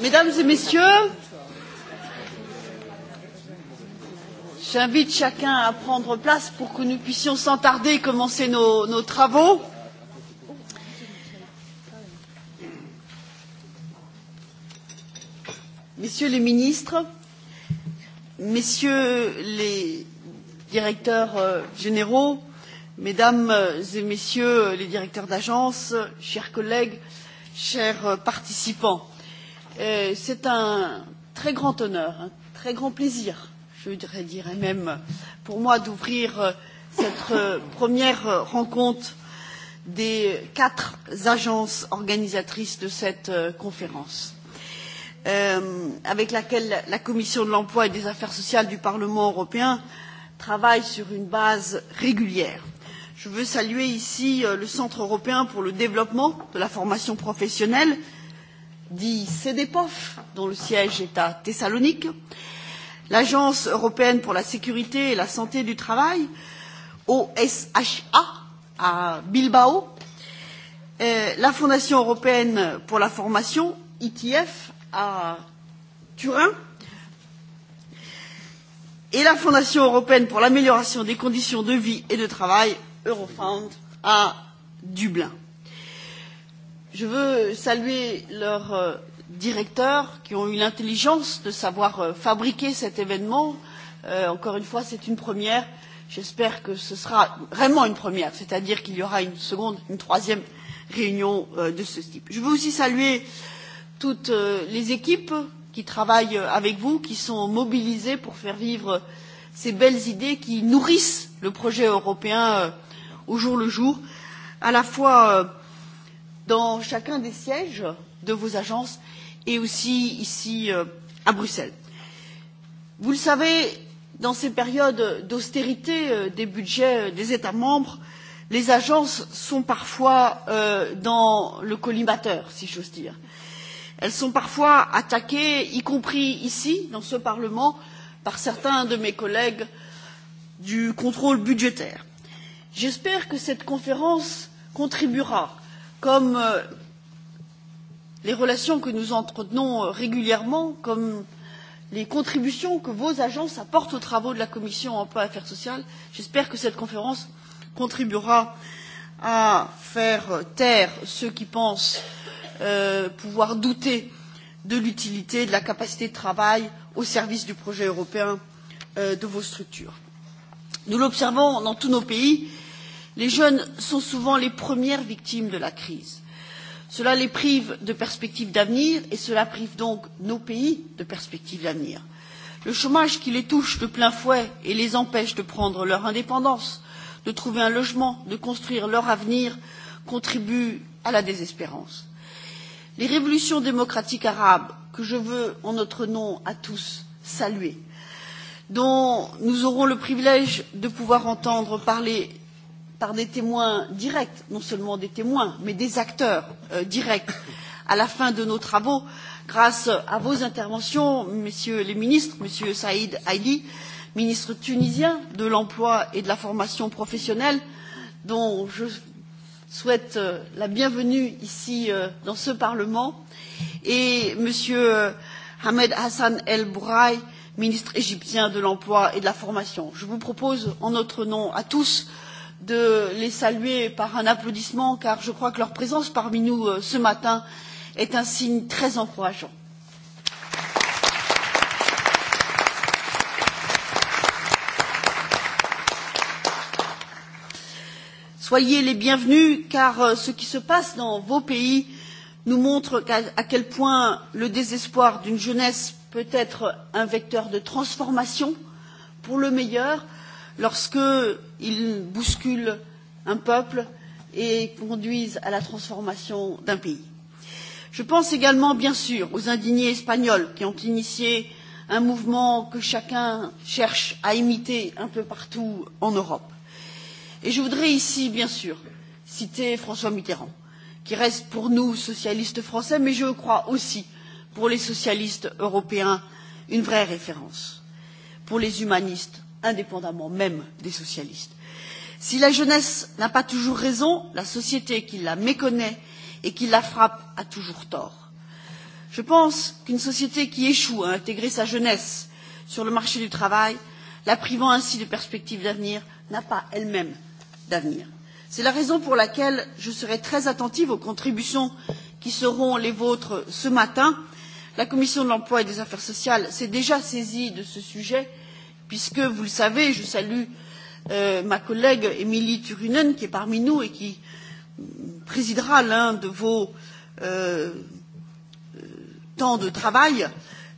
Mesdames et messieurs, j'invite chacun à prendre place pour que nous puissions sans tarder commencer nos, nos travaux. Messieurs les ministres, messieurs les directeurs généraux, mesdames et messieurs les directeurs d'agence, chers collègues, euh, chers participants. C'est un très grand honneur, un très grand plaisir, je dirais même, pour moi d'ouvrir cette première rencontre des quatre agences organisatrices de cette conférence avec laquelle la commission de l'emploi et des affaires sociales du parlement européen travaille sur une base régulière je veux saluer ici le centre européen pour le développement de la formation professionnelle dit cedepov dont le siège est à thessalonique l'agence européenne pour la sécurité et la santé du travail osha à bilbao la fondation européenne pour la formation itf à turin et la fondation européenne pour l'amélioration des conditions de vie et de travail Eurofound à Dublin. Je veux saluer leurs directeurs qui ont eu l'intelligence de savoir fabriquer cet événement. encore une fois, c'est une première. J'espère que ce sera vraiment une première, c'est-à-dire qu'il y aura une seconde, une troisième réunion de ce type. Je veux aussi saluer toutes les équipes qui travaillent avec vous, qui sont mobilisées pour faire vivre ces belles idées qui nourrissent le projet européen euh, au jour le jour, à la fois dans chacun des sièges de vos agences et aussi ici à Bruxelles. Vous le savez, dans ces périodes d'austérité des budgets des États membres, les agences sont parfois dans le collimateur, si j'ose dire. Elles sont parfois attaquées, y compris ici, dans ce Parlement, par certains de mes collègues du contrôle budgétaire j'espère que cette conférence contribuera comme les relations que nous entretenons régulièrement comme les contributions que vos agences apportent aux travaux de la commission de l'emploi et des affaires sociales j'espère que cette conférence contribuera à faire taire ceux qui pensent pouvoir douter de l'utilité de la capacité de travail au service du projet européen de vos structures. nous l'observons dans tous nos pays les jeunes sont souvent les premières victimes de la crise. cela les prive de perspectives d'avenir et cela prive donc nos pays de perspectives d'avenir. le chômage qui les touche de plein fouet et les empêche de prendre leur indépendance de trouver un logement de construire leur avenir contribue à la désespérance. les révolutions démocratiques arabes que je veux en notre nom à tous saluer dont nous aurons le privilège de pouvoir entendre parler par des témoins directs, non seulement des témoins, mais des acteurs directs à la fin de nos travaux, grâce à vos interventions, messieurs les ministres, monsieur Saïd Haïli, ministre tunisien de l'emploi et de la formation professionnelle, dont je souhaite la bienvenue ici dans ce Parlement, et monsieur Ahmed Hassan El Bouraï, ministre égyptien de l'emploi et de la formation. Je vous propose, en notre nom à tous, de les saluer par un applaudissement car je crois que leur présence parmi nous ce matin est un signe très encourageant. Soyez les bienvenus car ce qui se passe dans vos pays nous montre à quel point le désespoir d'une jeunesse peut être un vecteur de transformation pour le meilleur lorsque ils bousculent un peuple et conduisent à la transformation d'un pays. Je pense également, bien sûr, aux indignés espagnols qui ont initié un mouvement que chacun cherche à imiter un peu partout en Europe. Et je voudrais ici, bien sûr, citer François Mitterrand, qui reste pour nous socialistes français, mais je crois aussi pour les socialistes européens une vraie référence, pour les humanistes indépendamment même des socialistes. Si la jeunesse n'a pas toujours raison, la société qui la méconnaît et qui la frappe a toujours tort. Je pense qu'une société qui échoue à intégrer sa jeunesse sur le marché du travail, la privant ainsi de perspectives d'avenir, n'a pas elle-même d'avenir. C'est la raison pour laquelle je serai très attentive aux contributions qui seront les vôtres ce matin. La commission de l'emploi et des affaires sociales s'est déjà saisie de ce sujet puisque, vous le savez, je salue ma collègue Émilie Turunen qui est parmi nous et qui présidera l'un de vos temps de travail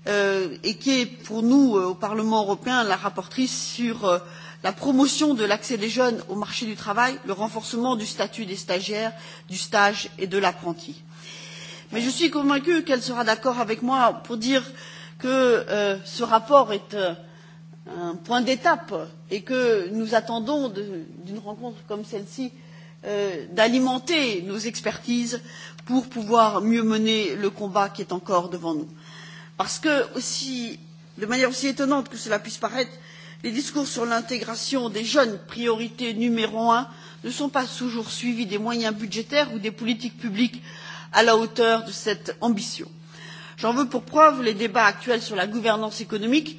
et qui est pour nous au Parlement européen la rapporteure sur la promotion de l'accès des jeunes au marché du travail, le renforcement du statut des stagiaires, du stage et de l'apprenti. Mais je suis convaincue qu'elle sera d'accord avec moi pour dire que ce rapport est un point d'étape et que nous attendons d'une rencontre comme celle ci d'alimenter nos expertises pour pouvoir mieux mener le combat qui est encore devant nous. Parce que, de manière aussi étonnante que cela puisse paraître, les discours sur l'intégration des jeunes priorité numéro un ne sont pas toujours suivis des moyens budgétaires ou des politiques publiques à la hauteur de cette ambition. j'en veux pour preuve les débats actuels sur la gouvernance économique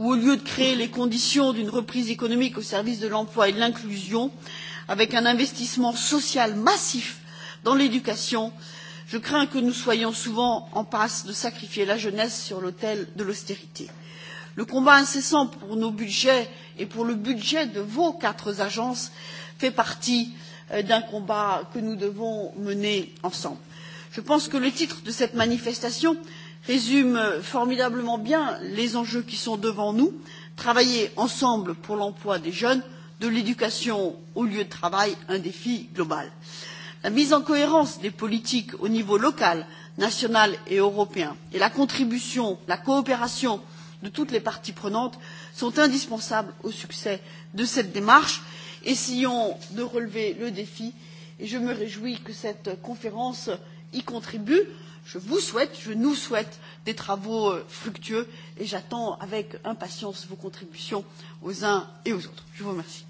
où au lieu de créer les conditions d'une reprise économique au service de l'emploi et de l'inclusion avec un investissement social massif dans l'éducation je crains que nous soyons souvent en passe de sacrifier la jeunesse sur l'autel de l'austérité. le combat incessant pour nos budgets et pour le budget de vos quatre agences fait partie d'un combat que nous devons mener ensemble. je pense que le titre de cette manifestation est résume formidablement bien les enjeux qui sont devant nous travailler ensemble pour l'emploi des jeunes de l'éducation au lieu de travail un défi global. la mise en cohérence des politiques au niveau local national et européen et la contribution la coopération de toutes les parties prenantes sont indispensables au succès de cette démarche. essayons de relever le défi et je me réjouis que cette conférence y contribue je vous souhaite, je nous souhaite des travaux fructueux et j'attends avec impatience vos contributions aux uns et aux autres. Je vous remercie.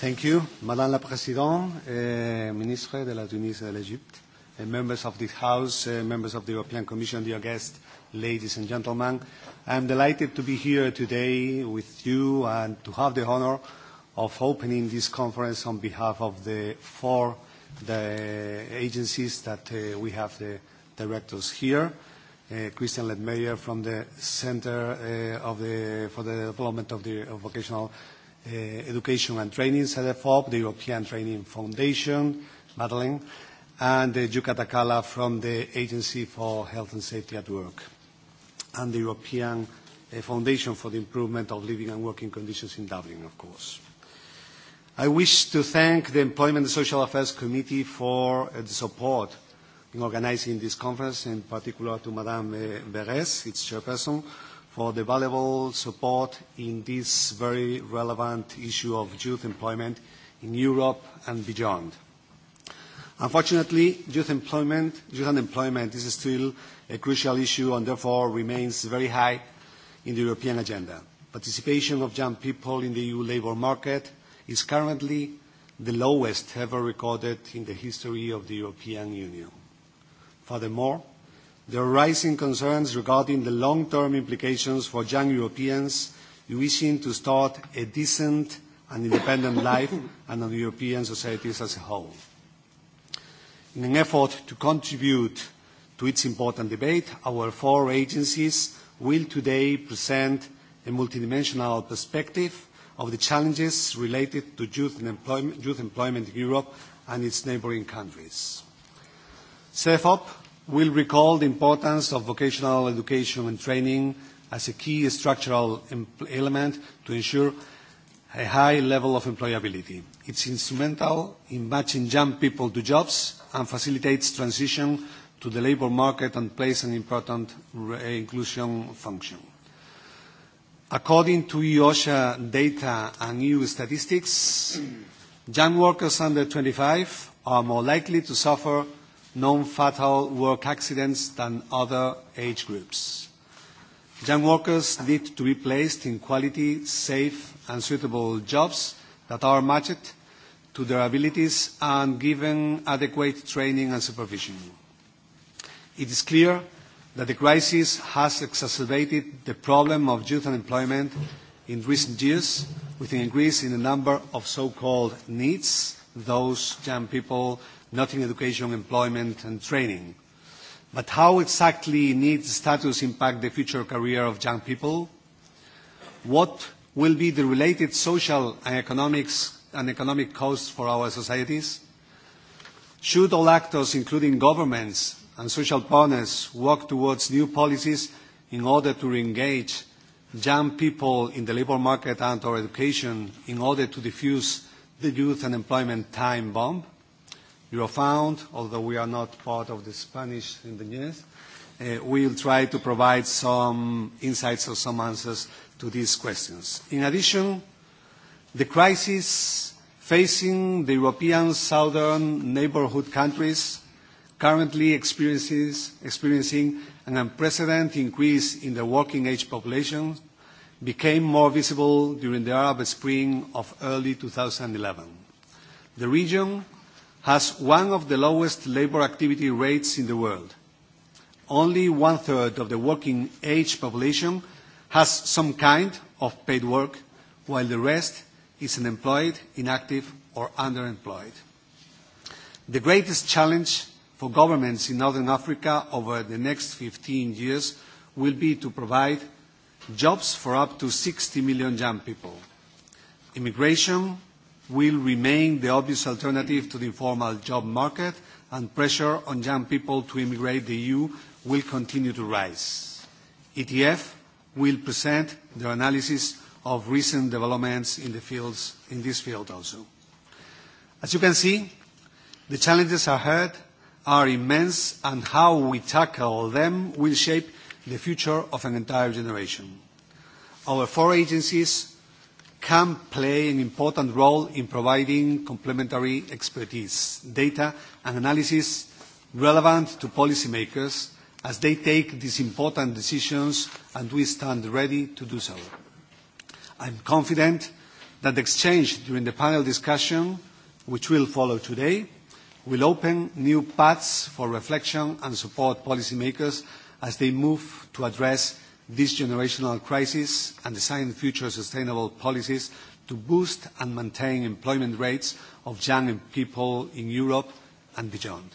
Thank you, Madame la Présidente, Ministre de la Tunisie et de l'Égypte, members of this House, members of the European Commission, dear guests, ladies and gentlemen. I am delighted to be here today with you and to have the honor of opening this conference on behalf of the four the agencies that uh, we have the directors here. Uh, Christian Ledmeyer from the Center uh, of the, for the Development of, the, of Vocational uh, Education and Training, CEDEFOP, the European Training Foundation, Madeleine, and uh, Yuka Takala from the Agency for Health and Safety at Work and the European Foundation for the Improvement of Living and Working Conditions in Dublin, of course. I wish to thank the Employment and Social Affairs Committee for the support in organizing this conference, in particular to Madame Beres, its chairperson, for the valuable support in this very relevant issue of youth employment in Europe and beyond. Unfortunately, youth employment, youth unemployment is still a crucial issue and therefore remains very high in the European agenda. Participation of young people in the EU labour market is currently the lowest ever recorded in the history of the European Union. Furthermore, there are rising concerns regarding the long-term implications for young Europeans wishing to start a decent and independent life and on European societies as a whole. In an effort to contribute to its important debate, our four agencies will today present a multidimensional perspective of the challenges related to youth employment, youth employment in Europe and its neighbouring countries. CEFOP will recall the importance of vocational education and training as a key structural element to ensure a high level of employability. It's instrumental in matching young people to jobs and facilitates transition to the labour market and plays an important inclusion function. According to EOSHA data and EU statistics, young workers under 25 are more likely to suffer non-fatal work accidents than other age groups. Young workers need to be placed in quality, safe and suitable jobs that are matched to their abilities and given adequate training and supervision. It is clear that the crisis has exacerbated the problem of youth unemployment in recent years with an increase in the number of so-called needs, those young people not in education, employment and training. But how exactly needs status impact the future career of young people? What will be the related social and economics and economic cost for our societies? Should all actors, including governments and social partners, work towards new policies in order to re-engage young people in the labour market and our education in order to diffuse the youth unemployment time bomb? Eurofound, although we are not part of the Spanish in the news, will try to provide some insights or some answers to these questions. In addition, The crisis facing the European southern neighbourhood countries currently experiences, experiencing an unprecedented increase in the working age population became more visible during the Arab Spring of early 2011. The region has one of the lowest labour activity rates in the world. Only one-third of the working age population has some kind of paid work, while the rest is unemployed, inactive, or underemployed. The greatest challenge for governments in Northern Africa over the next 15 years will be to provide jobs for up to 60 million young people. Immigration will remain the obvious alternative to the informal job market, and pressure on young people to immigrate the EU will continue to rise. ETF will present their analysis of recent developments in, the fields, in this field also. As you can see, the challenges ahead are immense and how we tackle them will shape the future of an entire generation. Our four agencies can play an important role in providing complementary expertise, data and analysis relevant to policymakers as they take these important decisions and we stand ready to do so. I'm confident that the exchange during the panel discussion, which will follow today, will open new paths for reflection and support policymakers as they move to address this generational crisis and design future sustainable policies to boost and maintain employment rates of young people in Europe and beyond.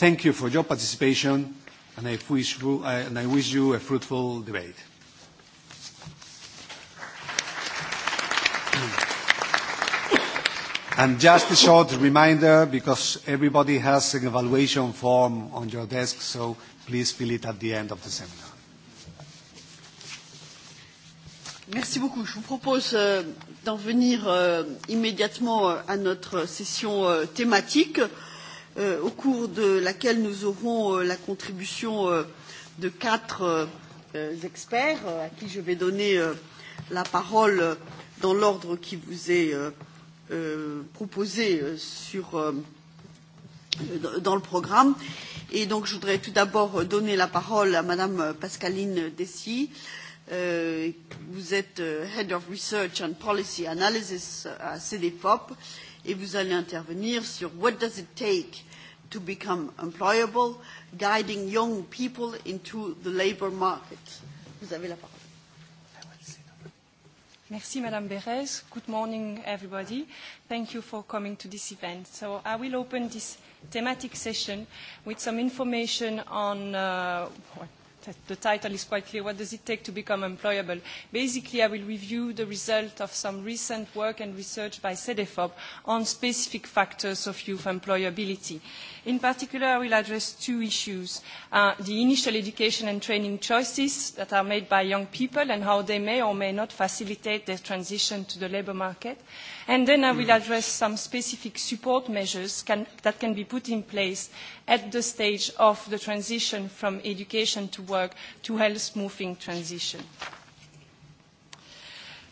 Thank you for your participation, and I wish you a fruitful debate. And just a short reminder, because everybody has an evaluation form on your desk, so please fill it at the end of the seminar. Merci beaucoup. Je vous propose d'en venir immédiatement à notre session thématique, au cours de laquelle nous aurons la contribution de quatre experts à qui je vais donner la parole dans l'ordre qui vous est proposé sur, dans le programme. Et donc, je voudrais tout d'abord donner la parole à Madame Pascaline Dessy. vous êtes Head of Research and Policy Analysis à CDFOP et vous allez intervenir sur What does it take to become employable, guiding young people into the labour market. Vous avez la parole. Merci, Madame Beres. Good morning, everybody. Thank you for coming to this event. So I will open this thematic session with some information on uh, the title is quite clear. What does it take to become employable? Basically, I will review the result of some recent work and research by CEDEFOB on specific factors of youth employability. Uh, In particular, I will address two issues, uh, the initial education and training choices that are made by young people and how they may or may not facilitate their transition to the labour market. And then I will address some specific support measures can, that can be put in place at the stage of the transition from education to work to health moving transition. Thank you.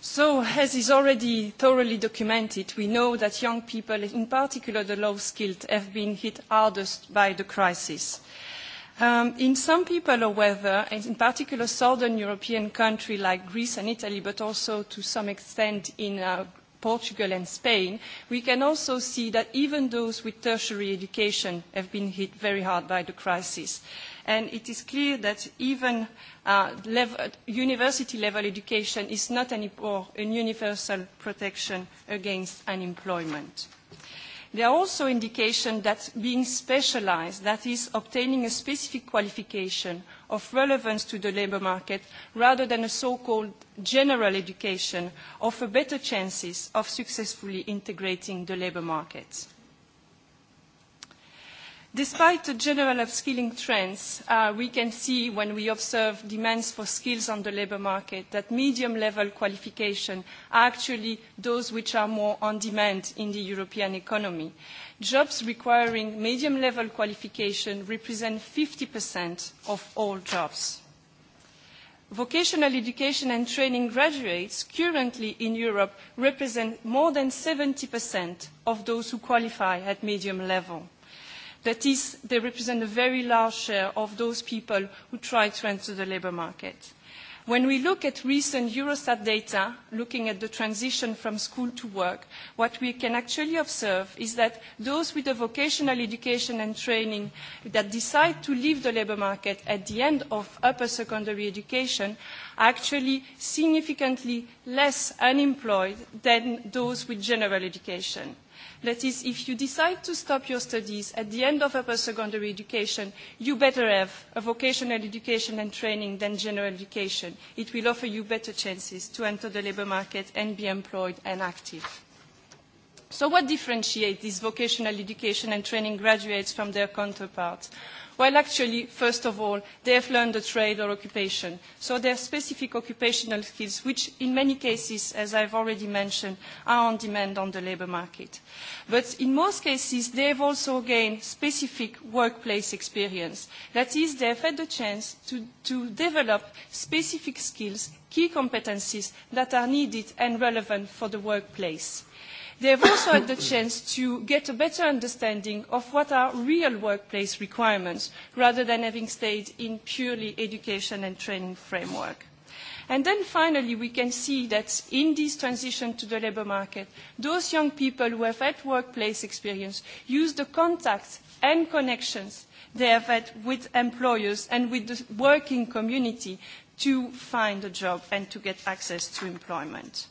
So, as is already thoroughly documented, we know that young people, in particular the low-skilled, have been hit hardest by the crisis. in some people, however, and in particular southern European countries like Greece and Italy, but also to some extent in Portugal and Spain, we can also see that even those with tertiary education have been hit very hard by the crisis And it is clear that even uh, level, university-level education is not anymore a universal protection against unemployment. There are also indications that being specialised, that is, obtaining a specific qualification of relevance to the labour market, rather than a so-called general education, offer better chances of successfully integrating the labour market. Despite the general upskilling trends, uh, we can see when we observe demands for skills on the labour market that medium-level qualifications are actually those which are more on demand in the European economy. Jobs requiring medium-level qualification represent 50% of all jobs. Vocational education and training graduates currently in Europe represent more than 70% of those who qualify at medium level. That is, they represent a very large share of those people who try to enter the labour market. When we look at recent Eurostat data, looking at the transition from school to work, what we can actually observe is that those with a vocational education and training that decide to leave the labour market at the end of upper secondary education are actually significantly less unemployed than those with general education. That is, if you decide to stop your studies at the end of upper secondary education, you better have a vocational education and training than general education. It will offer you better chances to enter the labour market and be employed and active. So what differentiates these vocational education and training graduates from their counterparts? Well, actually, first of all, they have learned a trade or occupation. So their specific occupational skills, which in many cases, as I've already mentioned, are on demand on the labour market. But in most cases, they have also gained specific workplace experience. That is, they have had the chance to, to develop specific skills, key competencies that are needed and relevant for the workplace. They have also had the chance to get a better understanding of what are real workplace requirements rather than having stayed in purely education and training framework. And then finally, we can see that in this transition to the labour market, those young people who have had workplace experience use the contacts and connections they have had with employers and with the working community to find a job and to get access to employment.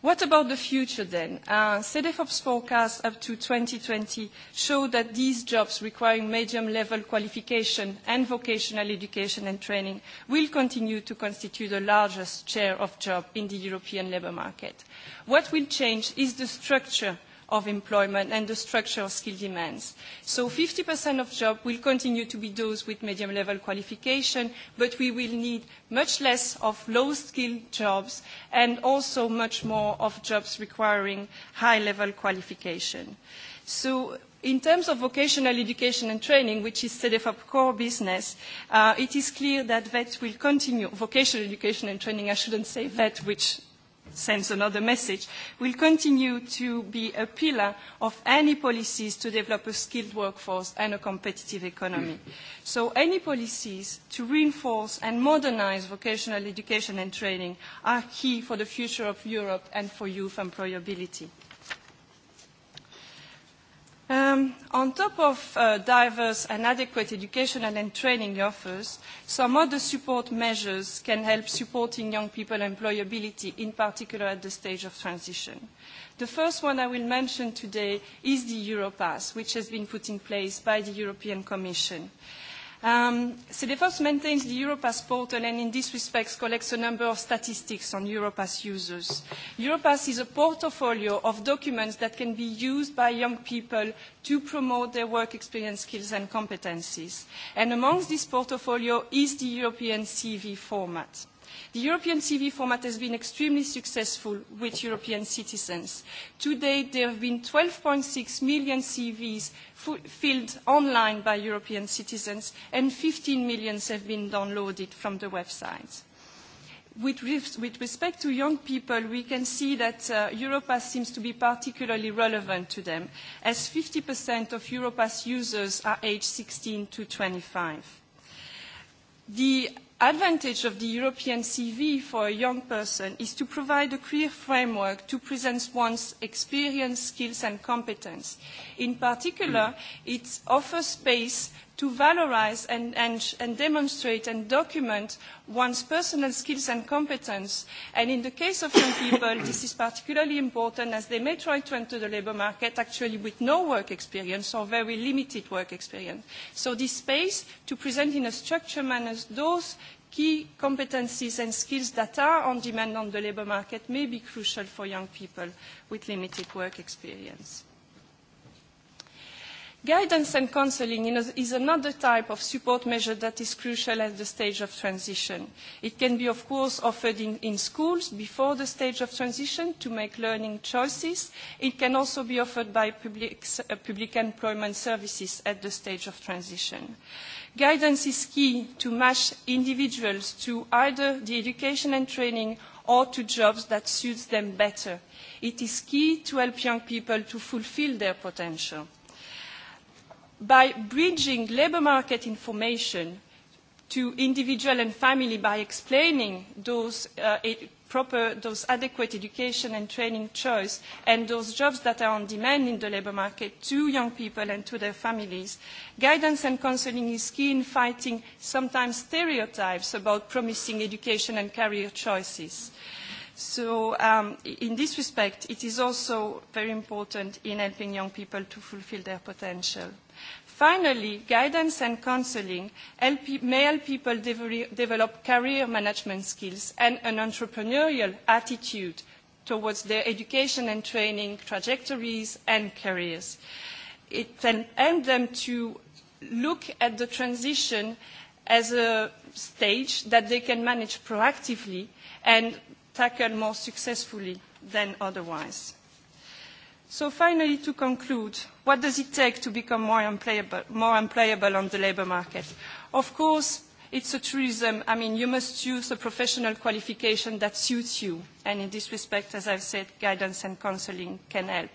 What about the future then? Uh, CEDEFOP's forecasts up to 2020 show that these jobs requiring medium-level qualification and vocational education and training will continue to constitute the largest share of jobs in the European labour market. What will change is the structure of employment and the structure of skill demands. So 50% of jobs will continue to be those with medium-level qualification, but we will need much less of low-skilled jobs and also much more of jobs requiring high-level qualification. So In terms of vocational education and training, which is CEDEFOP core business, uh, it is clear that VET will continue, vocational education and training, I shouldn't say VET, which sends another message, will continue to be a pillar of any policies to develop a skilled workforce and a competitive economy. So any policies to reinforce and modernise vocational education and training are key for the future of Europe and for youth employability. Um, on top of uh, diverse and adequate educational and training offers, some other support measures can help supporting young people employability, in particular at the stage of transition. The first one I will mention today is the Europass, which has been put in place by the European Commission. Um, CDFOS maintains the Europass portal and in this respect collects a number of statistics on Europass users. Europass is a portfolio of documents that can be used by young people to promote their work experience, skills and competencies. And amongst this portfolio is the European CV format. The European TV format has been extremely successful with European citizens. To date, there have been 12.6 million CVs filled online by European citizens, and 15 million have been downloaded from the website. With respect to young people, we can see that uh, Europass seems to be particularly relevant to them, as 50% of Europass users are aged 16 to 25. The advantage of the European CV for a young person is to provide a clear framework to present one's experience, skills and competence. In particular, it offers space to valorise and, and, and demonstrate and document one's personal skills and competence. And in the case of young people, this is particularly important as they may try to enter the labour market actually with no work experience or very limited work experience. So this space to present in a structured manner those key competencies and skills that are on demand on the labour market may be crucial for young people with limited work experience. Guidance and counselling is another type of support measure that is crucial at the stage of transition. It can be, of course, offered in, in schools before the stage of transition to make learning choices. It can also be offered by public, uh, public employment services at the stage of transition. Guidance is key to match individuals to either the education and training or to jobs that suits them better. It is key to help young people to fulfil their potential by bridging labour market information to individual and family by explaining those uh, proper, those adequate education and training choice and those jobs that are on demand in the labour market to young people and to their families. Guidance and counselling is key in fighting sometimes stereotypes about promising education and career choices. So um, in this respect, it is also very important in helping young people to fulfil their potential. Finally, guidance and counselling may help people develop career management skills and an entrepreneurial attitude towards their education and training trajectories and careers. It can help them to look at the transition as a stage that they can manage proactively and tackle more successfully than otherwise. So finally, to conclude, what does it take to become more employable, more employable on the labour market? Of course, it's a truism. I mean, you must use a professional qualification that suits you. And in this respect, as I've said, guidance and counselling can help.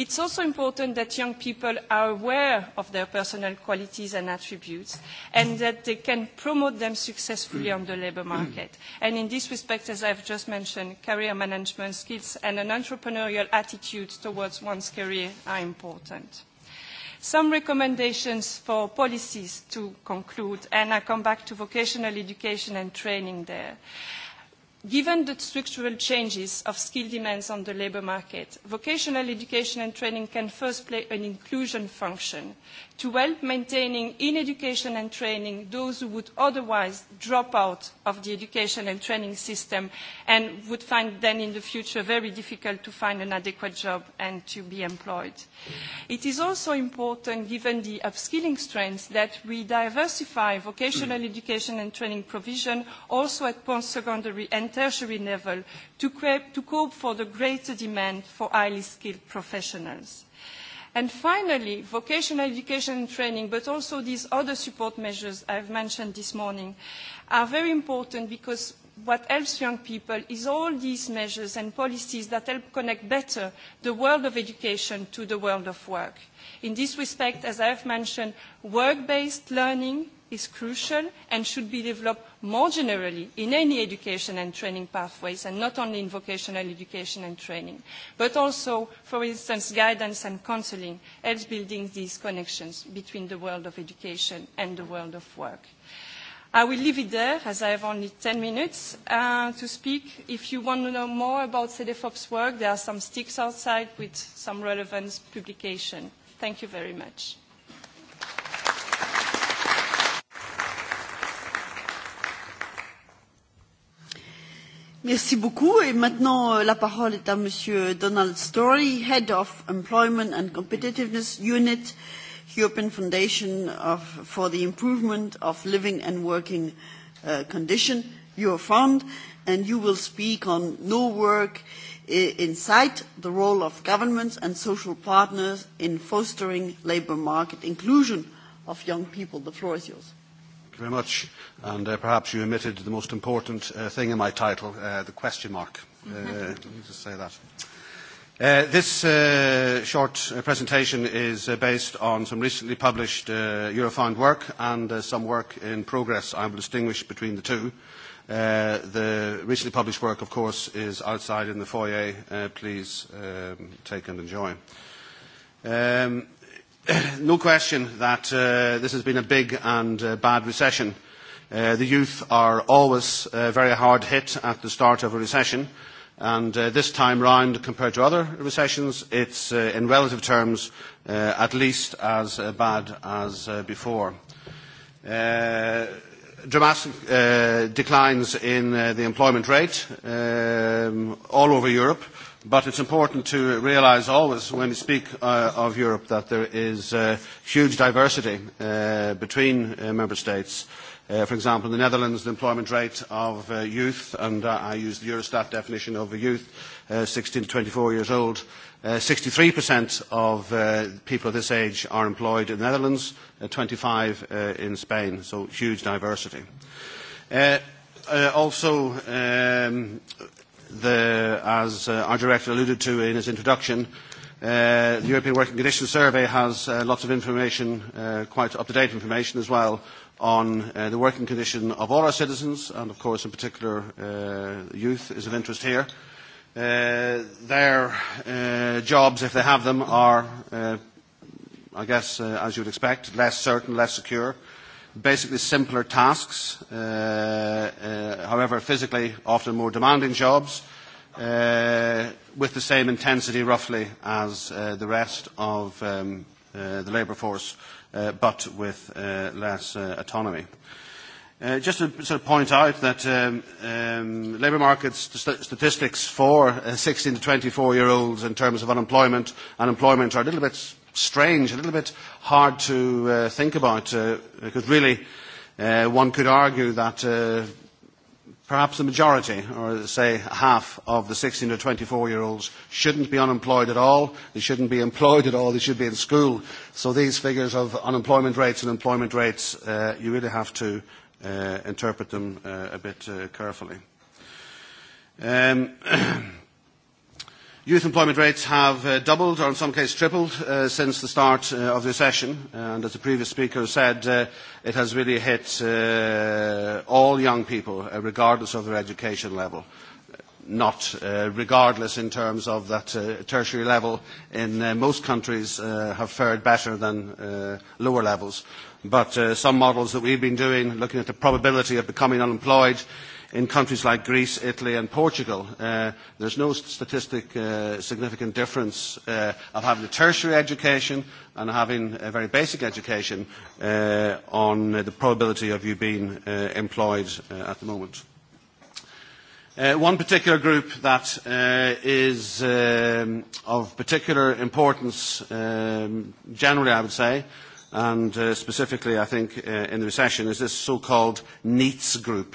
It's also important that young people are aware of their personal qualities and attributes and that they can promote them successfully on the labour market. And in this respect, as I've just mentioned, career management skills and an entrepreneurial attitude towards one's career are important some recommendations for policies to conclude, and I come back to vocational education and training there. Given the structural changes of skill demands on the labour market, vocational education and training can first play an inclusion function to help maintaining in education and training those who would otherwise drop out of the education and training system and would find then in the future very difficult to find an adequate job and to be employed. It is also important, given the upskilling strengths, that we diversify vocational education and training provision also at post-secondary and tertiary level to, cope for the greater demand for highly skilled professionals. And finally, vocational education and training, but also these other support measures I've mentioned this morning, are very important because what helps young people is all these measures and policies that help connect better the world of education to the world of work. In this respect, as I have mentioned, work-based learning is crucial and should be developed more generally in any education and training pathways, and not only in vocational education and training, but also, for instance, guidance and counseling helps building these connections between the world of education and the world of work. I will leave it there, as I have only 10 minutes uh, to speak. If you want to know more about CDFOP's work, there are some sticks outside with some relevant publication. Thank you very much. Merci beaucoup. Et maintenant, la parole est à Monsieur Donald Story, Head of Employment and Competitiveness Unit, European Foundation of, for the Improvement of Living and Working uh, Condition, Fund, and you will speak on No Work Insight, the role of governments and social partners in fostering labour market inclusion of young people. The floor is yours you very much. And uh, perhaps you omitted the most important uh, thing in my title, uh, the question mark. Uh, let me just say that. Uh, this uh, short uh, presentation is uh, based on some recently published uh, Eurofound work and uh, some work in progress. I will distinguish between the two. Uh, the recently published work, of course, is outside in the foyer. Uh, please um, take and enjoy. Um, no question that uh, this has been a big and uh, bad recession. Uh, the youth are always uh, very hard hit at the start of a recession, and uh, this time round, compared to other recessions, it's uh, in relative terms uh, at least as uh, bad as uh, before. Uh, dramatic uh, declines in uh, the employment rate um, all over Europe But it's important to realise always when we speak uh, of Europe that there is uh, huge diversity uh, between uh, member states. Uh, for example, in the Netherlands, the employment rate of uh, youth, and uh, I use the Eurostat definition of youth, uh, 16 to 24 years old, uh, 63% of uh, people this age are employed in the Netherlands, uh, 25 uh, in Spain, so huge diversity. Uh, uh, also, um, the, as uh, our director alluded to in his introduction, uh, the European Working Conditions Survey has uh, lots of information, uh, quite up-to-date information as well, on uh, the working condition of all our citizens, and of course in particular uh, youth is of interest here. Uh, their uh, jobs, if they have them, are, uh, I guess, uh, as you would expect, less certain, less secure. Uh, basically simpler tasks, however physically often more demanding jobs, with the same intensity roughly as the rest of the labour force, but with less autonomy. just to sort of point out that labor labour market statistics for 16 to 24 year olds in terms of unemployment are a little bit strange, a little bit hard to uh, think about, uh, because really uh, one could argue that uh, perhaps the majority, or say half, of the 16 to 24-year-olds shouldn't be unemployed at all. They shouldn't be employed at all. They should be in school. So these figures of unemployment rates and employment rates, uh, you really have to uh, interpret them uh, a bit uh, carefully. Um, Youth employment rates have uh, doubled, or in some cases tripled, uh, since the start uh, of the session. And as the previous speaker said, uh, it has really hit uh, all young people, uh, regardless of their education level. Not uh, regardless in terms of that uh, tertiary level in uh, most countries uh, have fared better than uh, lower levels. But uh, some models that we've been doing, looking at the probability of becoming unemployed, uh, in countries like Greece, Italy and Portugal, uh, there's no statistic uh, significant difference uh, of having a tertiary education and having a very basic education uh, on the probability of you being uh, employed uh, at the moment. Uh, one particular group that uh, is um, of particular importance, um, generally I would say, and uh, specifically I think uh, in the recession, is this so-called NEETS group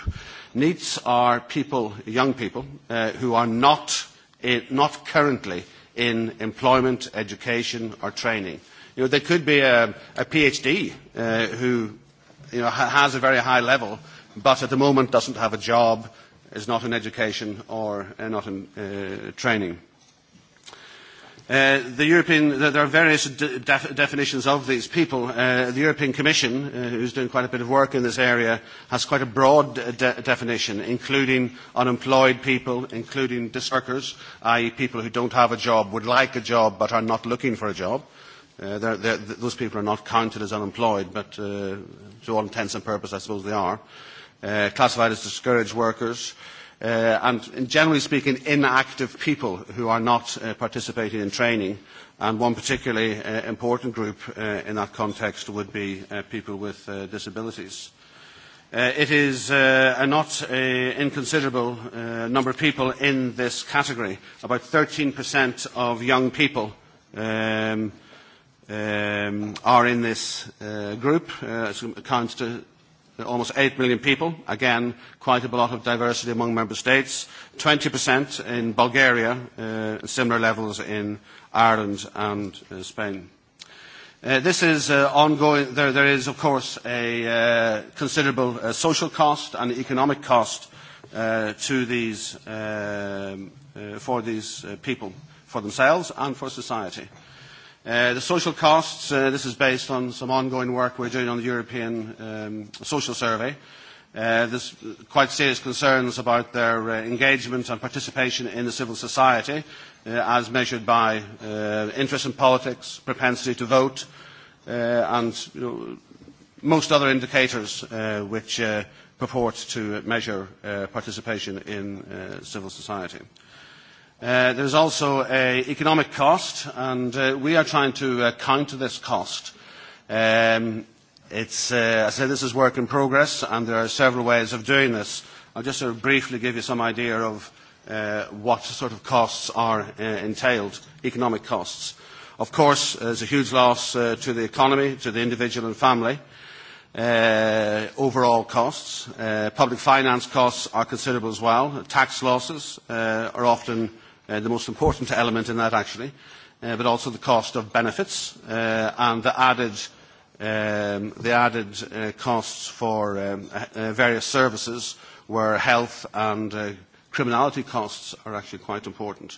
needs are people, young people, uh, who are not, in, not currently in employment, education or training. You know, there could be a, a PhD uh, who you know, ha- has a very high level, but at the moment doesn't have a job, is not in education or uh, not in uh, training. Uh, the European, there are various de- definitions of these people. Uh, the European Commission, uh, who's doing quite a bit of work in this area, has quite a broad de- definition, including unemployed people, including disworkers, workers, i.e. people who don't have a job, would like a job but are not looking for a job. Uh, they're, they're, those people are not counted as unemployed, but uh, to all intents and purposes, I suppose they are. Uh, classified as discouraged workers, uh, and generally speaking inactive people who are not participating in training. And one particularly important group in that context would be people with disabilities. it is a not inconsiderable number of people in this category. About 13% of young people are in this group. it accounts to almost 8 million people. Again, quite a lot of diversity among member states. 20% in Bulgaria, uh, similar levels in Ireland and uh, Spain. Uh, this is uh, ongoing. There, there is, of course, a uh, considerable uh, social cost and economic cost uh, to these, uh, uh, for these uh, people, for themselves and for society. Uh, The social costs, this is based on some ongoing work we're doing on the European Social Survey. There's quite serious concerns about their engagement and participation in the civil society, as measured by interest in politics, propensity to vote, and most other indicators which purport to measure participation in civil society. There there's also an economic cost, and uh, we are trying to uh, counter this cost. Um, it's, uh, I say this is work in progress, and there are several ways of doing this. I'll just sort of briefly give you some idea of uh, what sort of costs are uh, entailed, economic costs. Of course, there's a huge loss uh, to the economy, to the individual and family. Uh, overall costs, uh, public finance costs are considerable as well. Tax losses uh, are often uh, the most important element in that actually, uh, but also the cost of benefits uh, and the added, um, the added uh, costs for um, uh, various services where health and uh, criminality costs are actually quite important.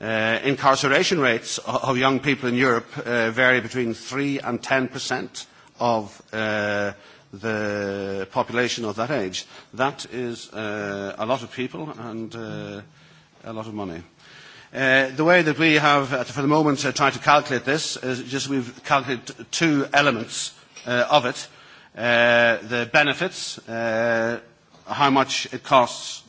Uh, incarceration rates of young people in Europe uh, vary between 3 and 10 percent of uh, the population of that age. That is uh, a lot of people and uh, a lot of money the way that we have, uh, for the moment, uh, tried to calculate this is just we've calculated two elements uh, of it. Uh, the benefits, uh, how much it costs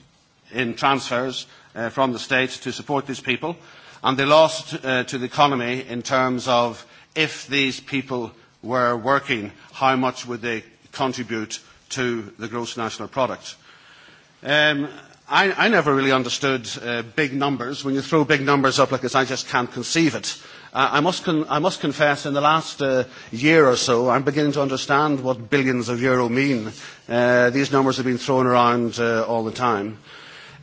in transfers uh, from the state to support these people, and the loss uh, to the economy in terms of if these people were working, how much would they contribute to the gross national product? Um, I, I never really understood uh, big numbers. When you throw big numbers up like this, I just can't conceive it. Uh, I, must con- I must confess, in the last uh, year or so, I'm beginning to understand what billions of euro mean. Uh, these numbers have been thrown around uh, all the time.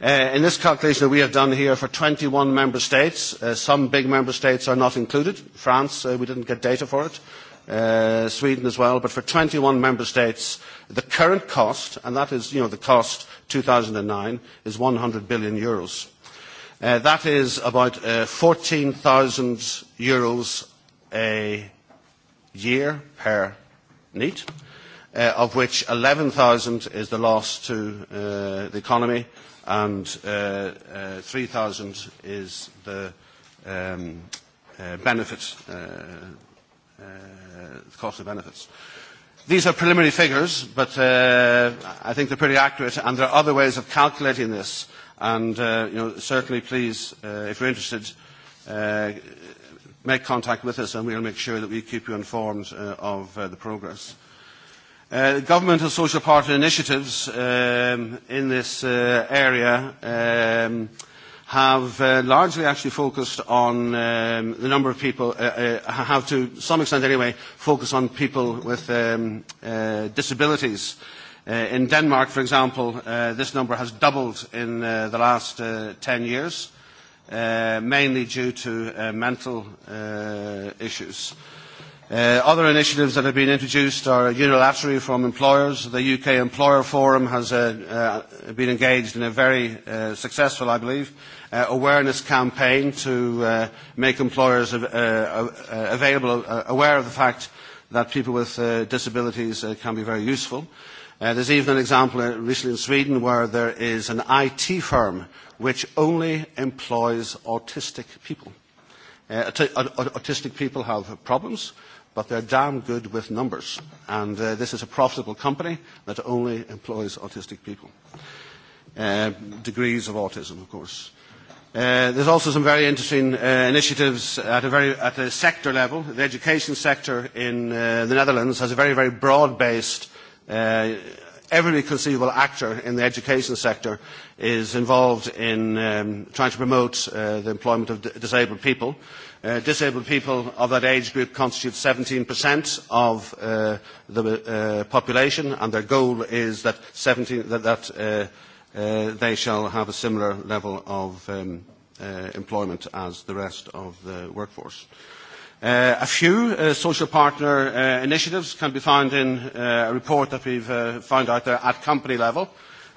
Uh, in this calculation that we have done here for 21 member states, uh, some big member states are not included. France, uh, we didn't get data for it uh, Sweden as well, but for 21 member states, the current cost, and that is, you know, the cost 2009, is 100 billion euros. Uh, that is about uh, 14,000 euros a year per NEET, uh, of which 11,000 is the loss to uh, the economy and uh, uh, 3,000 is the um, uh, benefit uh, uh, cost of benefits. These are preliminary figures, but uh, I think they're pretty accurate, and there are other ways of calculating this. And uh, you know, certainly, please, uh, if you're interested, uh, make contact with us, and we'll make sure that we keep you informed uh, of uh, the progress. Uh, government and social partner initiatives um, in this uh, area. Um, uh, have uh, largely actually focused on um, the number of people, uh, uh, have to some extent anyway, focus on people with um, uh, disabilities. Uh, in Denmark, for example, uh, this number has doubled in uh, the last uh, 10 years, uh, mainly due to uh, mental uh, issues. Uh, other initiatives that have been introduced are unilaterally from employers. The UK Employer Forum has uh, uh, been engaged in a very uh, successful, I believe, awareness campaign to make employers available, aware of the fact that people with disabilities can be very useful. There is even an example recently in Sweden where there is an IT firm which only employs autistic people. autistic people have problems, but they're damn good with numbers. And uh, this is a profitable company that only employs autistic people. Uh, degrees of autism, of course. Uh, Uh, there's also some very interesting uh, initiatives at a, very, at a sector level. The education sector in uh, the Netherlands has a very, very broad-based, uh, every conceivable actor in the education sector is involved in um, trying to promote uh, the employment of d- disabled people. Uh, disabled people of that age group constitute 17% of uh, the uh, population, and their goal is that, 17, that, that uh, they shall have a similar level of employment as the rest of the workforce. a few social partner initiatives can be found in a report that we've uh, found out there at company level.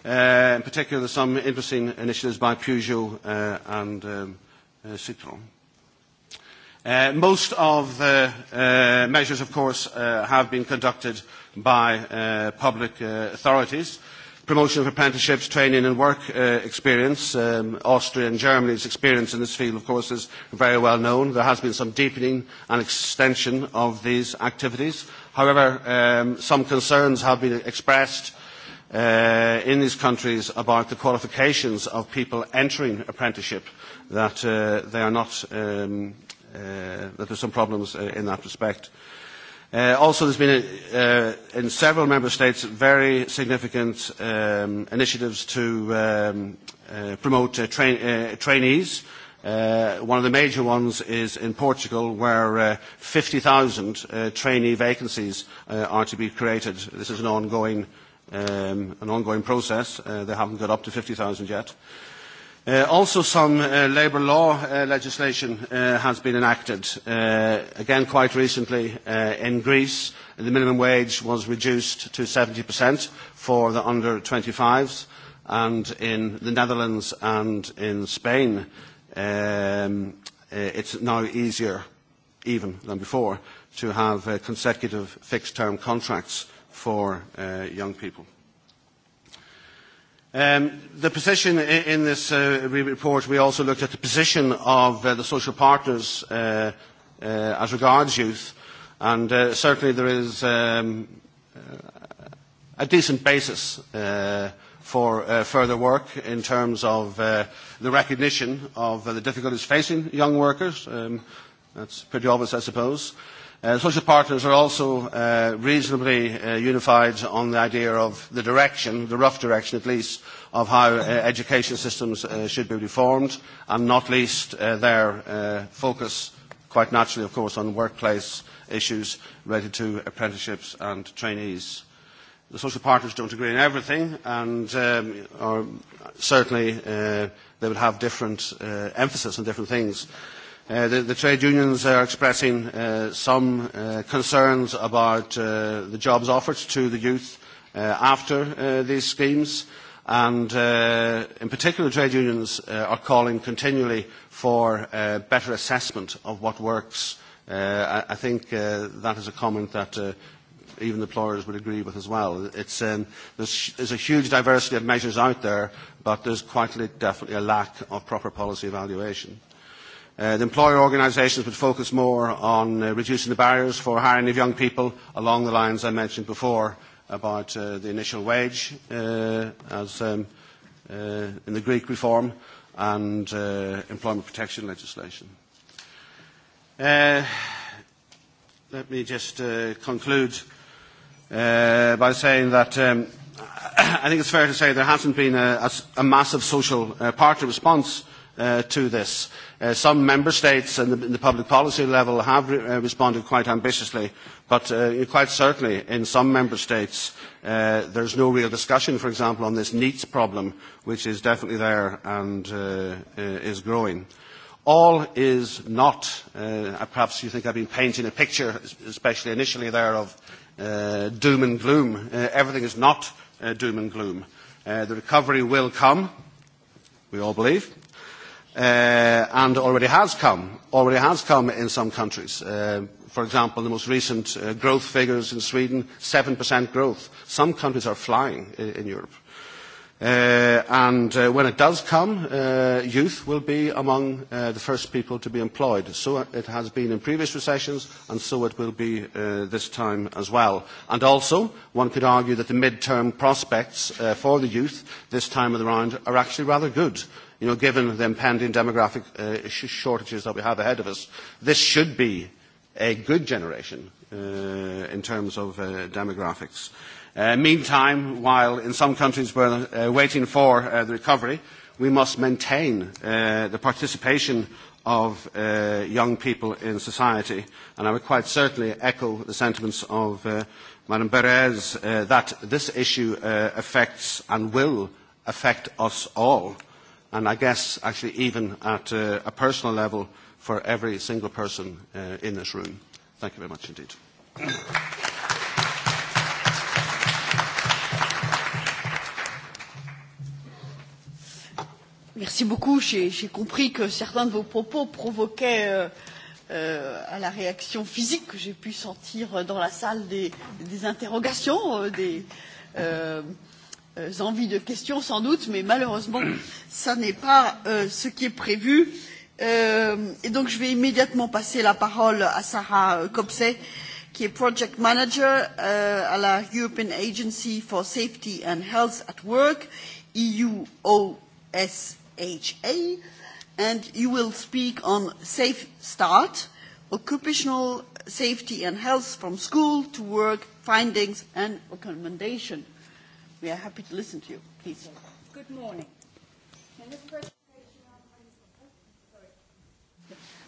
in particular, some interesting initiatives by Peugeot and Citroën. Most of the measures, of course, have been conducted by public authorities promotion of apprenticeships, training and work uh, experience. Um, Austria and Germany's experience in this field, of course, is very well known. There has been some deepening and extension of these activities. However, um, some concerns have been expressed uh, in these countries about the qualifications of people entering apprenticeship, that uh, they are not, um, uh, that there's some problems uh, in that respect. Uh, Uh, also, there's been a, uh, in several member states very significant um, initiatives to um, uh, promote uh, tra- uh, trainees. Uh, one of the major ones is in Portugal, where uh, 50,000 uh, trainee vacancies uh, are to be created. This is an ongoing, um, an ongoing process. Uh, they haven't got up to 50,000 yet. Uh, also, some labour law legislation has been enacted, again quite recently in Greece. The minimum wage was reduced to 70% for the under twenty s and in the Netherlands and in Spain, um, it's now easier even than before to have consecutive fixed-term contracts for young people. Um, the position in, in this uh, report, we also looked at the position of uh, the social partners uh, uh, as regards youth, and uh, certainly there is um, a decent basis uh, for uh, further work in terms of uh, the recognition of uh, the difficulties facing young workers. Um, that's pretty obvious, I suppose. Uh, social partners are also uh, reasonably uh, unified on the idea of the direction, the rough direction at least, of how uh, education systems uh, should be reformed, and not least uh, their uh, focus, quite naturally of course, on workplace issues related to apprenticeships and trainees. The social partners don't agree on everything, and um, certainly uh, they would have different uh, emphasis on different things the, the trade unions are expressing uh, some uh, concerns about uh, the jobs offered to the youth uh, after uh, these schemes. And uh, in particular, trade unions uh, are calling continually for uh, better assessment of what works. Uh, I, I think uh, that is a comment that uh, even employers would agree with as well. It's, um, there's, there's a huge diversity of measures out there, but there's quite definitely a lack of proper policy evaluation the employer organisations would focus more on reducing the barriers for hiring of young people along the lines I mentioned before about the initial wage as in the Greek reform and employment protection legislation. let me just conclude by saying that I think it's fair to say there hasn't been a, massive social partner response to this. some member states and the, public policy level have responded quite ambitiously, but quite certainly in some member states there is no real discussion, for example, on this NEATS problem, which is definitely there and is growing. All is not, perhaps you think I've been painting a picture, especially initially there, of doom and gloom. everything is not doom and gloom. the recovery will come, we all believe and already has come, already has come in some countries. for example, the most recent growth figures in Sweden, 7% growth. Some countries are flying in, Europe. and when it does come, youth will be among the first people to be employed. So it has been in previous recessions, and so it will be this time as well. And also, one could argue that the mid-term prospects for the youth this time around are actually rather good you know, given the impending demographic uh, sh- shortages that we have ahead of us, this should be a good generation uh, in terms of uh, demographics. Uh, meantime, while in some countries we're uh, waiting for uh, the recovery, we must maintain uh, the participation of uh, young people in society, and I would quite certainly echo the sentiments of uh, Madam Perez uh, that this issue uh, affects and will affect us all and I guess actually even at a, a personal level for every single person uh, in this room. Thank you very much indeed. Merci beaucoup. J'ai compris que certains de vos propos provoquaient euh, euh, à la réaction physique que j'ai pu sentir dans la salle des, des interrogations, euh, des, euh, envies de questions sans doute, mais malheureusement, ce n'est pas ce qui est prévu. et donc, je vais immédiatement passer la parole à Sarah Copset, qui est Project Manager à la European Agency for Safety and Health at Work, EUOSHA, and you will speak on Safe Start, occupational safety and health from school to work, findings and recommendations We are happy to listen to you. Please. Good morning.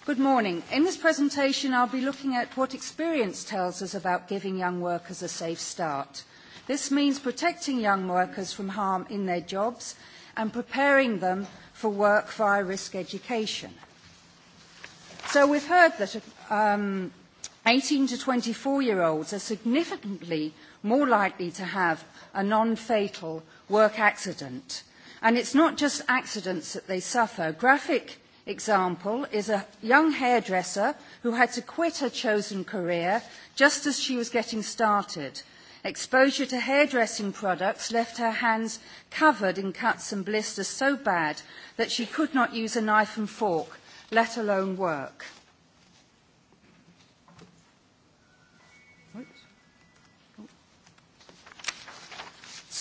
Good morning. In this presentation, I'll be looking at what experience tells us about giving young workers a safe start. This means protecting young workers from harm in their jobs and preparing them for work via risk education. So we've heard that um, 18 to 24 year olds are significantly more likely to have a non-fatal work accident. And it's not just accidents that they suffer. Graphic example is a young hairdresser who had to quit her chosen career just as she was getting started. Exposure to hairdressing products left her hands covered in cuts and blisters so bad that she could not use a knife and fork, let alone work.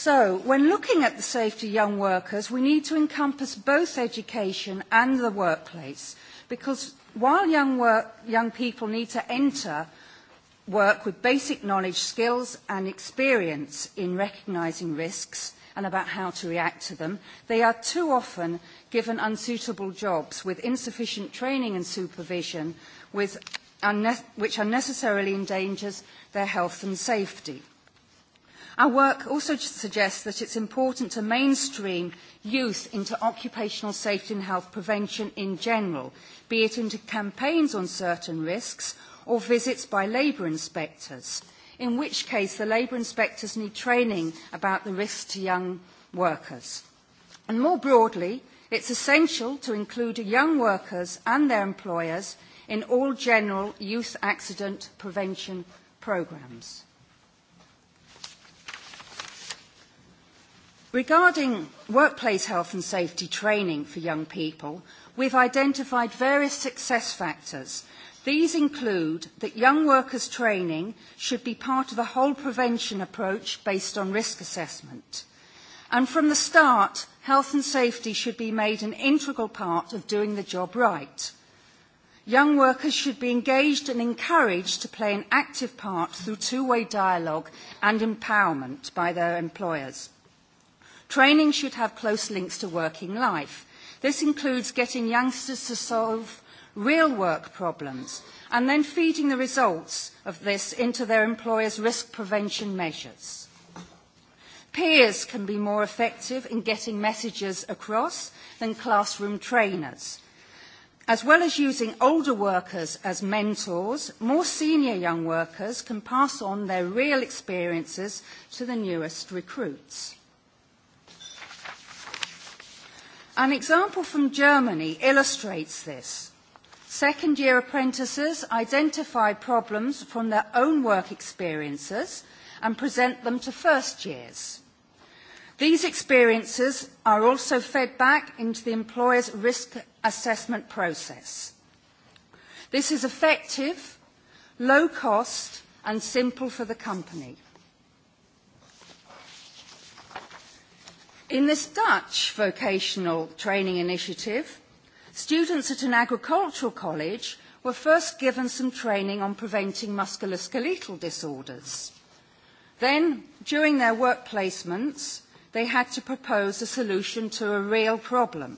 So, when looking at the safety of young workers, we need to encompass both education and the workplace, because while young, work, young people need to enter work with basic knowledge, skills and experience in recognising risks and about how to react to them, they are too often given unsuitable jobs with insufficient training and supervision, with which unnecessarily endangers their health and safety. Our work also suggests that it's important to mainstream youth into occupational safety and health prevention in general, be it into campaigns on certain risks or visits by labour inspectors, in which case the labour inspectors need training about the risks to young workers. And more broadly, it's essential to include young workers and their employers in all general youth accident prevention programmes. Regarding workplace health and safety training for young people, we've identified various success factors. These include that young workers training should be part of a whole prevention approach based on risk assessment. And from the start, health and safety should be made an integral part of doing the job right. Young workers should be engaged and encouraged to play an active part through two-way dialogue and empowerment by their employers. Training should have close links to working life. This includes getting youngsters to solve real work problems and then feeding the results of this into their employers' risk prevention measures. Peers can be more effective in getting messages across than classroom trainers. As well as using older workers as mentors, more senior young workers can pass on their real experiences to the newest recruits. An example from Germany illustrates this. Second year apprentices identify problems from their own work experiences and present them to first years. These experiences are also fed back into the employer's risk assessment process. This is effective, low cost and simple for the company. In this Dutch vocational training initiative, students at an agricultural college were first given some training on preventing musculoskeletal disorders. Then, during their work placements, they had to propose a solution to a real problem.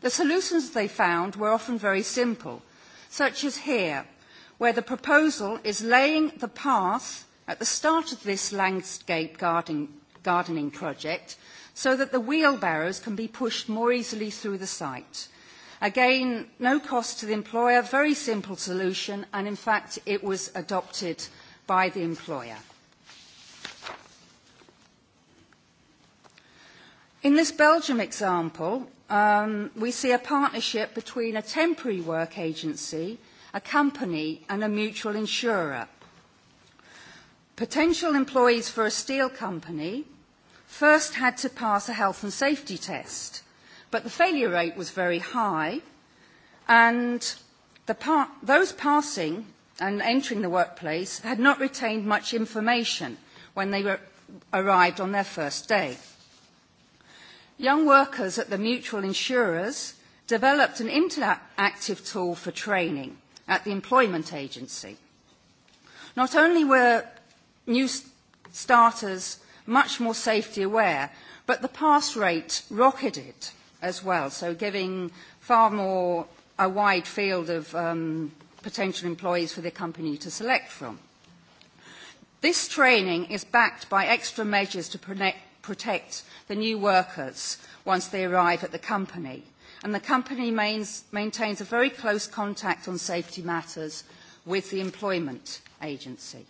The solutions they found were often very simple, such as here, where the proposal is laying the path at the start of this landscape gardening gardening project so that the wheelbarrows can be pushed more easily through the site. Again, no cost to the employer, very simple solution, and in fact it was adopted by the employer. In this Belgium example, um, we see a partnership between a temporary work agency, a company and a mutual insurer – potential employees for a steel company first had to pass a health and safety test, but the failure rate was very high, and the par- those passing and entering the workplace had not retained much information when they were arrived on their first day. Young workers at the mutual insurers developed an interactive tool for training at the employment agency. Not only were new starters much more safety aware, but the pass rate rocketed as well, so giving far more a wide field of um, potential employees for the company to select from. This training is backed by extra measures to protect the new workers once they arrive at the company. And the company maintains a very close contact on safety matters with the employment agency.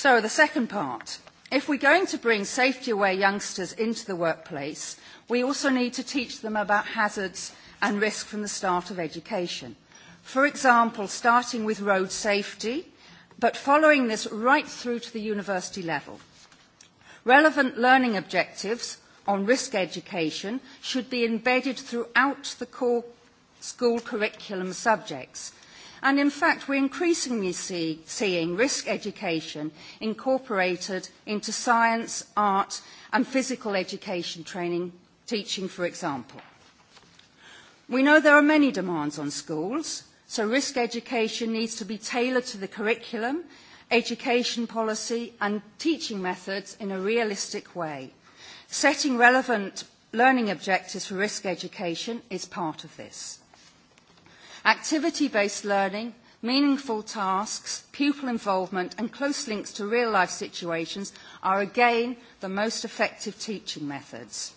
So the second part. If we're going to bring safety-aware youngsters into the workplace, we also need to teach them about hazards and risk from the start of education. For example, starting with road safety, but following this right through to the university level. Relevant learning objectives on risk education should be embedded throughout the core school curriculum subjects, And in fact, are increasingly see, seeing risk education incorporated into science, art, and physical education training, teaching, for example. We know there are many demands on schools, so risk education needs to be tailored to the curriculum, education policy, and teaching methods in a realistic way. Setting relevant learning objectives for risk education is part of this. Activity-based learning, meaningful tasks, pupil involvement and close links to real-life situations are again the most effective teaching methods.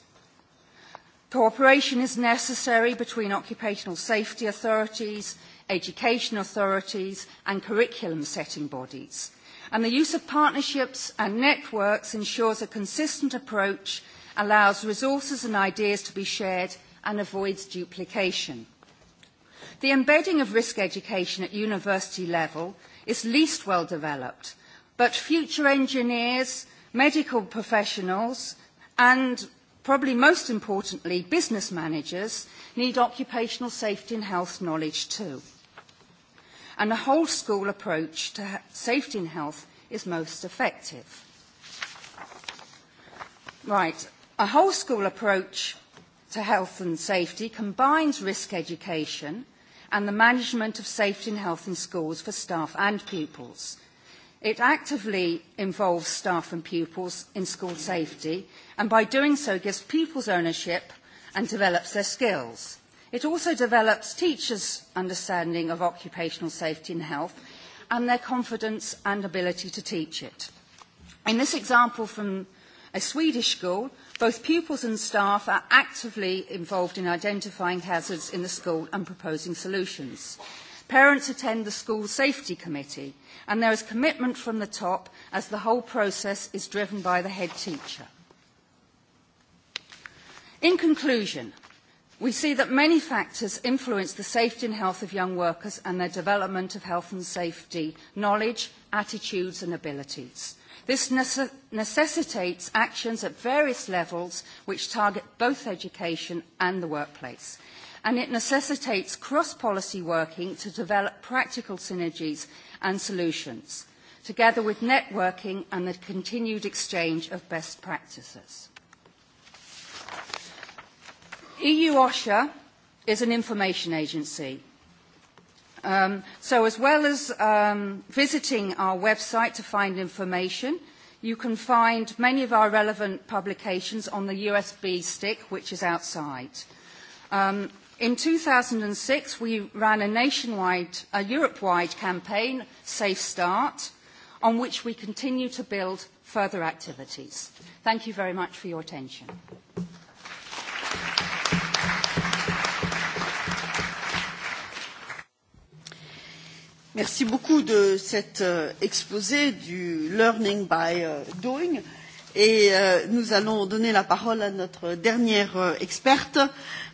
Cooperation is necessary between occupational safety authorities, education authorities and curriculum setting bodies. And the use of partnerships and networks ensures a consistent approach, allows resources and ideas to be shared and avoids duplication. The embedding of risk education at university level is least well developed, but future engineers, medical professionals, and probably most importantly, business managers need occupational safety and health knowledge too. And a whole school approach to safety and health is most effective. Right, a whole school approach to health and safety combines risk education and the management of safety and health in schools for staff and pupils. It actively involves staff and pupils in school safety and by doing so gives pupils ownership and develops their skills. It also develops teachers' understanding of occupational safety and health and their confidence and ability to teach it. In this example from a Swedish school, Both pupils and staff are actively involved in identifying hazards in the school and proposing solutions. Parents attend the school safety committee and there is commitment from the top as the whole process is driven by the head teacher. In conclusion, we see that many factors influence the safety and health of young workers and their development of health and safety knowledge, attitudes and abilities. This necessitates actions at various levels which target both education and the workplace. And it necessitates cross-policy working to develop practical synergies and solutions, together with networking and the continued exchange of best practices. EU OSHA is an information agency so as well as visiting our website to find information, you can find many of our relevant publications on the USB stick, which is outside. Um, in 2006, we ran a nationwide, a Europe-wide campaign, Safe Start, on which we continue to build further activities. Thank you very much for your attention. Merci beaucoup de cet euh, exposé du Learning by Doing. Et euh, nous allons donner la parole à notre dernière euh, experte,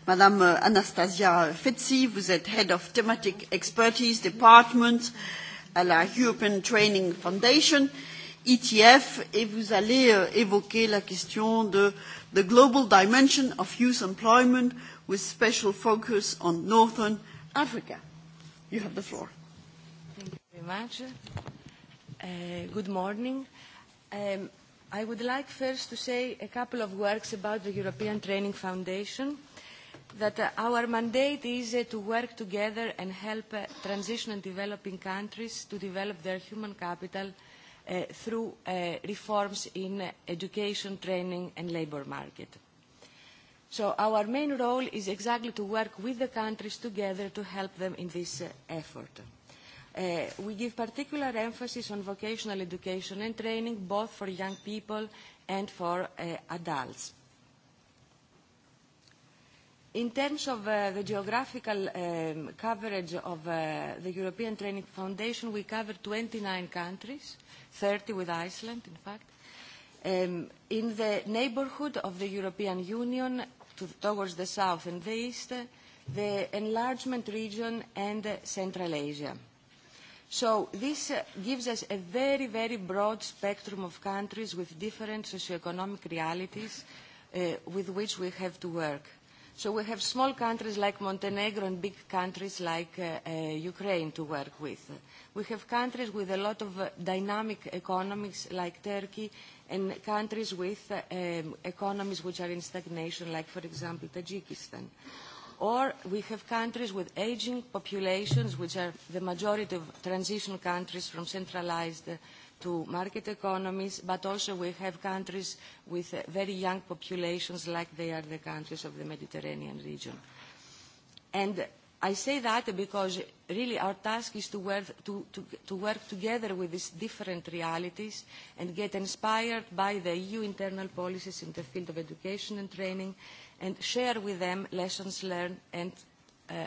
Madame Anastasia Fetsi. Vous êtes Head of Thematic Expertise Department à la European Training Foundation, ETF, et vous allez euh, évoquer la question de The Global Dimension of Youth Employment with special focus on Northern Africa. You have the floor much. Good morning. I would like first to say a couple of words about the European Training Foundation, that our mandate is to work together and help transition and developing countries to develop their human capital through reforms in education, training, and labour market. So our main role is exactly to work with the countries together to help them in this effort we give particular emphasis on vocational education and training both for young people and for adults. In terms of uh, the geographical um, coverage of uh, the European Training Foundation, we cover 29 countries, 30 with Iceland, in fact. Um, in the neighborhood of the European Union, to, towards the south and the east, the enlargement region and uh, Central Asia. So this gives us a very, very broad spectrum of countries with different socioeconomic realities with which we have to work. So we have small countries like Montenegro and big countries like Ukraine to work with. We have countries with a lot of dynamic economies like Turkey and countries with economies which are in stagnation like, for example, Tajikistan. Uh, or we have countries with aging populations, which are the majority of transition countries from centralized to market economies, but also we have countries with very young populations like they are the countries of the Mediterranean region. And I say that because really our task is to work, to, to, to work together with these different realities and get inspired by the EU internal policies in the field of education and training and share with them lessons learned and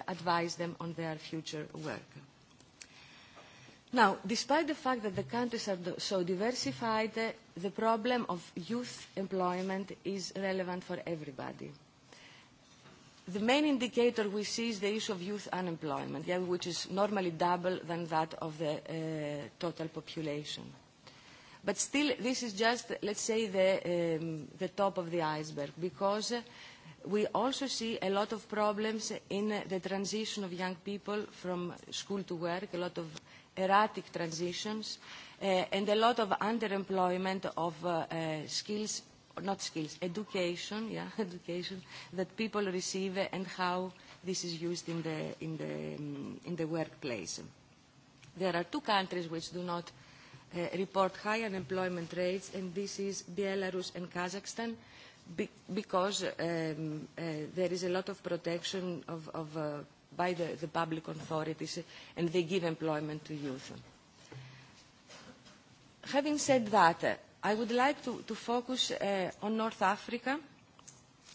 advise them on their future work. Now, despite the fact that the countries are so diversified, the problem of youth employment is relevant for everybody. The main indicator we see is the issue of youth unemployment, which is normally double than that of the total population. But still, this is just, let's say, the, um, the top of the iceberg, because We also see a lot of problems in the transition of young people from school to work, a lot of erratic transitions, uh, and a lot of underemployment of uh, uh, skills, not skills, education, yeah, education that people receive and how this is used in the, in the, in the workplace. There are two countries which do not uh, report high unemployment rates, and this is Belarus and Kazakhstan because um, uh, there is a lot of protection of, of, uh, by the, the public authorities and they give employment to youth. Having said that, uh, I would like to, to focus uh, on North Africa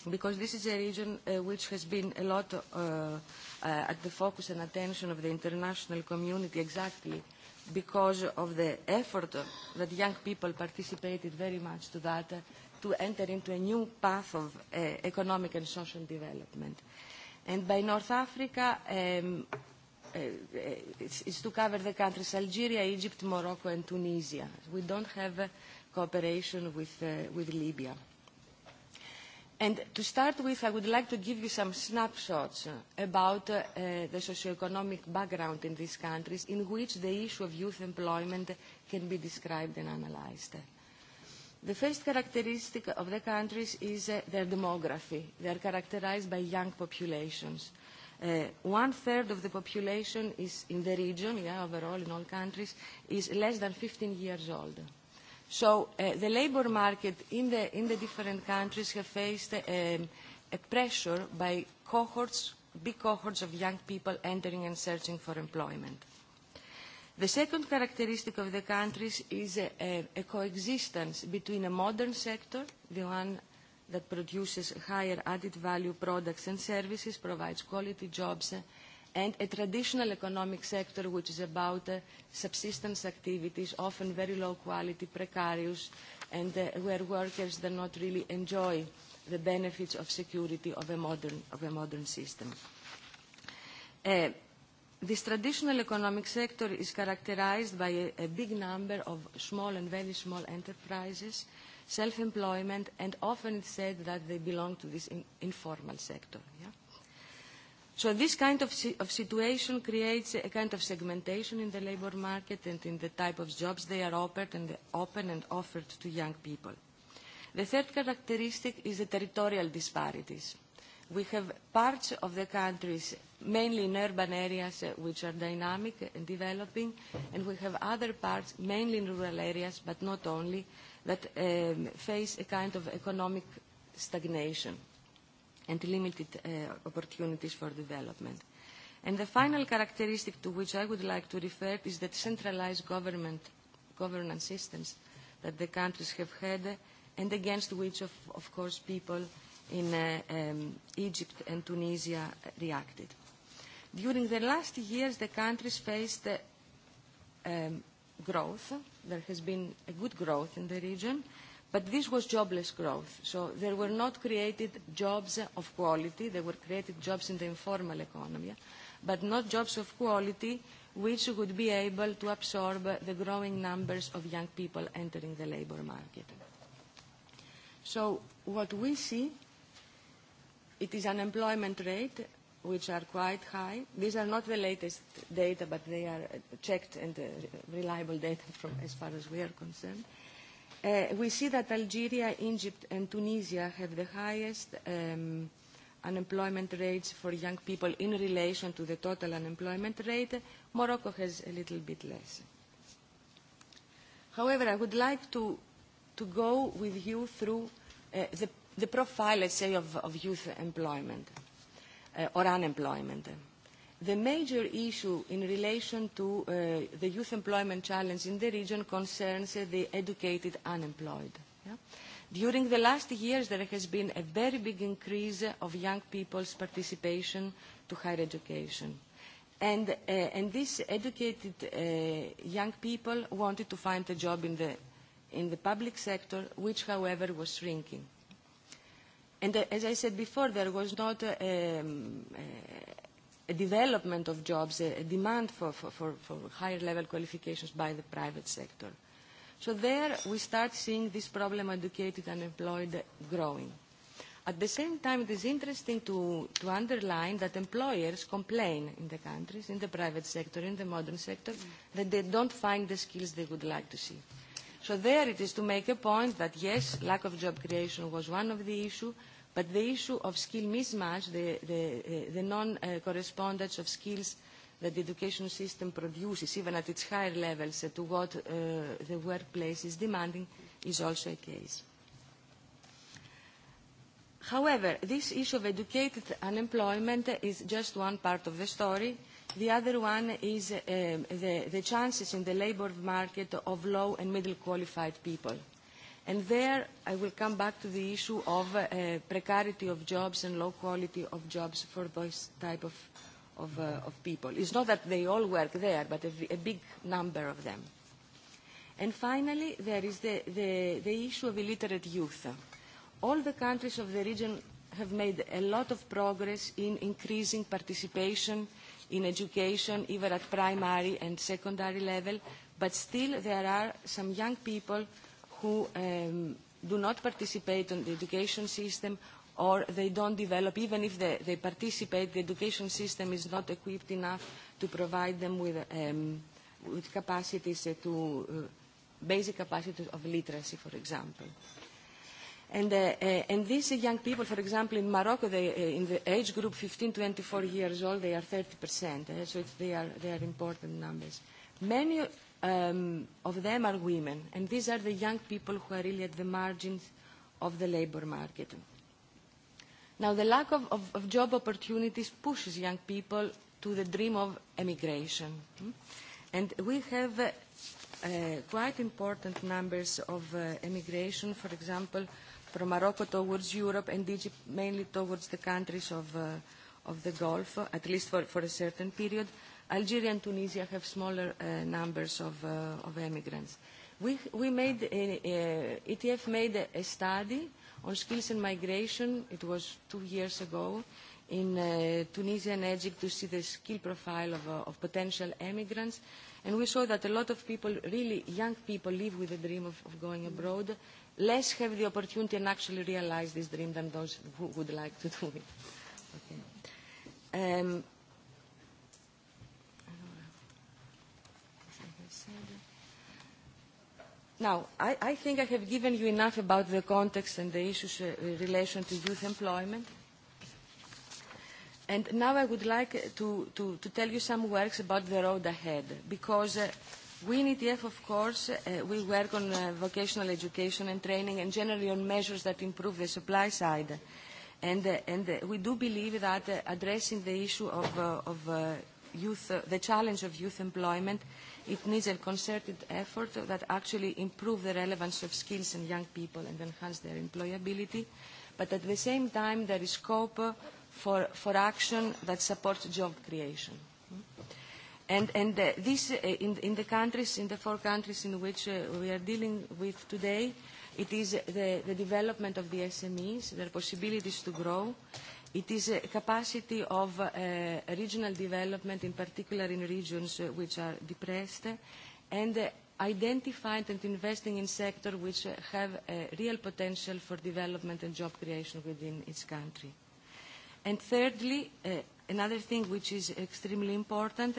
because this is a region uh, which has been a lot uh, uh, at the focus and attention of the international community exactly because of the effort that young people participated very much to that to enter into a new path of uh, economic and social development. And by North Africa, um, uh, it's, it's to cover the countries Algeria, Egypt, Morocco, and Tunisia. We don't have uh, cooperation with, uh, with Libya. And to start with, I would like to give you some snapshots about uh, the socioeconomic background in these countries in which the issue of youth employment can be described and analyzed. The first characteristic of the countries is uh, their demography. They are characterized by young populations. Uh, One-third of the population is in the region, yeah, overall in all countries, is less than 15 years old. So uh, the labor market in the, in the different countries have faced um, a pressure by cohorts, big cohorts of young people entering and searching for employment. The second characteristic of the countries is a, a, a coexistence between a modern sector, the one that produces higher added value products and services, provides quality jobs, and a traditional economic sector which is about uh, subsistence activities, often very low quality, precarious, and uh, where workers do not really enjoy the benefits of security of a modern, of a modern system. Uh, This traditional economic sector is characterized by a, a big number of small and very small enterprises, self-employment, and often it's said that they belong to this in, informal sector. Yeah? So this kind of, of situation creates a kind of segmentation in the labor market and in the type of jobs they are offered and, open and offered to young people. The third characteristic is the territorial disparities. We have parts of the countries, mainly in urban areas, which are dynamic and developing, and we have other parts, mainly in rural areas, but not only, that face a kind of economic stagnation and limited opportunities for development. And the final characteristic to which I would like to refer is that centralized government, governance systems that the countries have had and against which, of, of course, people in Egypt and Tunisia reacted. During the last years, the countries faced growth. There has been a good growth in the region, but this was jobless growth. So there were not created jobs of quality. There were created jobs in the informal economy, but not jobs of quality which would be able to absorb the growing numbers of young people entering the labor market. So what we see it is unemployment rate, which are quite high. These are not the latest data, but they are checked and reliable data from as far as we are concerned. We see that Algeria, Egypt, and Tunisia have the highest unemployment rates for young people in relation to the total unemployment rate. Morocco has a little bit less. However, I would like to go with you through the the profile, let's say, of, of youth employment uh, or unemployment. The major issue in relation to uh, the youth employment challenge in the region concerns uh, the educated unemployed. Yeah? During the last years, there has been a very big increase of young people's participation to higher education. And, uh, and these educated uh, young people wanted to find a job in the, in the public sector, which, however, was shrinking And as I said before, there was not a, a development of jobs, a demand for, for, for, for higher level qualifications by the private sector. So there we start seeing this problem educated unemployed growing. At the same time, it is interesting to, to underline that employers complain in the countries, in the private sector, in the modern sector, that they don't find the skills they would like to see. So there it is to make a point that yes, lack of job creation was one of the issues, but the issue of skill mismatch, the, the, the non-correspondence of skills that the education system produces, even at its higher levels, to what the workplace is demanding, is also a case. However, this issue of educated unemployment is just one part of the story. The other one is um, the, the chances in the labor market of low and middle qualified people. And there I will come back to the issue of uh, precarity of jobs and low quality of jobs for those type of, of, uh, of people. It's not that they all work there, but a, a big number of them. And finally, there is the, the, the issue of illiterate youth. All the countries of the region have made a lot of progress in increasing participation in education, even at primary and secondary level, but still there are some young people who um, do not participate in the education system or they don't develop, even if they, they participate, the education system is not equipped enough to provide them with, um, with capacities to, uh, basic capacities of literacy, for example. And, uh, uh, and these young people, for example, in Morocco, they, uh, in the age group 15 to 24 years old, they are 30%. Uh, so it's, they, are, they are important numbers. Many um, of them are women, and these are the young people who are really at the margins of the labor market. Now, the lack of, of, of job opportunities pushes young people to the dream of emigration. And we have uh, uh, quite important numbers of uh, emigration, for example, from Morocco towards Europe and Egypt mainly towards the countries of, uh, of the Gulf, at least for, for a certain period. Algeria and Tunisia have smaller uh, numbers of, uh, of immigrants. We, we made, ETF made a, a study on skills and migration, it was two years ago, in uh, Tunisia and Egypt to see the skill profile of, uh, of potential emigrants. And we saw that a lot of people, really young people, live with the dream of, of going abroad less have the opportunity and actually realize this dream than those who would like to do it. Okay. Um, Now, I, I think I have given you enough about the context and the issues uh, in relation to youth employment. And now I would like to, to, to tell you some words about the road ahead, because uh, We in ETF, of course, uh, we work on uh, vocational education and training and generally on measures that improve the supply side. And, uh, and uh, we do believe that uh, addressing the issue of, uh, of uh, youth, uh, the challenge of youth employment, it needs a concerted effort that actually improve the relevance of skills in young people and enhance their employability. But at the same time, there is scope for, for action that supports job creation. And, and uh, this, uh, in, in the countries, in the four countries in which uh, we are dealing with today, it is the, the development of the SMEs, their possibilities to grow. It is a capacity of uh, regional development, in particular in regions uh, which are depressed, and uh, identifying and investing in sectors which have a real potential for development and job creation within its country. And thirdly, uh, another thing which is extremely important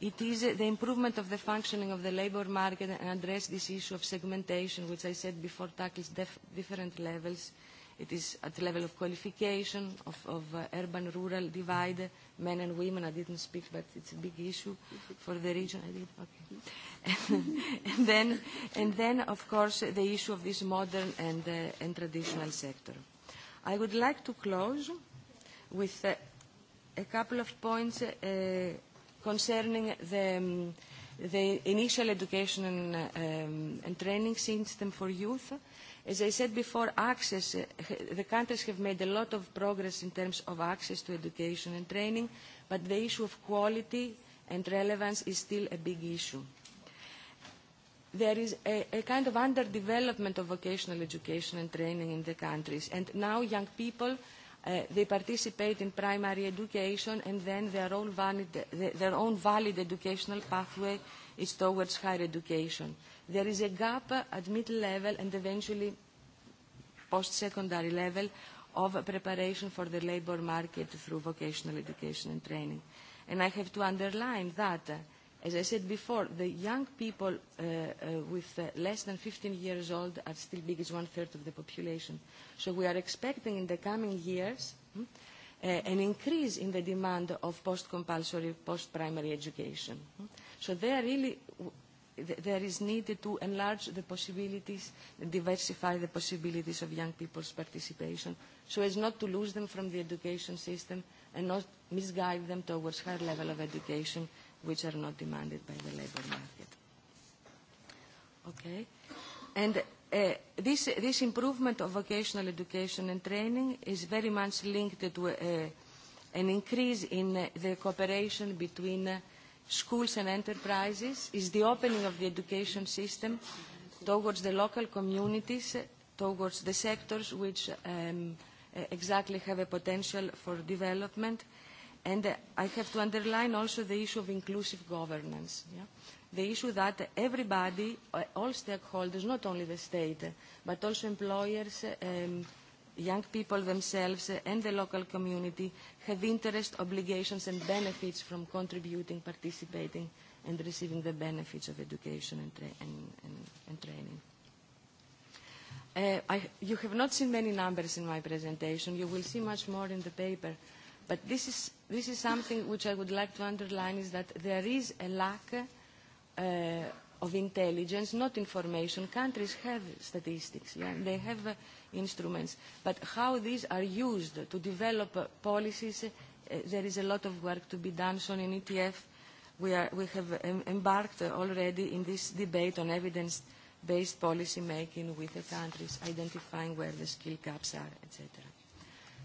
It is the improvement of the functioning of the labour market and address this issue of segmentation, which I said before tackles different levels. It is at the level of qualification, of, of uh, urban-rural divide, men and women. I didn't speak, but it's a big issue for the region. I did? Okay. and, then, and then, of course, the issue of this modern and, uh, and traditional sector. I would like to close with uh, a couple of points uh, concerning the, the initial education and, um, and training system for youth. As I said before, access, uh, the countries have made a lot of progress in terms of access to education and training, but the issue of quality and relevance is still a big issue. There is a, a kind of underdevelopment of vocational education and training in the countries, and now young people they participate in primary education and then their own valid, their own valid educational pathway is towards higher education. There is a gap at middle level and eventually post-secondary level of preparation for the labour market through vocational education and training. And I have to underline that As I said before, the young people uh, uh, with uh, less than 15 years old are still big as one-third of the population. So we are expecting in the coming years uh, an increase in the demand of post-compulsory, post-primary education. So there really there is need to enlarge the possibilities, diversify the possibilities of young people's participation so as not to lose them from the education system and not misguide them towards higher level of education which are not demanded by the labour market. Okay? And uh, this, this improvement of vocational education and training is very much linked to uh, an increase in uh, the cooperation between uh, schools and enterprises, is the opening of the education system towards the local communities, towards the sectors which um, exactly have a potential for development, uh, And I have to underline also the issue of inclusive governance. Yeah? The issue that everybody, all stakeholders, not only the state, but also employers, um, young people themselves, and the local community have interest, obligations, and benefits from contributing, participating, and receiving the benefits of education and, tra and, and, and training. Uh, I, you have not seen many numbers in my presentation. You will see much more in the paper. But this is, this is something which I would like to underline is that there is a lack uh, of intelligence, not information. Countries have statistics, yeah? they have uh, instruments, but how these are used to develop uh, policies, uh, there is a lot of work to be done. So in ETF, we, are, we have embarked already in this debate on evidence-based policy making with the countries, identifying where the skill gaps are, etc.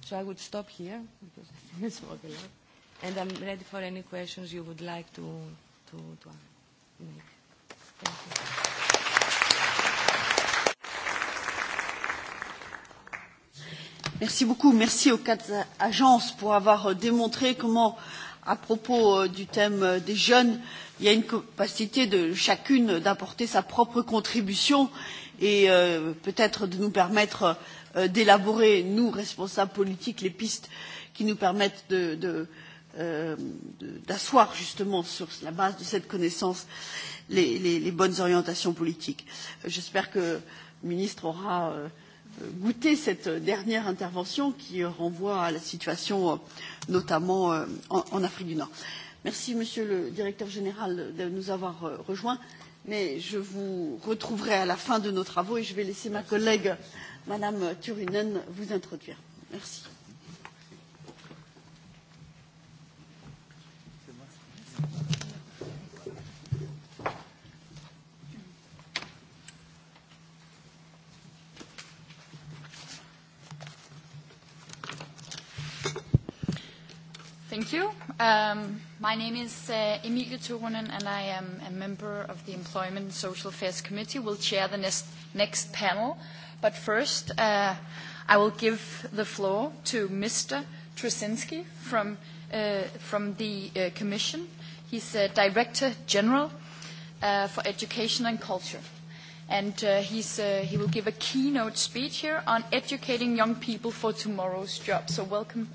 So I would stop here because I still smoke a lot. And I'm ready for any questions you would like to, to, to make. Thank you. Merci beaucoup. Merci aux quatre agences pour avoir démontré comment, à propos du thème des jeunes, il y a une capacité de chacune d'apporter sa propre contribution et peut-être de nous permettre d'élaborer, nous, responsables politiques, les pistes qui nous permettent d'asseoir justement sur la base de cette connaissance les, les, les bonnes orientations politiques. J'espère que le ministre aura goûté cette dernière intervention qui renvoie à la situation notamment en, en Afrique du Nord. Merci Monsieur le Directeur général de nous avoir rejoints, mais je vous retrouverai à la fin de nos travaux et je vais laisser ma collègue Madame Turunen vous introduire. Merci. Thank you. Um, my name is uh, Emilia Turunen, and I am a member of the Employment and Social Affairs Committee. We'll chair the next, next panel But first, I will give the floor to Mr. Trusinski from, the Commission. He's uh, Director General for Education and Culture. And he will give a keynote speech here on educating young people for tomorrow's job. So welcome,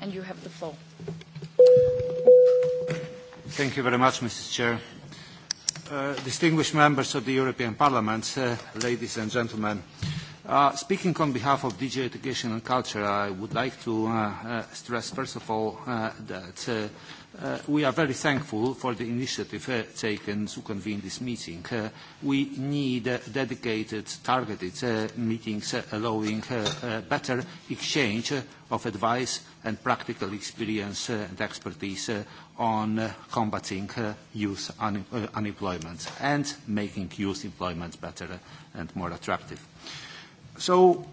and you have the floor. Thank you very much, Mrs. Chair. distinguished members of the European Parliament, ladies and gentlemen, Uh, speaking on behalf of DG Education and Culture, I would like to uh, uh, stress, first of all, uh, that uh, Uh, we are very thankful for the initiative uh, taken to convene this meeting. Uh, we need uh, dedicated, targeted uh, meetings uh, allowing uh, uh, better exchange uh, of advice and practical experience uh, and expertise uh, on uh, combating uh, youth un uh, unemployment and making youth employment better and more attractive. So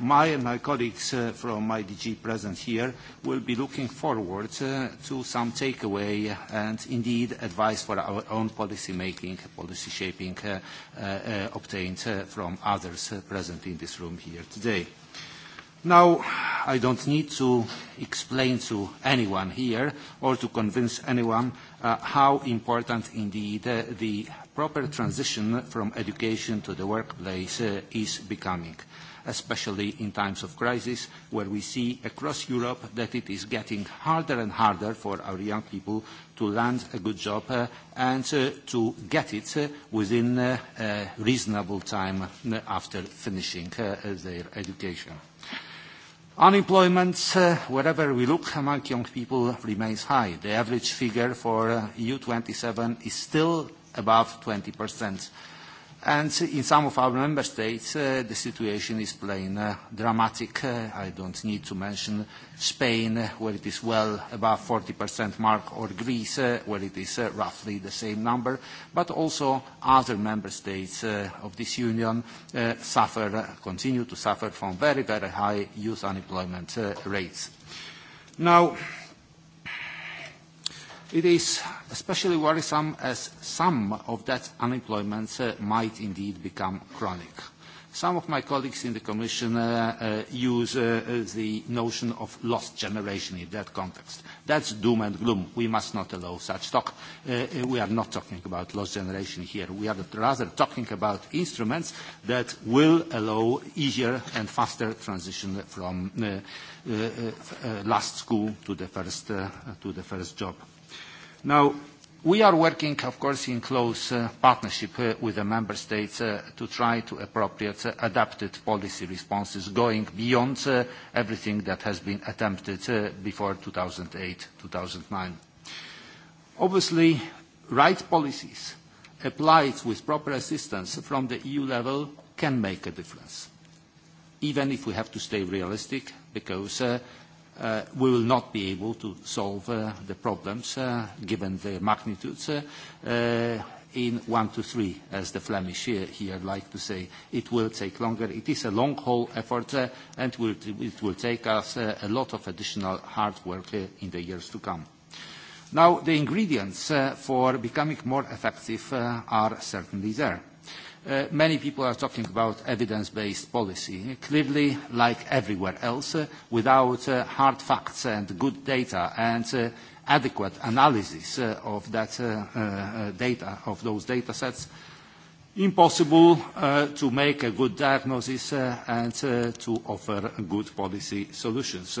my and my colleagues uh, from IDG present here will be looking forward uh, to some takeaway and indeed advice for our own policy making, policy shaping uh, uh, uh, obtained uh, from others uh, present in this room here today. Now, I don't need to explain to anyone here or to convince anyone uh, how important indeed uh, the proper transition from education to the workplace is becoming, especially in times of crisis, where we see across Europe that it is getting harder and harder for our young people to land a good job and to get it within a reasonable time after finishing their education. Unemployment, wherever we look among young people, remains high. The average figure for EU27 is still above 20%. in some of our member states, the situation is plain dramatic. I don't need to mention Spain, where it is well above 40% mark, or Greece, where it is roughly the same number, but also other member states of this union suffer, continue to suffer from very, very high youth unemployment rates. Now, It is especially worrisome as some of that unemployment might indeed become chronic. Some of my colleagues in the Commission use the notion of lost generation in that context. That's doom and gloom. We must not allow such talk. we are not talking about lost generation here. We are rather talking about instruments that will allow easier and faster transition from last school to the first, job. Now, we are working, of course, in close partnership with the member states to try to appropriate adapted policy responses going beyond everything that has been attempted before 2008, 2009. Obviously, right policies applied with proper assistance from the EU level can make a difference, even if we have to stay realistic, because we will not be able to solve the problems, given the magnitudes, in one to three, as the Flemish here like to say. It will take longer. It is a long-haul effort, and it will take us a lot of additional hard work in the years to come. Now, the ingredients for becoming more effective are certainly there many people are talking about evidence-based policy. Clearly, like everywhere else, without hard facts and good data and adequate analysis of that data, of those data sets, impossible to make a good diagnosis and to offer good policy solutions.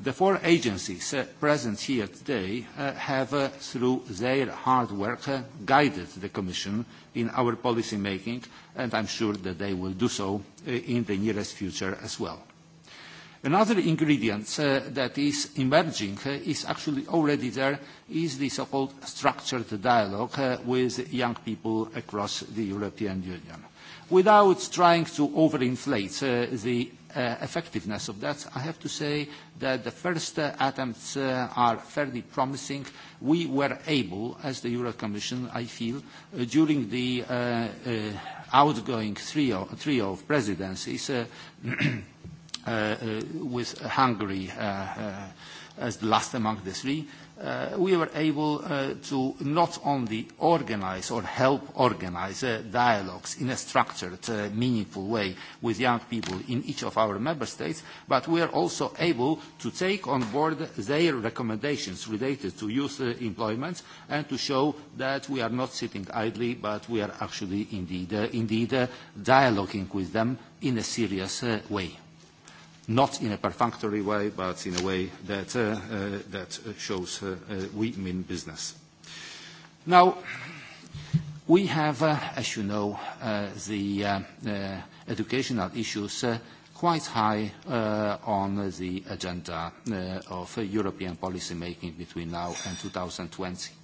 The four agencies present here today have, through their hard work, guided the Commission in our policy making, and I'm sure that they will do so in the nearest future as well. Another ingredient that is emerging, is actually already there, is the so-called structured dialogue with young people across the European Union without trying to overinflate the effectiveness of that, I have to say that the first attempts are fairly promising. We were able, as the Euro Commission, I feel, during the outgoing trio of presidencies with Hungary as the last among the three, we were able to not only organize or help organize dialogues in a structured, meaningful way with young people in each of our member states, but we are also able to take on board their recommendations related to youth employment and to show that we are not sitting idly, but we are actually indeed dialoguing with them in a serious way not in a perfunctory way, but in a way that, shows we mean business. Now, we have, as you know, the educational issues quite high on the agenda of European policymaking between now and 2020.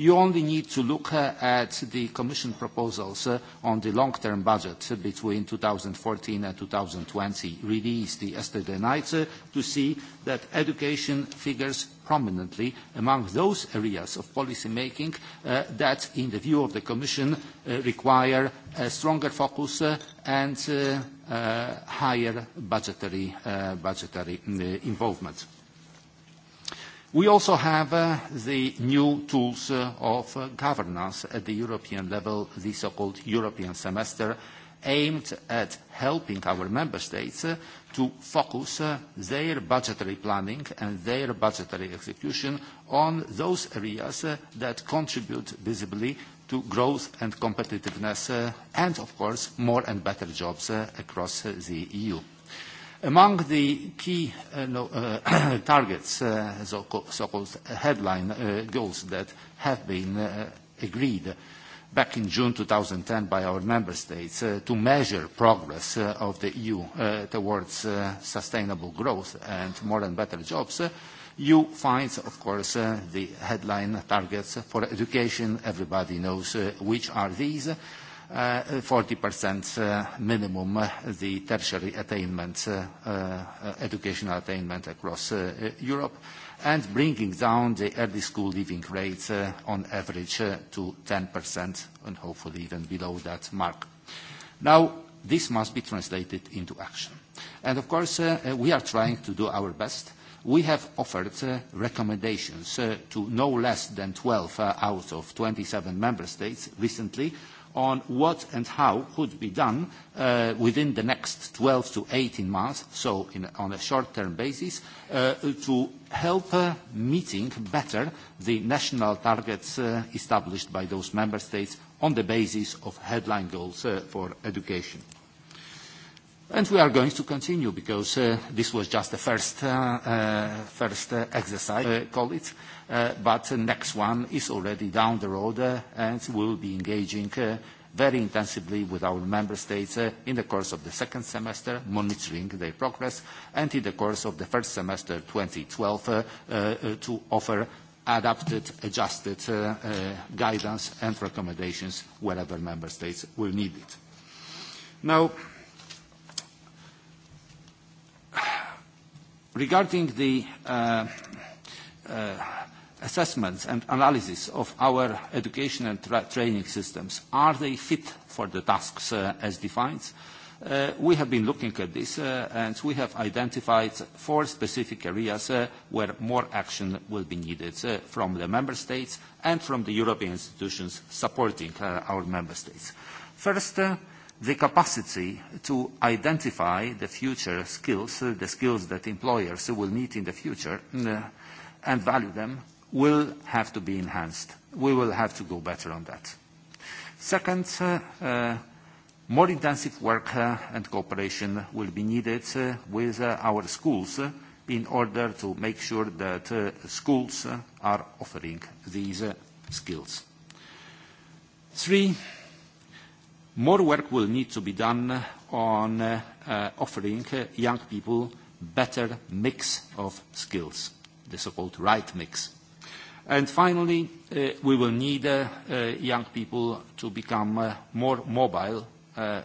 You only need to look at the Commission proposals on the long-term budget between 2014 and 2020, released yesterday night, to see that education figures prominently among those areas of policy making that, in the view of the Commission, require a stronger focus and higher budgetary involvement. We also have the new tools of governance at the European level, the so-called European semester, aimed at helping our member states to focus their budgetary planning and their budgetary execution on those areas that contribute visibly to growth and competitiveness, and of course, more and better jobs across the EU. Among the key uh, no, uh, targets, uh, so-called headline uh, goals that have been uh, agreed back in June 2010 by our member states uh, to measure progress uh, of the EU uh, towards uh, sustainable growth and more and better jobs, uh, you find, of course, uh, the headline targets for education. Everybody knows uh, which are these. 40% minimum the tertiary attainment, educational attainment across Europe, and bringing down the early school leaving rate on average to 10% and hopefully even below that mark. Now, this must be translated into action. And of course, we are trying to do our best. We have offered recommendations to no less than 12 out of 27 member states recently on what and how could be done within the next 12 to 18 months, so on a short-term basis, to help meeting better the national targets established by those member states on the basis of headline goals for education. And we are going to continue because this was just the first exercise, call it but the next one is already down the road, and we will be engaging very intensively with our member states in the course of the second semester, monitoring their progress, and in the course of the first semester 2012, to offer adapted, adjusted guidance and recommendations wherever member states will need it. Now, regarding the assessments and analysis of our education and tra training systems. Are they fit for the tasks uh, as defined? Uh, we have been looking at this uh, and we have identified four specific areas uh, where more action will be needed uh, from the member states and from the European institutions supporting uh, our member states. First, uh, the capacity to identify the future skills, uh, the skills that employers will need in the future, uh, and value them will have to be enhanced. We will have to go better on that. Second, more intensive work and cooperation will be needed with our schools in order to make sure that schools are offering these skills. Three, more work will need to be done on offering young people better mix of skills, the so-called right mix And finally, we will need young people to become more mobile.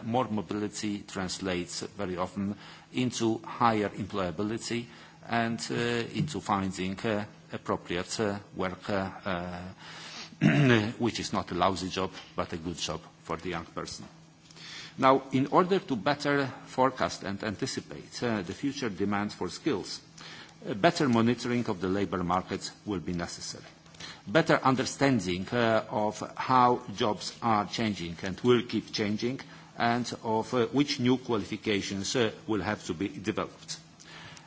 More mobility translates very often into higher employability and into finding appropriate work, which is not a lousy job, but a good job for the young person. Now, in order to better forecast and anticipate the future demand for skills, better monitoring of the labor market will be necessary better understanding of how jobs are changing and will keep changing, and of which new qualifications will have to be developed.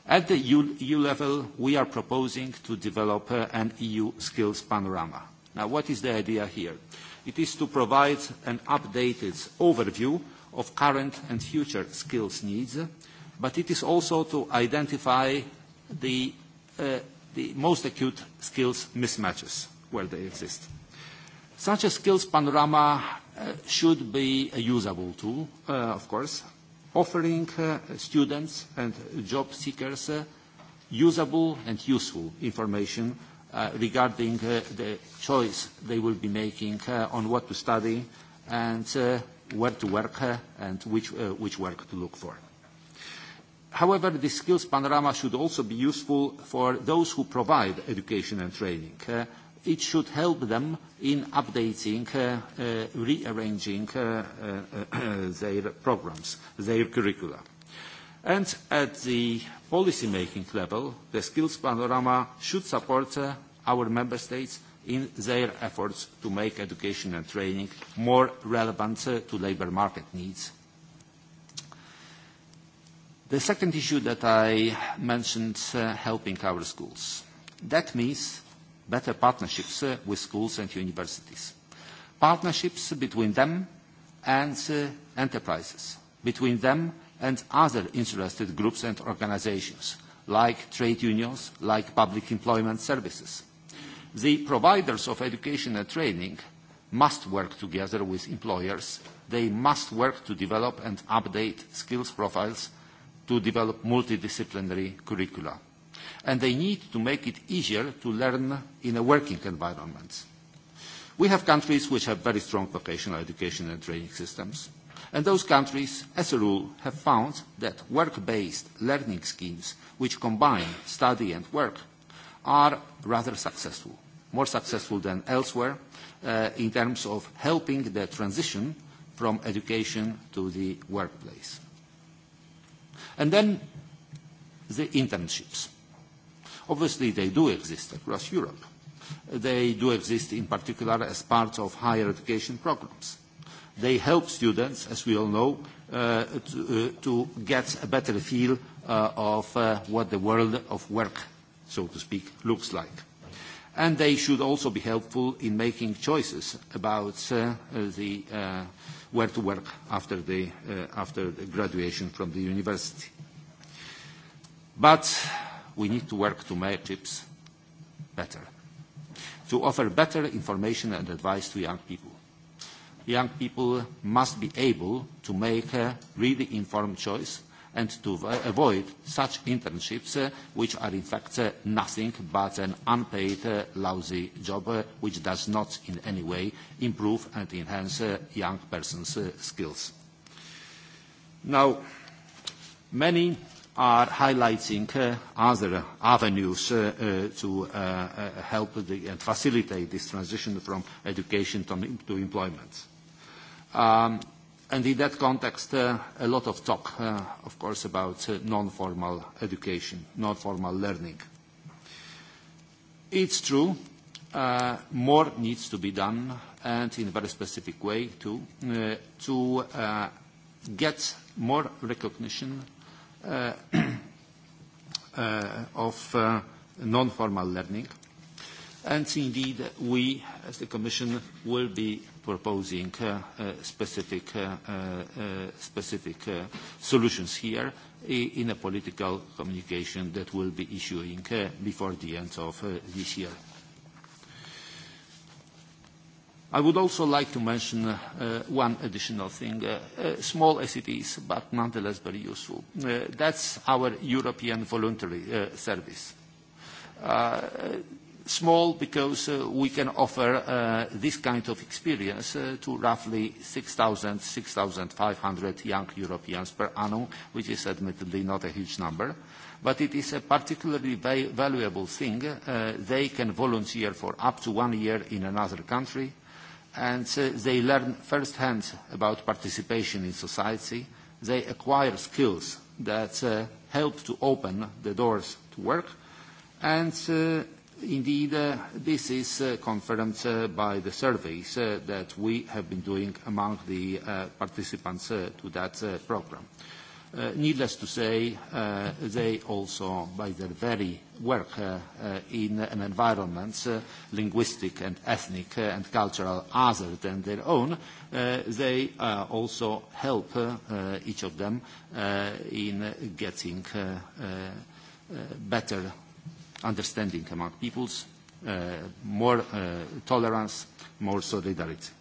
At the EU level, we are proposing to develop an EU skills panorama. Now, what is the idea here? It is to provide an updated overview of current and future skills needs, but it is also to identify the the most acute skills mismatches where they exist. Such a skills panorama should be a usable tool, of course, offering students and job seekers usable and useful information regarding the choice they will be making on what to study and where to work and which work to look for. However, the skills panorama should also be useful for those who provide education and training. it should help them in updating, rearranging their programmes, their curricula. And at the policy-making level, the skills panorama should support our member states in their efforts to make education and training more relevant to labour market needs The second issue that I mentioned, uh, helping our schools. That means better partnerships uh, with schools and universities. Partnerships between them and uh, enterprises, between them and other interested groups and organizations, like trade unions, like public employment services. The providers of education and training must work together with employers. They must work to develop and update skills profiles to develop multidisciplinary curricula. And they need to make it easier to learn in a working environment. We have countries which have very strong vocational education and training systems. And those countries, as a rule, have found that work-based learning schemes which combine study and work are rather successful, more successful than elsewhere uh, in terms of helping the transition from education to the workplace. And then the internships. Obviously, they do exist across Europe. They do exist in particular as part of higher education programs. They help students, as we all know, uh, to, uh, to get a better feel uh, of uh, what the world of work, so to speak, looks like. And they should also be helpful in making choices about uh, the uh, where to work after, the, uh, after the graduation from the university. But we need to work to make chips better, to offer better information and advice to young people. Young people must be able to make a really informed choice and to avoid such internships which are in fact nothing but an unpaid lousy job which does not in any way improve and enhance young persons' skills. Now, many are highlighting other avenues to help and facilitate this transition from education to employment And in that context, uh, a lot of talk, uh, of course, about uh, non-formal education, non-formal learning. It's true, uh, more needs to be done, and in a very specific way, too, uh, to uh, get more recognition uh, uh, of uh, non-formal learning And indeed, we, as the Commission, will be proposing specific solutions here in a political communication that we'll be issuing before the end of this year. I would also like to mention one additional thing, small as it is, but nonetheless very useful. That's our European Voluntary Service small because we can offer this kind of experience to roughly 6,000, 6,500 young Europeans per annum, which is admittedly not a huge number, but it is a particularly valuable thing. They can volunteer for up to one year in another country, and they learn firsthand about participation in society. They acquire skills that help to open the doors to work, and Indeed, this is confirmed by the surveys that we have been doing among the participants to that program. Needless to say, they also, by their very work in an environment, linguistic and ethnic and cultural other than their own, they also help each of them in getting better understanding among peoples, more tolerance, more solidarity.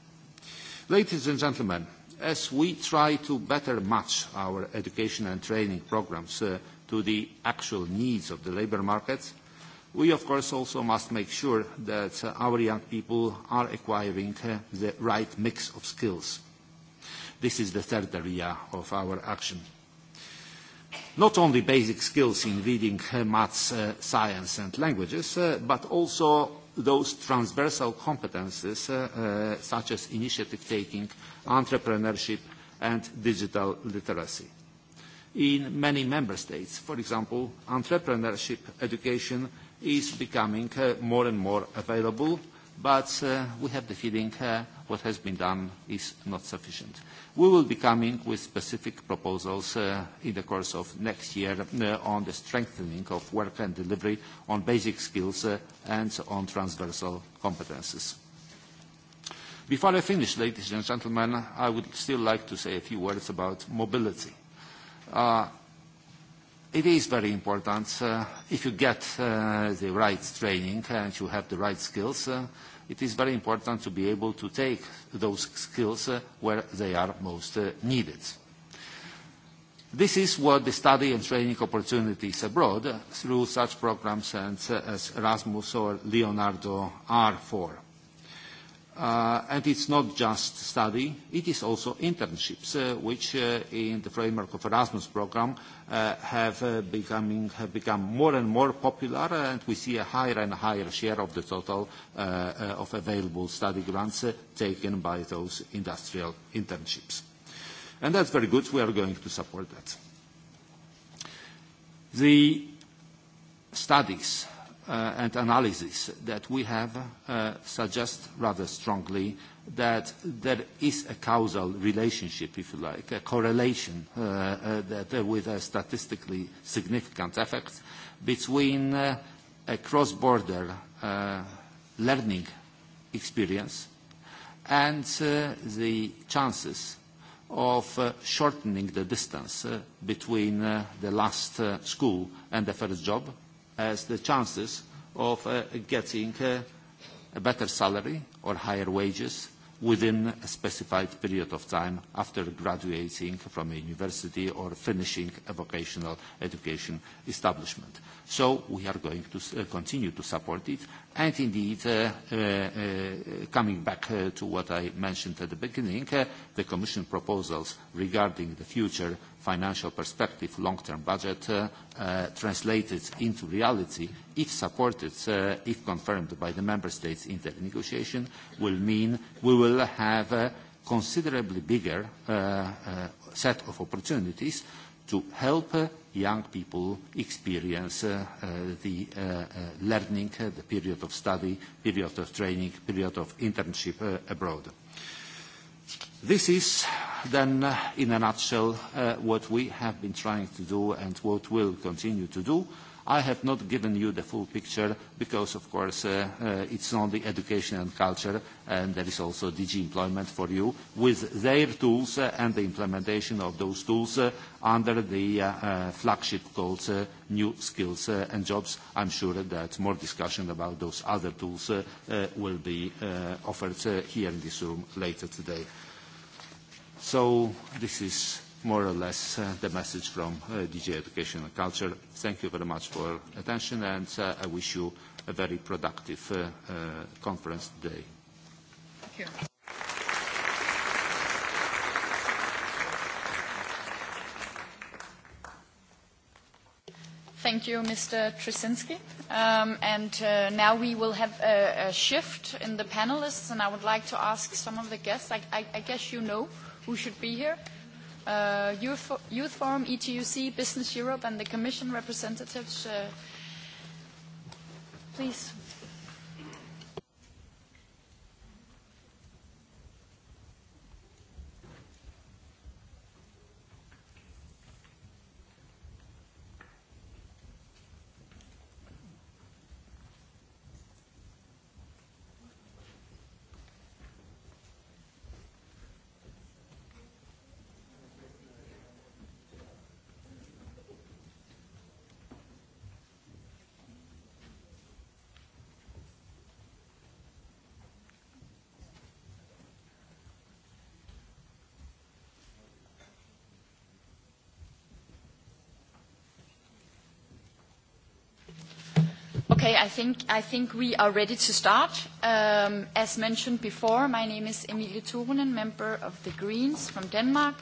Ladies and gentlemen, as we try to better match our education and training programs to the actual needs of the labour markets, we of course also must make sure that our young people are acquiring the right mix of skills. This is the third area of our action not only basic skills in reading, maths, science and languages, but also those transversal competences such as initiative taking, entrepreneurship and digital literacy. In many member states, for example, entrepreneurship education is becoming more and more available, but we have the feeling what has been done is not sufficient. We will be coming with specific proposals in the course of next year on the strengthening of work and delivery on basic skills and on transversal competences. Before I finish, ladies and gentlemen, I would still like to say a few words about mobility. It is very important. If you get the right training and you have the right skills, it is very important to be able to take those skills where they are most needed. This is what the study and training opportunities abroad through such programs as Erasmus or Leonardo are for. Uh, and it's not just study, it is also internships, uh, which uh, in the framework of Erasmus program uh, have, uh, becoming, have become more and more popular and we see a higher and higher share of the total uh, uh, of available study grants uh, taken by those industrial internships. And that's very good, we are going to support that. The studies and analysis that we have suggest rather strongly that there is a causal relationship, if you like, a correlation that with a statistically significant effect between a cross-border learning experience and the chances of shortening the distance between the last school and the first job as the chances of getting a better salary or higher wages within a specified period of time after graduating from a university or finishing a vocational education establishment. So we are going to continue to support it, And indeed, coming back to what I mentioned at the beginning, the Commission proposals regarding the future financial perspective long-term budget translated into reality, if supported, if confirmed by the member states in the negotiation, will mean we will have a considerably bigger set of opportunities to help young people experience the learning, the period of study, period of training, period of internship abroad. This is then, in a nutshell, what we have been trying to do and what we'll continue to do I have not given you the full picture because, of course, uh, uh, it's only education and culture, and there is also DG employment for you with their tools uh, and the implementation of those tools uh, under the uh, uh, flagship called uh, New Skills uh, and Jobs. I'm sure that more discussion about those other tools uh, uh, will be uh, offered uh, here in this room later today. So this is more or less uh, the message from uh, DG Education and Culture. Thank you very much for your attention and uh, I wish you a very productive uh, uh, conference today. Thank you. Thank you, Mr. Trzynski. And now we will have a shift in the panelists, and I would like to ask some of the guests. I guess you know who should be here uh, Youth, Youth Forum, ETUC, Business Europe, and the Commission representatives. Uh, please. Okay, I think, I think we are ready to start. Um, as mentioned before, my name is Emilie Turunen, member of the Greens from Denmark,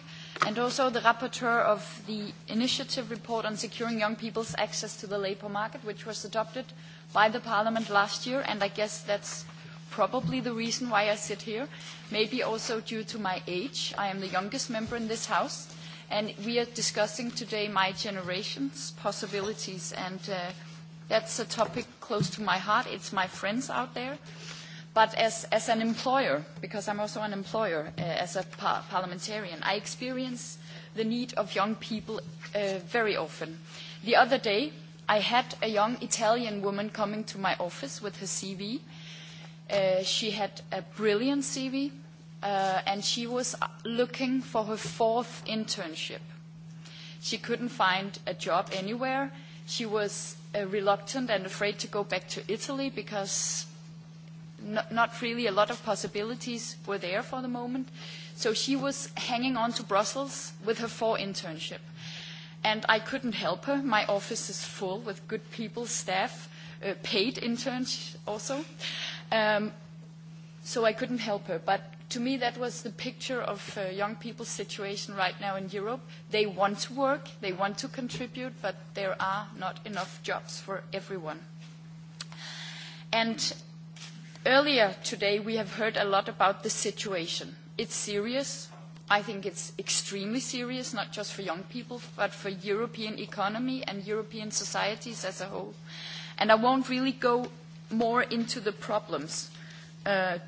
and also the rapporteur of the initiative report on securing young people's access to the labour market, which was adopted by the Parliament last year, and I guess that's probably the reason why I sit here, maybe also due to my age. I am the youngest member in this House, and we are discussing today my generation's possibilities and uh, that's a topic close to my heart. It's my friends out there. But as, as an employer, because I'm also an employer uh, as a par- parliamentarian, I experience the need of young people uh, very often. The other day, I had a young Italian woman coming to my office with her CV. Uh, she had a brilliant CV, uh, and she was looking for her fourth internship. She couldn't find a job anywhere. She was uh, reluctant and afraid to go back to Italy because not, not really a lot of possibilities were there for the moment. So she was hanging on to Brussels with her four internship. And I couldn't help her. My office is full with good people, staff, uh, paid interns also. Um, so I couldn't help her. But to me, that was the picture of uh, young people's situation right now in Europe. They want to work, they want to contribute, but there are not enough jobs for everyone. And earlier today, we have heard a lot about the situation. It's serious. I think it's extremely serious, not just for young people, but for European economy and European societies as a whole. And I won't really go more into the problems uh,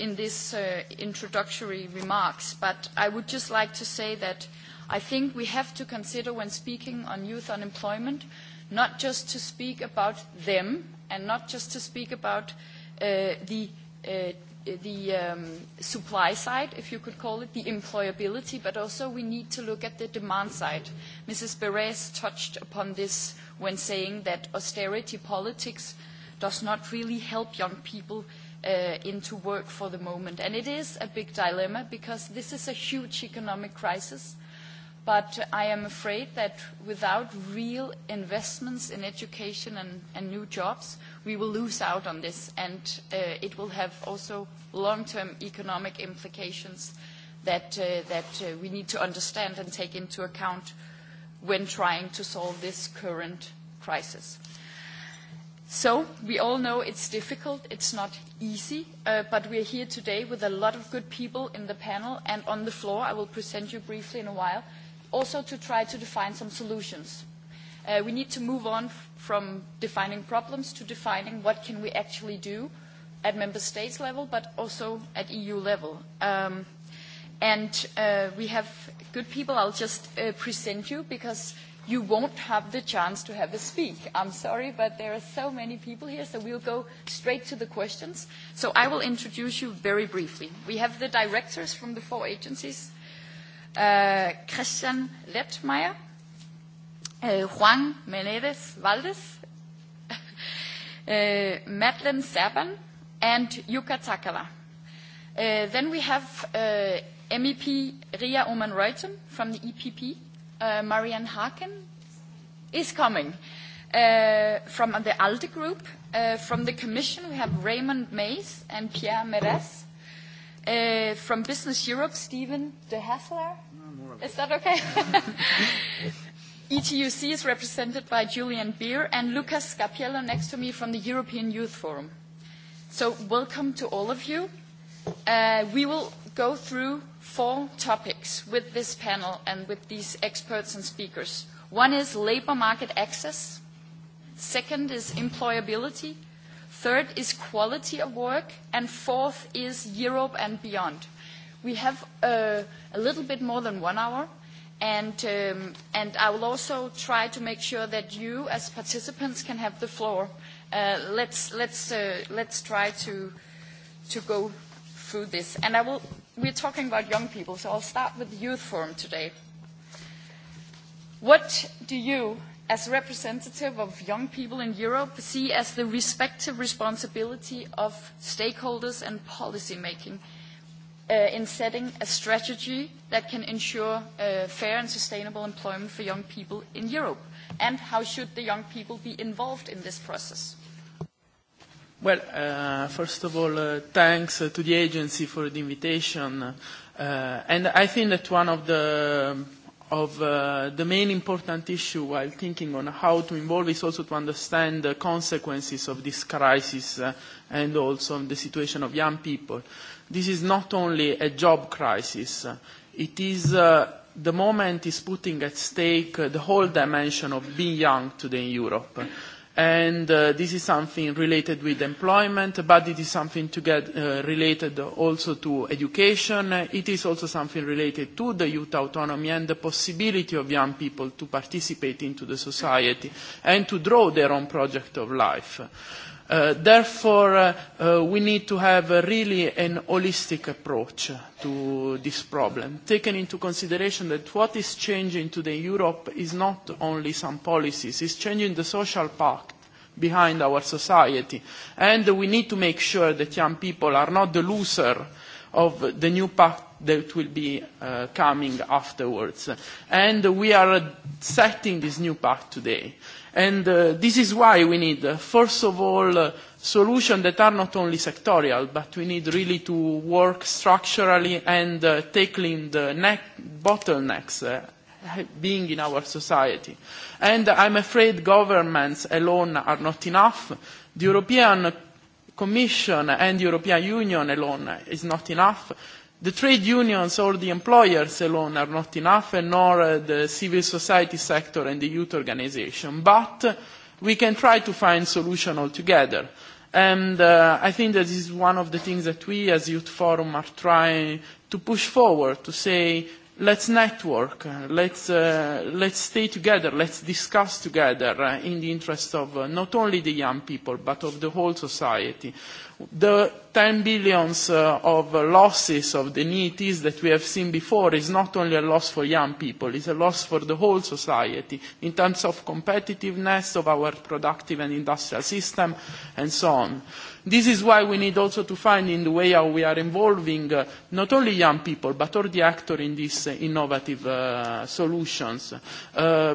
in this uh, introductory remarks, but I would just like to say that I think we have to consider when speaking on youth unemployment, not just to speak about them and not just to speak about uh, the, uh, the um, supply side, if you could call it, the employability, but also we need to look at the demand side. Mrs. Beres touched upon this when saying that austerity politics does not really help young people uh, into work for the moment. And it is a big dilemma because this is a huge economic crisis. But I am afraid that without real investments in education and, and new jobs, we will lose out on this. And uh, it will have also long-term economic implications that, uh, that uh, we need to understand and take into account when trying to solve this current crisis. So we all know it's difficult, it's not easy, uh, but we're here today with a lot of good people in the panel and on the floor. I will present you briefly in a while, also to try to define some solutions. Uh, we need to move on from defining problems to defining what can we actually do at member states level, but also at EU level. Um, and uh, we have good people. I'll just uh, present you because you won't have the chance to have a speak. I'm sorry, but there are so many people here, so we'll go straight to the questions. So I will introduce you very briefly. We have the directors from the four agencies, uh, Christian Lettmeier, uh, Juan Menedes Valdes, uh, Madeline Serban, and Yuka Takala. Uh, then we have uh, MEP Ria Oman-Reuten from the EPP, uh, Marianne Haken is coming. Uh, from the ALDE group, uh, from the Commission, we have Raymond Mays and Pierre Meres. Uh, from Business Europe, Stephen de Hassler. Is that okay? ETUC is represented by Julian Beer and Lucas Scapiello next to me from the European Youth Forum. So welcome to all of you. Uh, we will go through four topics with this panel and with these experts and speakers. One is labor market access. Second is employability. Third is quality of work. And fourth is Europe and beyond. We have uh, a little bit more than one hour. And, um, and I will also try to make sure that you as participants can have the floor. Uh, let's, let's, uh, let's try to, to go through this. And I will we're talking about young people, so I'll start with the Youth Forum today. What do you, as representative of young people in Europe, see as the respective responsibility of stakeholders and policy making uh, in setting a strategy that can ensure uh, fair and sustainable employment for young people in Europe? And how should the young people be involved in this process? Well, uh, first of all, uh, thanks to the agency for the invitation. Uh, and I think that one of the of uh, the main important issue while thinking on how to involve is also to understand the consequences of this crisis uh, and also the situation of young people. This is not only a job crisis. It is uh, the moment is putting at stake the whole dimension of being young today in Europe and uh, this is something related with employment, but it is something to get, uh, related also to education. It is also something related to the youth autonomy and the possibility of young people to participate into the society and to draw their own project of life therefore, we need to have really an holistic approach to this problem, taking into consideration that what is changing today in Europe is not only some policies, it's changing the social pact behind our society. And we need to make sure that young people are not the loser of the new pact that will be uh, coming afterwards. And we are setting this new pact today. And uh, this is why we need, uh, first of all, uh, solutions that are not only sectorial, but we need really to work structurally and uh, tackling the neck bottlenecks uh, being in our society. And I'm afraid governments alone are not enough. The European Commission and the European Union alone is not enough The trade unions or the employers alone are not enough, and nor uh, the civil society sector and the youth organization. But we can try to find solutions altogether. And uh, I think that is one of the things that we as Youth Forum are trying to push forward, to say, let's network, let's, uh, let's stay together, let's discuss together uh, in the interest of uh, not only the young people, but of the whole society. The 10 billion of losses of the NEETs that we have seen before is not only a loss for young people, it's a loss for the whole society in terms of competitiveness of our productive and industrial system and so on. This is why we need also to find in the way how we are involving not only young people but all the actors in these innovative solutions.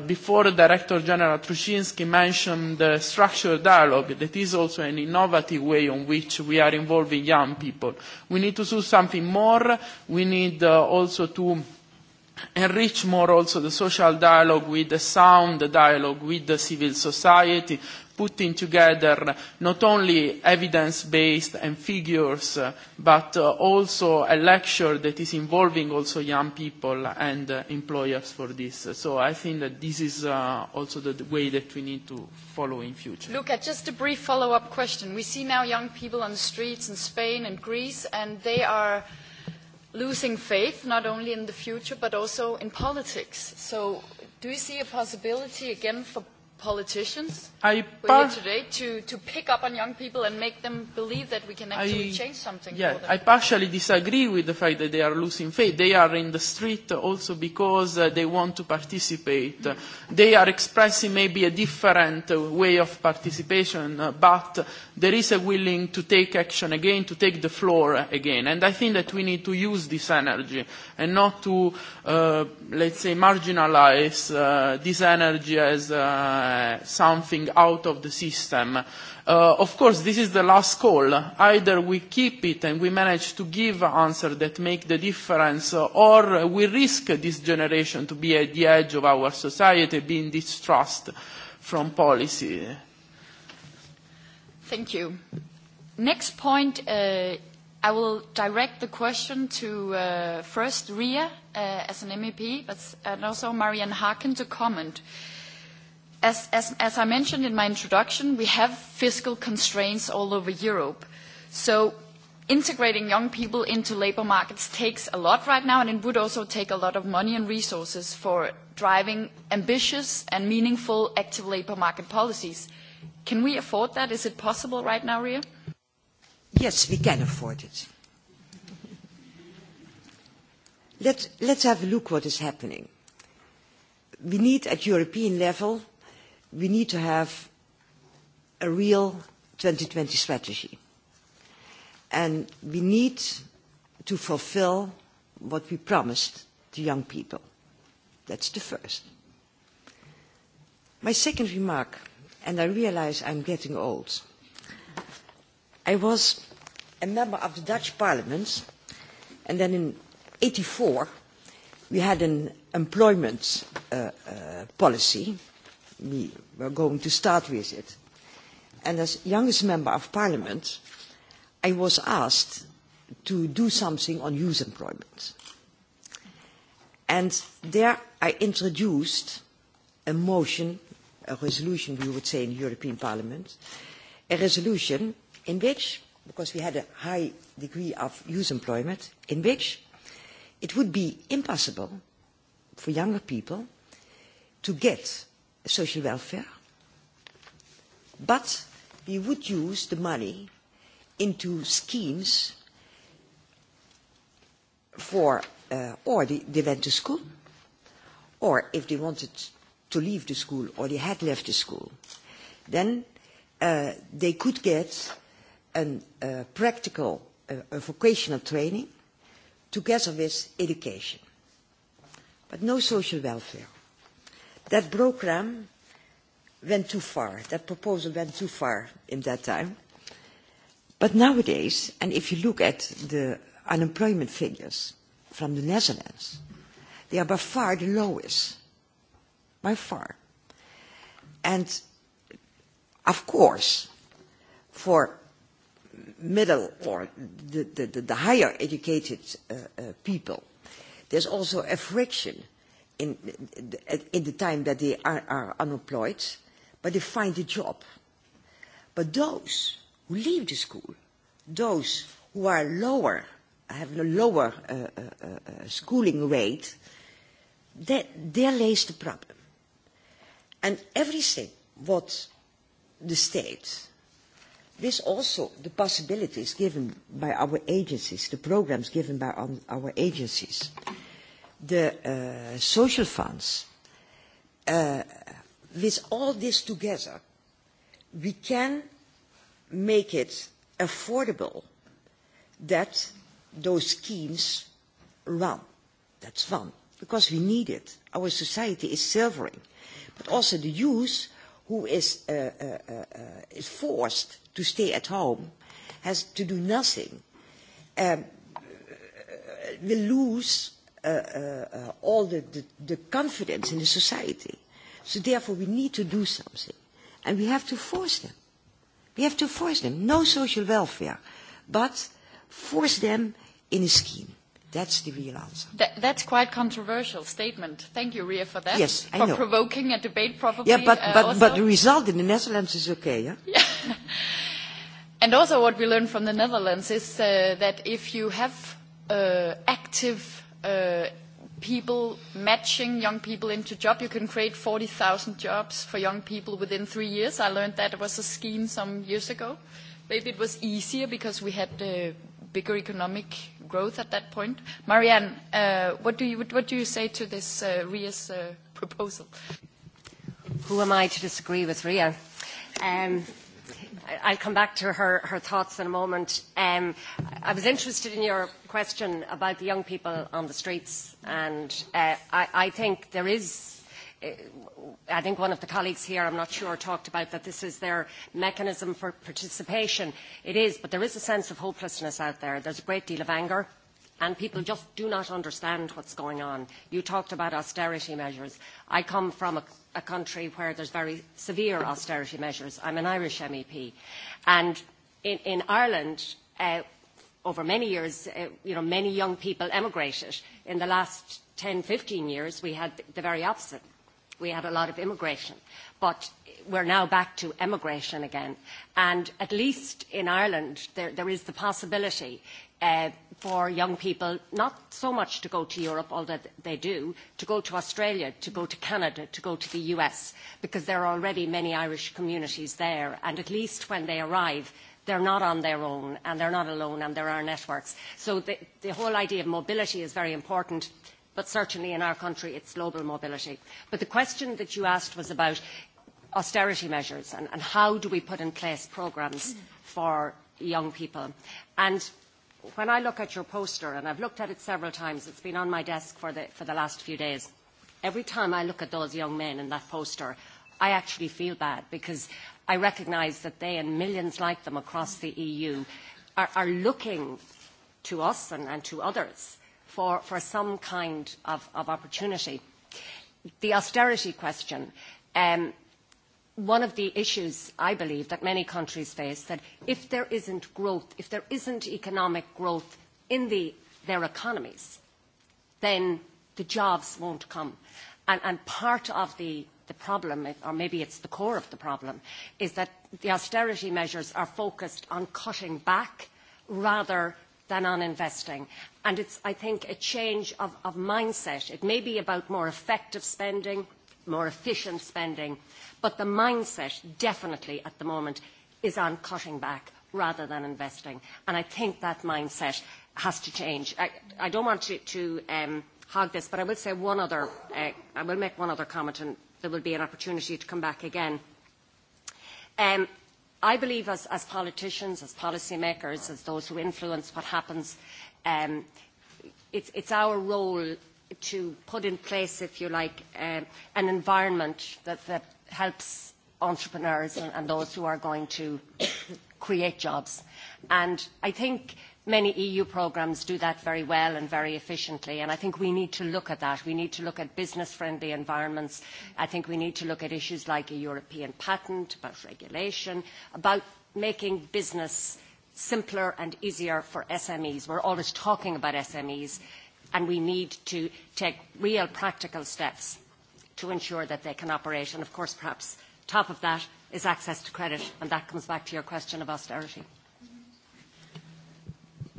before Director General Trushinsky mentioned the structured dialogue, that is also an innovative way on which which we are involving young people. We need to do something more. We need uh, also to enrich more also the social dialogue with the sound dialogue with the civil society, putting together not only evidence-based and figures, but also a lecture that is involving also young people and employers for this. So I think that this is also the way that we need to follow in future. Luca, just a brief follow-up question. We see now young people on the streets in Spain and Greece, and they are losing faith, not only in the future, but also in politics. So do you see a possibility again for politicians I pa- here today to, to pick up on young people and make them believe that we can actually I, change something yeah, for them? I partially disagree with the fact that they are losing faith. They are in the street also because uh, they want to participate. Mm. They are expressing maybe a different uh, way of participation, uh, but there is a willing to take action again, to take the floor again. And I think that we need to use this energy and not to, uh, let's say, marginalize uh, this energy as uh, something out of the system. Uh, of course, this is the last call. Either we keep it and we manage to give answers that make the difference, or we risk this generation to be at the edge of our society, being distrust from policy Thank you. Next point, I will direct the question to first Ria as an MEP, but, and also Marianne Harkin to comment. As, as I mentioned in my introduction, we have fiscal constraints all over Europe. So integrating young people into labour markets takes a lot right now, and it would also take a lot of money and resources for driving ambitious and meaningful active labour market policies – Can we afford that? Is it possible right now, Ria? Yes, we can afford it. Let, let's have a look what is happening. We need, at European level, we need to have a real twenty strategy. And we need to fulfill what we promised to young people. That's the first. My second remark and I realise I'm getting old. I was a member of the Dutch Parliament, and then in eighty four we had an employment policy. We were going to start with it. And as youngest member of parliament, I was asked to do something on youth employment. And there I introduced a motion a resolution, we would say in the European Parliament, a resolution in which, because we had a high degree of youth employment, in which it would be impossible for younger people to get social welfare, but we would use the money into schemes for, uh, or they, they went to school, or if they wanted to leave the school or they had left the school, then uh, they could get a uh, practical uh, vocational training together with education. But no social welfare. That program went too far. That proposal went too far in that time. But nowadays, and if you look at the unemployment figures from the Netherlands, they are by far the lowest by far. And of course, for middle or the, the, the, higher educated uh, uh, people, there's also a friction in, in the time that they are, are unemployed, but they find a job. But those who leave the school, those who are lower, have a lower uh, uh, uh, schooling rate, that, there lays the problem and everything what the state this also the possibilities given by our agencies, the programs given by our agencies, the uh, social funds, uh, with all this together, we can make it affordable that those schemes run. That's one, because we need it. Our society is silvering but also the youth who is, uh, uh, uh, is forced to stay at home, has to do nothing, um, will lose uh, uh, all the, the, the confidence in the society. So therefore we need to do something. And we have to force them. We have to force them. No social welfare, but force them in a scheme. That's the real answer. that's quite controversial statement. Thank you, Ria, for that. Yes, I for know. provoking a debate, probably. Yeah, but, but, uh, but the result in the Netherlands is okay, yeah? yeah. and also what we learned from the Netherlands is uh, that if you have uh, active uh, people matching young people into job, you can create 40,000 jobs for young people within three years. I learned that it was a scheme some years ago. Maybe it was easier because we had... Uh, bigger economic growth at that point. Marianne, uh, what, do you, what do you say to this uh, RIA's uh, proposal? Who am I to disagree with RIA? Um, I'll come back to her, her thoughts in a moment. Um, I was interested in your question about the young people on the streets, and uh, I, I think there is I think one of the colleagues here, I'm not sure, talked about that this is their mechanism for participation. It is, but there is a sense of hopelessness out there. There's a great deal of anger and people just do not understand what's going on. You talked about austerity measures. I come from a, a country where there's very severe austerity measures. I'm an Irish MEP. And in, in Ireland, uh, over many years, uh, you know, many young people emigrated. In the last 10, 15 years, we had the very opposite we had a lot of immigration, but we're now back to emigration again. And at least in Ireland, there, there is the possibility uh, for young people not so much to go to Europe, although they do, to go to Australia, to go to Canada, to go to the US, because there are already many Irish communities there. And at least when they arrive, they're not on their own and they're not alone and there are networks. So the, the whole idea of mobility is very important but certainly in our country it's global mobility. But the question that you asked was about austerity measures and, and how do we put in place programmes for young people. And when I look at your poster, and I've looked at it several times, it's been on my desk for the, for the last few days, every time I look at those young men in that poster, I actually feel bad because I recognise that they and millions like them across the EU are, are looking to us and, and to others for, for some kind of, of opportunity. The austerity question. Um, one of the issues I believe that many countries face that if there isn't growth, if there isn't economic growth in the, their economies, then the jobs won't come. And, and part of the, the problem, or maybe it's the core of the problem, is that the austerity measures are focused on cutting back rather than on investing. And it's, I think, a change of, of mindset. It may be about more effective spending, more efficient spending, but the mindset definitely at the moment is on cutting back rather than investing. And I think that mindset has to change. I, I don't want to, to um, hog this, but I will say one other, uh, I will make one other comment and there will be an opportunity to come back again. Um, I believe as, as politicians, as policymakers, as those who influence what happens, um, it's, it's our role to put in place, if you like, an environment that, that helps entrepreneurs and, and those who are going to create jobs. And I think many EU programmes do that very well and very efficiently, and I think we need to look at that. We need to look at business-friendly environments. I think we need to look at issues like a European patent, about regulation, about making business simpler and easier for SMEs. We're always talking about SMEs, and we need to take real practical steps to ensure that they can operate. And of course, perhaps top of that is access to credit, and that comes back to your question of austerity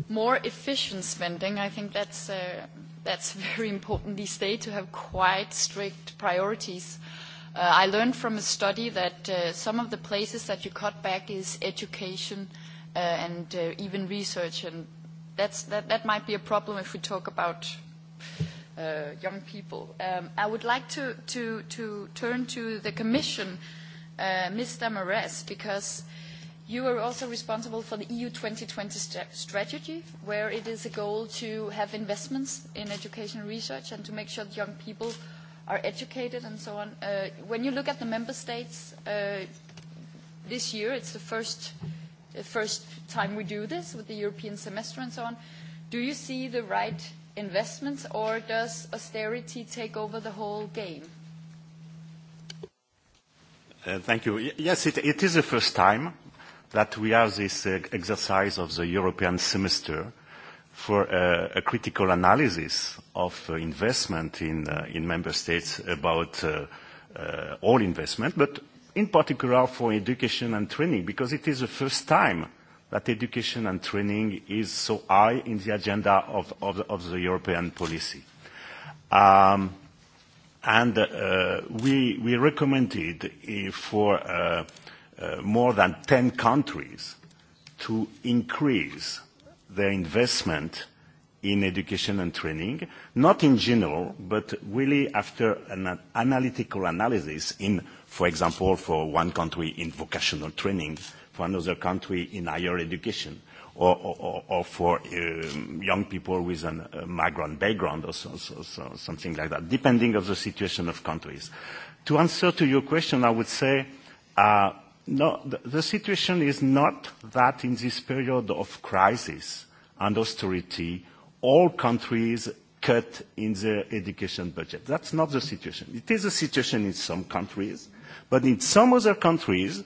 more efficient spending. I think that's uh, that's very important these days to have quite strict priorities. Uh, I learned from a study that uh, some of the places that you cut back is education uh, and uh, even research, and that's that that might be a problem if we talk about uh, young people. Um, I would like to to to turn to the Commission, uh, Mr Damares, because. Uh, You are also responsible for the EU 2020 st strategy, where it is a goal to have investments in education and research and to make sure that young people are educated and so on. Uh, when you look at the member states, uh, this year it's the first, the first time we do this with the European semester and so on. Do you see the right investments or does austerity take over the whole game? Uh, thank you. Yes, it, it is the first time that we have this uh, exercise of the European semester for uh, a critical analysis of uh, investment in, uh, in member states about uh, uh, all investment, but in particular for education and training, because it is the first time that education and training is so high in the agenda of, of, of the European policy. Um, and uh, we, we recommended for uh, more than 10 countries to increase their investment in education and training, not in general, but really after an analytical analysis in, for example, for one country in vocational training, for another country in higher education, or, or, for um, young people with a migrant background or so, so, so, something like that, depending on the situation of countries. To answer to your question, I would say uh, No, the, the situation is not that in this period of crisis and austerity, all countries cut in their education budget. That's not the situation. It is a situation in some countries, but in some other countries,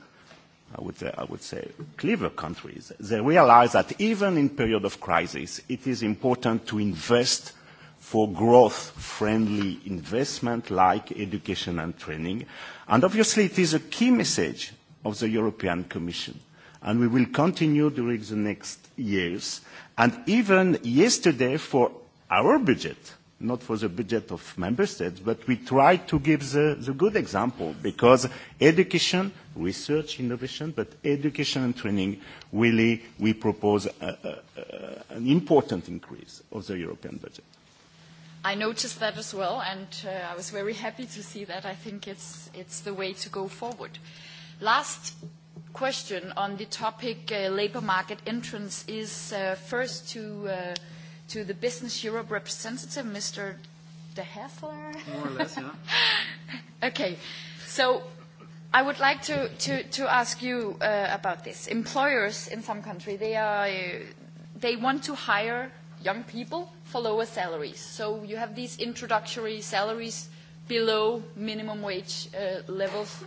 I would say, I would say clever countries, they realize that even in period of crisis, it is important to invest for growth-friendly investment like education and training. And obviously, it is a key message of the European Commission. And we will continue during the next years. And even yesterday, for our budget, not for the budget of member states, but we try to give the, the good example because education, research, innovation, but education and training, really, we propose a, a, a, an important increase of the European budget. I noticed that as well, and uh, I was very happy to see that. I think it's, it's the way to go forward. Uh, Last question on the topic labor market entrance is first to the Business Europe representative, Mr. De Haesler? More or less, yeah. Okay. So I would like to to to ask you about this. Employers in some country, they are they want to hire young people for lower salaries. So you have these introductory salaries below minimum wage levels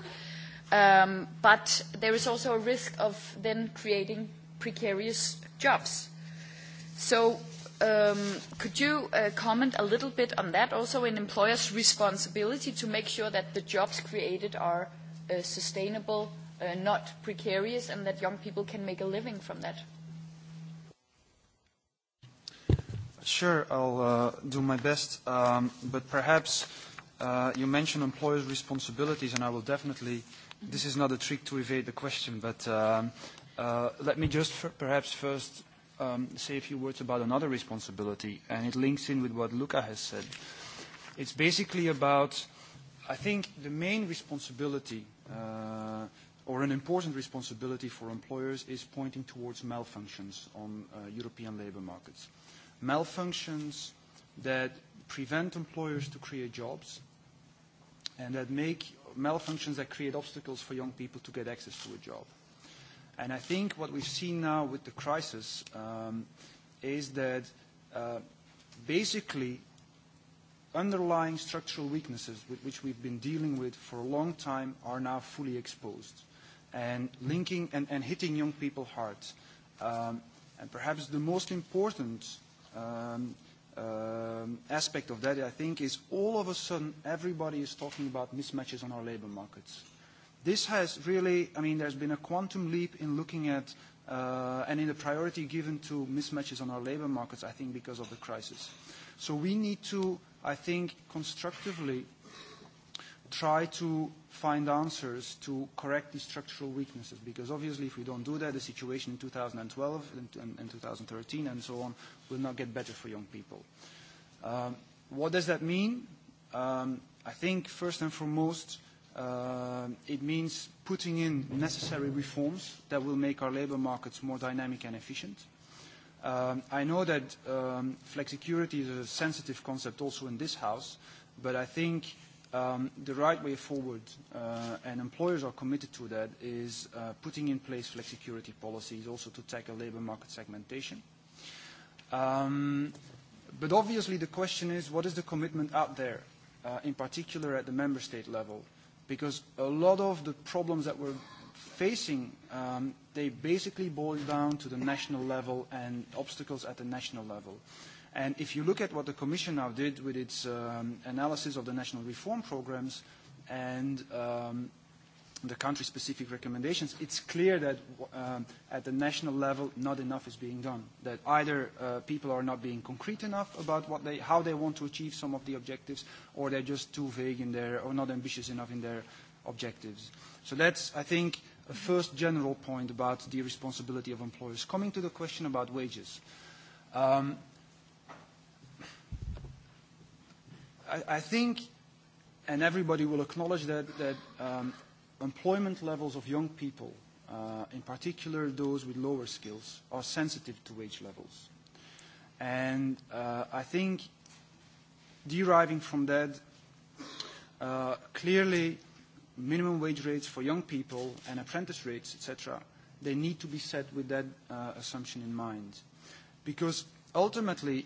Um, but there is also a risk of then creating precarious jobs. So um, could you uh, comment a little bit on that also in employers' responsibility to make sure that the jobs created are uh, sustainable, uh, not precarious, and that young people can make a living from that? Sure, I'll uh, do my best, um, but perhaps uh, you mentioned employers' responsibilities, and I will definitely uh, This is not a trick to evade the question, but um, uh, let me just for perhaps first um, say a few words about another responsibility, and it links in with what Luca has said. It's basically about, I think, the main responsibility uh, or an important responsibility for employers is pointing towards malfunctions on uh, European labor markets. Malfunctions that prevent employers to create jobs and that make malfunctions that create obstacles for young people to get access to a job. And I think what we've seen now with the crisis um, is that uh, basically underlying structural weaknesses with which we've been dealing with for a long time are now fully exposed and linking and, and hitting young people hard. Um, and perhaps the most important um, um, aspect of that, I think, is all of a sudden everybody is talking about mismatches on our labor markets. This has really, I mean, there's been a quantum leap in looking at uh, and in the priority given to mismatches on our labor markets, I think, because of the crisis. So we need to, I think, constructively try to find answers to correct these structural weaknesses, because obviously if we don't do that, the situation in 2012 and, and 2013 and so on will not get better for young people. Um, what does that mean? Um, I think first and foremost, uh, it means putting in necessary reforms that will make our labor markets more dynamic and efficient. Um, I know that um, flexicurity is a sensitive concept also in this house, but I think um, the right way forward, uh, and employers are committed to that, is uh, putting in place flexicurity policies also to tackle labor market segmentation. Um, but obviously the question is, what is the commitment out there, uh, in particular at the member state level? Because a lot of the problems that we're facing, um, they basically boil down to the national level and obstacles at the national level. Uh, And if you look at what the Commission now did with its um, analysis of the national reform programs and um, the country-specific recommendations, it's clear that um, at the national level, not enough is being done. That either uh, people are not being concrete enough about what they, how they want to achieve some of the objectives, or they're just too vague in their, or not ambitious enough in their objectives. So that's, I think, a first general point about the responsibility of employers. Coming to the question about wages. Um, I, I think, and everybody will acknowledge that, that um, employment levels of young people, uh, in particular those with lower skills, are sensitive to wage levels. And uh, I think deriving from that, uh, clearly minimum wage rates for young people and apprentice rates, etc., they need to be set with that uh, assumption in mind. Because ultimately,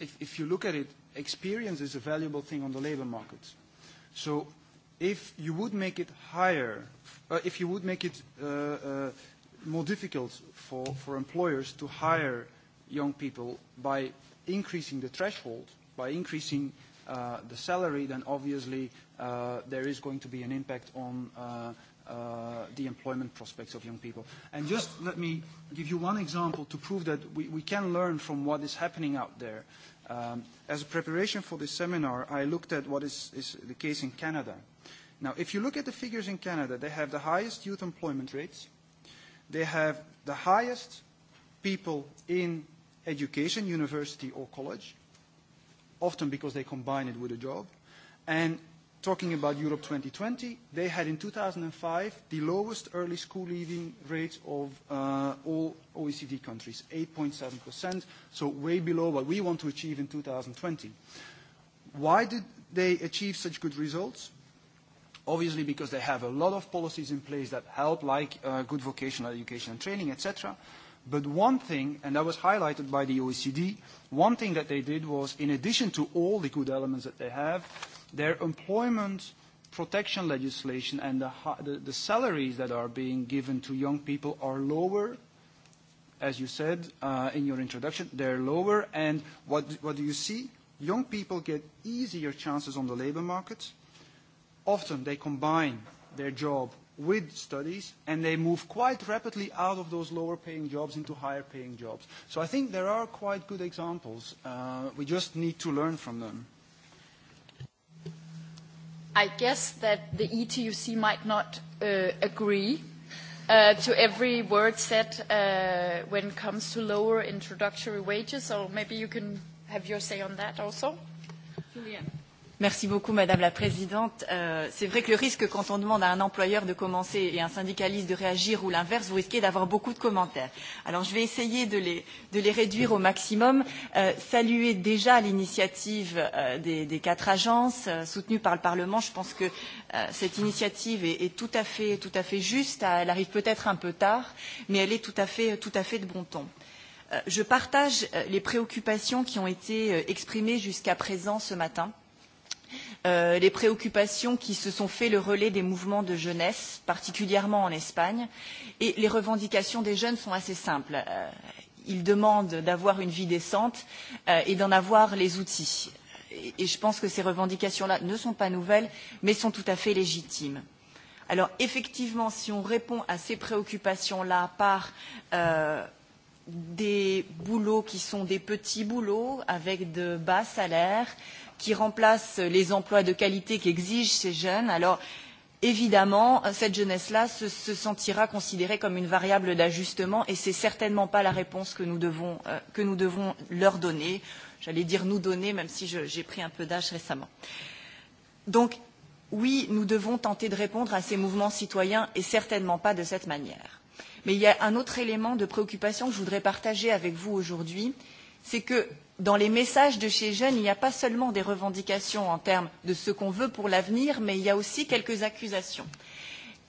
if, if you look at it, experience is a valuable thing on the labor market. So if you would make it higher, uh, if you would make it uh, uh, more difficult for, for employers to hire young people by increasing the threshold, by increasing uh, the salary, then obviously uh, there is going to be an impact on uh, uh, the employment prospects of young people. And just let me give you one example to prove that we, we can learn from what is happening out there. Uh, Um, as a preparation for this seminar, I looked at what is, is the case in Canada. Now, if you look at the figures in Canada, they have the highest youth employment rates. They have the highest people in education, university or college, often because they combine it with a job. And talking about Europe 2020, they had in 2005 the lowest early school leaving rate of uh, all OECD countries, 8.7%, so way below what we want to achieve in 2020. Why did they achieve such good results? Obviously because they have a lot of policies in place that help, like uh, good vocational education and training, etc., But one thing, and that was highlighted by the OECD, one thing that they did was, in addition to all the good elements that they have, their employment protection legislation and the, the, the salaries that are being given to young people are lower, as you said uh, in your introduction, they're lower. And what, what do you see? Young people get easier chances on the labor market. Often they combine their job with studies, and they move quite rapidly out of those lower paying jobs into higher paying jobs. So I think there are quite good examples. Uh, we just need to learn from them. I guess that the ETUC might not uh, agree uh, to every word said uh, when it comes to lower introductory wages, or maybe you can have your say on that also. Julianne. Merci beaucoup, Madame la Présidente. Euh, c'est vrai que le risque, quand on demande à un employeur de commencer et à un syndicaliste de réagir ou l'inverse, vous risquez d'avoir beaucoup de commentaires. Alors, je vais essayer de les, de les réduire au maximum. Euh, saluer déjà l'initiative euh, des, des quatre agences euh, soutenues par le Parlement. Je pense que euh, cette initiative est, est tout, à fait, tout à fait juste. Elle arrive peut-être un peu tard, mais elle est tout à fait, tout à fait de bon ton je partage les préoccupations qui ont été exprimées jusqu'à présent ce matin les préoccupations qui se sont fait le relais des mouvements de jeunesse, particulièrement en Espagne. Et les revendications des jeunes sont assez simples. Ils demandent d'avoir une vie décente et d'en avoir les outils. Et je pense que ces revendications-là ne sont pas nouvelles, mais sont tout à fait légitimes. Alors effectivement, si on répond à ces préoccupations-là par euh, des boulots qui sont des petits boulots avec de bas salaires, euh, qui remplace les emplois de qualité qu'exigent ces jeunes, alors évidemment, cette jeunesse-là se, se sentira considérée comme une variable d'ajustement et ce n'est certainement pas la réponse que nous devons, euh, que nous devons leur donner. J'allais dire nous donner, même si j'ai pris un peu d'âge récemment. Donc, oui, nous devons tenter de répondre à ces mouvements citoyens et certainement pas de cette manière. Mais il y a un autre élément de préoccupation que je voudrais partager avec vous aujourd'hui, c'est que dans les messages de chez Jeunes, il n'y a pas seulement des revendications en termes de ce qu'on veut pour l'avenir, mais il y a aussi quelques accusations.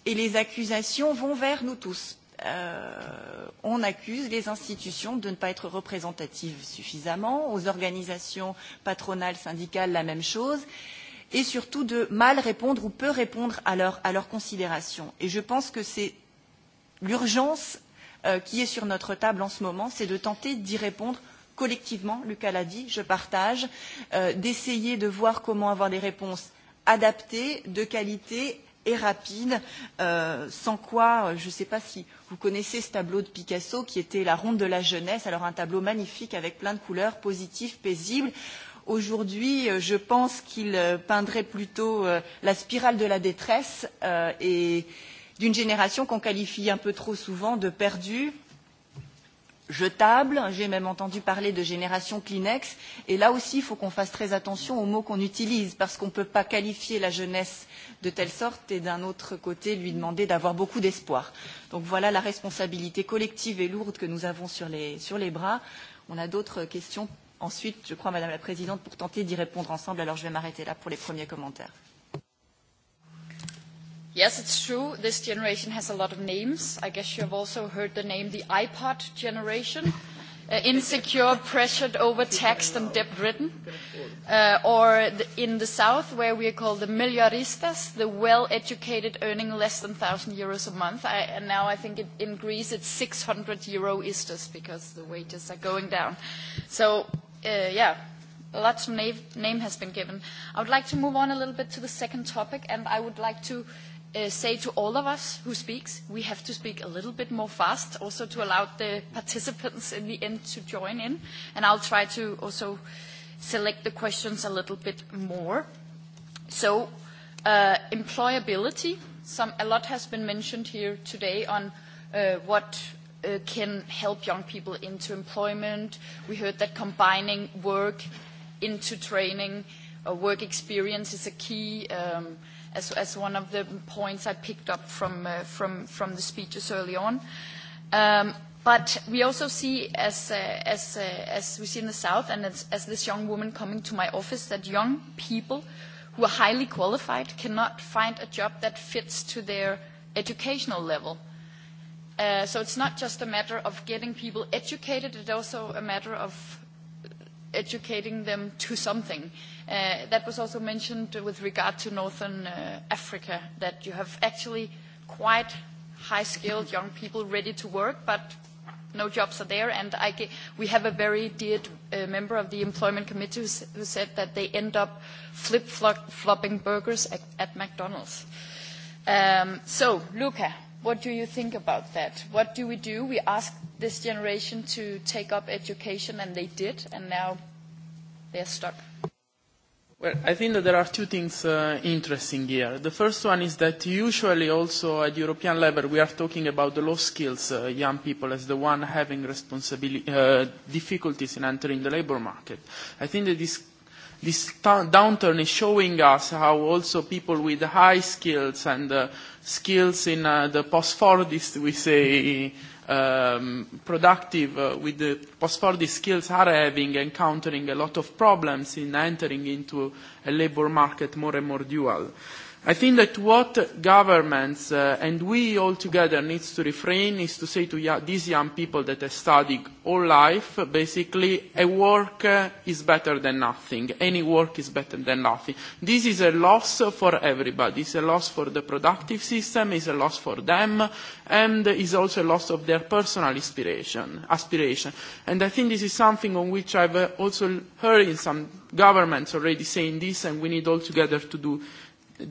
Et les accusations vont vers nous tous. Euh, on accuse les institutions de ne pas être représentatives suffisamment, aux organisations patronales, syndicales, la même chose, et surtout de mal répondre ou peu répondre à, leurs à leurs considérations. Et je pense que c'est l'urgence euh, qui est sur notre table en ce moment, c'est de tenter d'y répondre collectivement, Lucas l'a dit, je partage, euh, d'essayer de voir comment avoir des réponses adaptées, de qualité et rapides, euh, sans quoi, je ne sais pas si vous connaissez ce tableau de Picasso qui était la ronde de la jeunesse, alors un tableau magnifique avec plein de couleurs, positif, paisible. Aujourd'hui, je pense qu'il peindrait plutôt la spirale de la détresse euh, et d'une génération qu'on qualifie un peu trop souvent de perdue, jetables. J'ai même entendu parler de génération Kleenex. Et là aussi, il faut qu'on fasse très attention aux mots qu'on utilise, parce qu'on ne peut pas qualifier la jeunesse de telle sorte et d'un autre côté lui demander d'avoir beaucoup d'espoir. Donc voilà la responsabilité collective et lourde que nous avons sur les, sur les bras. On a d'autres questions ensuite, je crois, Madame la Présidente, pour tenter d'y répondre ensemble. Alors je vais m'arrêter là pour les premiers commentaires. Yes, it's true. This generation has a lot of names. I guess you have also heard the name the iPod generation, uh, insecure, pressured, overtaxed, and debt-ridden. Uh, or the, in the south, where we are called the milliaristas, the well-educated earning less than 1,000 euros a month. I, and now I think it, in Greece it's 600 euro istas because the wages are going down. So, uh, yeah, lots of name, name has been given. I would like to move on a little bit to the second topic, and I would like to uh, say to all of us who speaks, we have to speak a little bit more fast also to allow the participants in the end to join in. And I'll try to also select the questions a little bit more. So uh, employability, some, a lot has been mentioned here today on uh, what uh, can help young people into employment. We heard that combining work into training or work experience is a key um, – as, as one of the points I picked up from, uh, from, from the speeches early on. Um, but we also see, as, uh, as, uh, as we see in the South, and as, as this young woman coming to my office, that young people who are highly qualified cannot find a job that fits to their educational level. Uh, so it's not just a matter of getting people educated, it's also a matter of educating them to something. Uh, That was also mentioned with regard to Northern Africa, that you have actually quite high-skilled young people ready to work, but no jobs are there. And I we have a very dear member of the employment committee who, said that they end up flip-flopping burgers at, McDonald's. so, Luca, what do you think about that? What do we do? We ask this generation to take up education, and they did, and now they're stuck. Well, I think that there are two things uh, interesting here. The first one is that usually also at European level we are talking about the low skills uh, young people as the one having responsibility, uh, difficulties in entering the labor market. I think that this this downturn is showing us how also people with high skills and uh, skills in uh, the post-Fordist, we say, um, productive uh, with the post-40 skills are having encountering a lot of problems in entering into a labor market more and more dual. I think that what governments uh, and we all together needs to refrain is to say to y- these young people that have studied all life, basically, a work uh, is better than nothing. Any work is better than nothing. This is a loss for everybody. It's a loss for the productive system, it's a loss for them, and is also a loss of their personal inspiration, aspiration. And I think this is something on which I've uh, also heard in some governments already saying this, and we need all together to do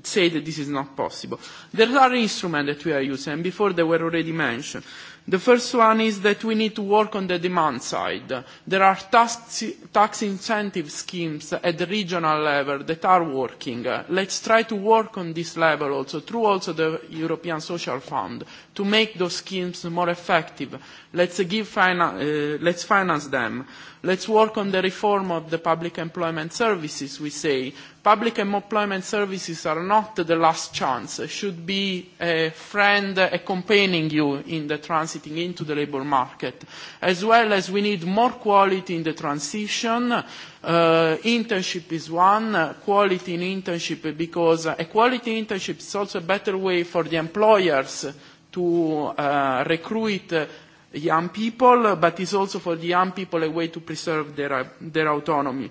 say that this is not possible. There are instruments that we are using, and before they were already mentioned. The first one is that we need to work on the demand side. There are tax, tax incentive schemes at the regional level that are working. Let's try to work on this level also, through also the European Social Fund, to make those schemes more effective Let's, give finan uh, let's finance them. Let's work on the reform of the public employment services, we say. Public employment services are not the last chance, should be a friend accompanying you in the transiting into the labour market, as well as we need more quality in the transition. Uh, internship is one, quality in internship, because a quality internship is also a better way for the employers to uh, recruit young people, but it's also for the young people a way to preserve their, their autonomy.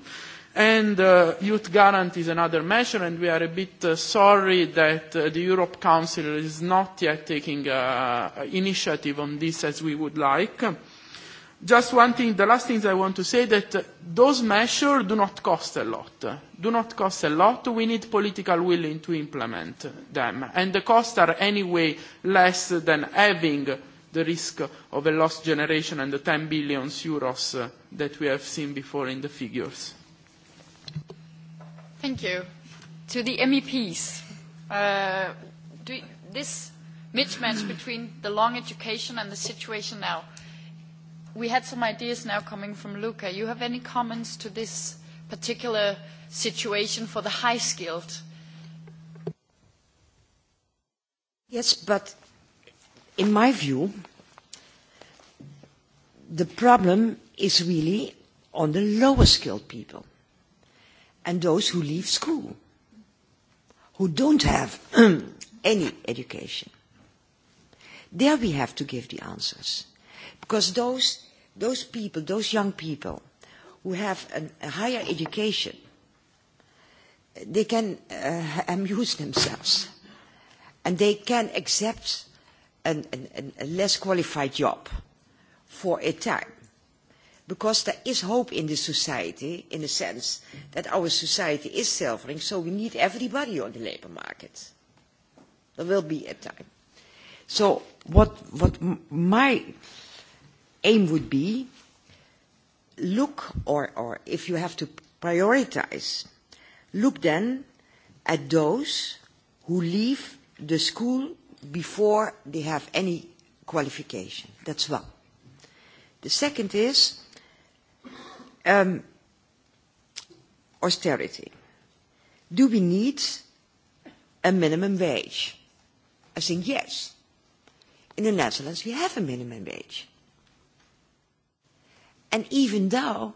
And uh, youth guarantee is another measure, and we are a bit uh, sorry that uh, the Europe Council is not yet taking uh, initiative on this as we would like. Just one thing, the last thing I want to say that those measures do not cost a lot. Do not cost a lot. We need political willing to implement them. And the costs are anyway less than having the risk of a lost generation and the 10 billion euros that we have seen before in the figures. Thank you. To the MEPs, this mismatch between the long education and the situation now, we had some ideas now coming from Luca. You have any comments to this particular situation for the high-skilled? Yes, but In my view, the problem is really on the lower skilled people and those who leave school, who don't have any education. There we have to give the answers. Because those, those people, those young people who have an, a higher education, they can uh, amuse themselves and they can accept a less qualified job for a time. Because there is hope in the society, in the sense that our society is suffering, so we need everybody on the labour market. There will be a time. So what, what my aim would be, look, or, or if you have to prioritize, look then at those who leave the school before they have any qualification. That's one. The second is um, austerity. Do we need a minimum wage? I think yes. In the Netherlands, we have a minimum wage. And even though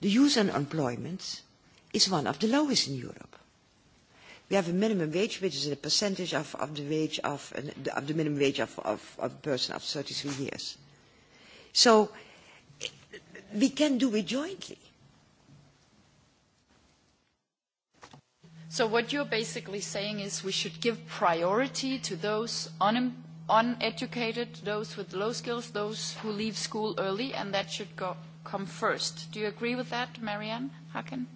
the youth unemployment is one of the lowest in Europe. We have a minimum wage, which is a percentage of, of the wage of, of the minimum wage of, of, of a person of 33 years. So we can do it jointly. So what you're basically saying is we should give priority to those un uneducated, those with low skills, those who leave school early, and that should go come first. Do you agree with that, Marianne Haken?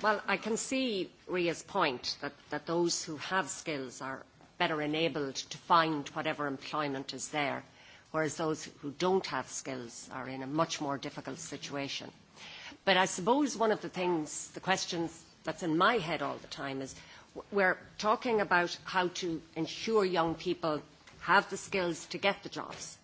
Well, I can see Ria's point that, that those who have skills are better enabled to find whatever employment is there, whereas those who don't have skills are in a much more difficult situation. But I suppose one of the things, the questions that's in my head all the time is we're talking about how to ensure young people have the skills to get the jobs.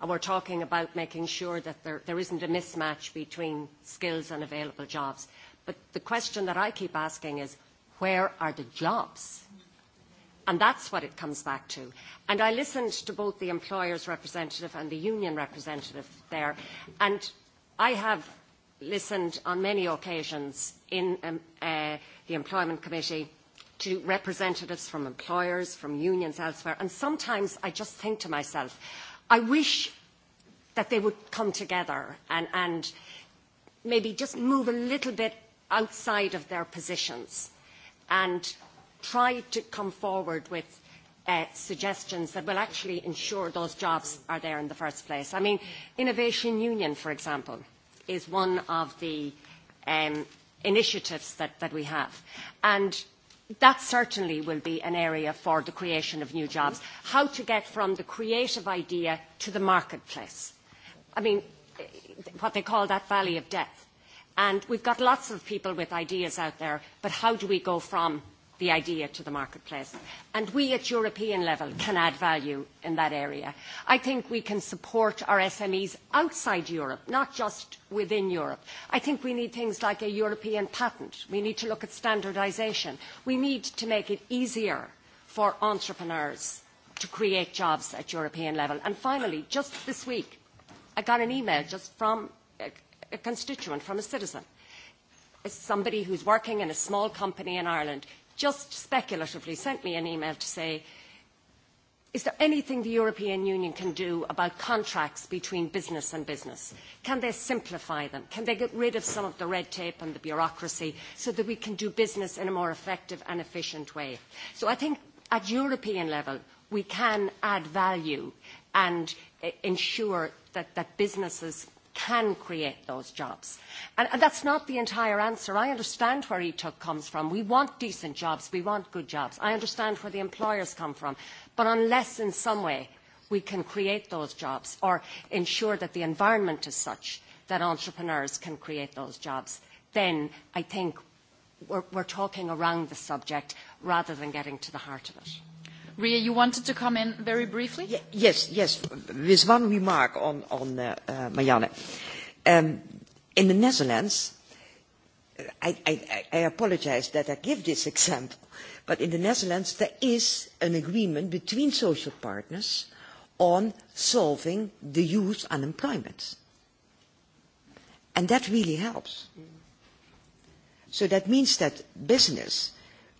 And we're talking about making sure that there, there isn't a mismatch between skills and available jobs. But the question that I keep asking is, where are the jobs? And that's what it comes back to. And I listened to both the employer's representative and the union representative there, and I have listened on many occasions in um, uh, the Employment Committee to representatives from employers, from unions elsewhere, and sometimes I just think to myself, I wish that they would come together and, and maybe just move a little bit outside of their positions and try to come forward with suggestions that will actually ensure those jobs are there in the first place. I mean, Innovation Union, for example, is one of the initiatives that, we have. And that certainly will be an area for the creation of new jobs. How to get from the creative idea to the marketplace. I mean, what they call that valley of death And we've got lots of people with ideas out there, but how do we go from the idea to the marketplace? And we at European level can add value in that area. I think we can support our SMEs outside Europe, not just within Europe. I think we need things like a European patent. We need to look at standardisation. We need to make it easier for entrepreneurs to create jobs at European level. And finally, just this week, I got an email just from a constituent, from a citizen, as somebody who's working in a small company in Ireland, just speculatively sent me an email to say, is there anything the European Union can do about contracts between business and business? Can they simplify them? Can they get rid of some of the red tape and the bureaucracy so that we can do business in a more effective and efficient way? So I think at European level, we can add value and ensure that, that businesses can create those jobs. And, and that's not the entire answer. I understand where ETUC comes from. We want decent jobs. We want good jobs. I understand where the employers come from. But unless in some way we can create those jobs or ensure that the environment is such that entrepreneurs can create those jobs, then I think we're, we're talking around the subject rather than getting to the heart of it. Ria, you wanted to come in very briefly? Yes, yes. With one remark on Marianne. In the Netherlands, I apologize that I give this example, but in the Netherlands, there is an agreement between social partners on solving the youth unemployment. And that really helps. So that means that business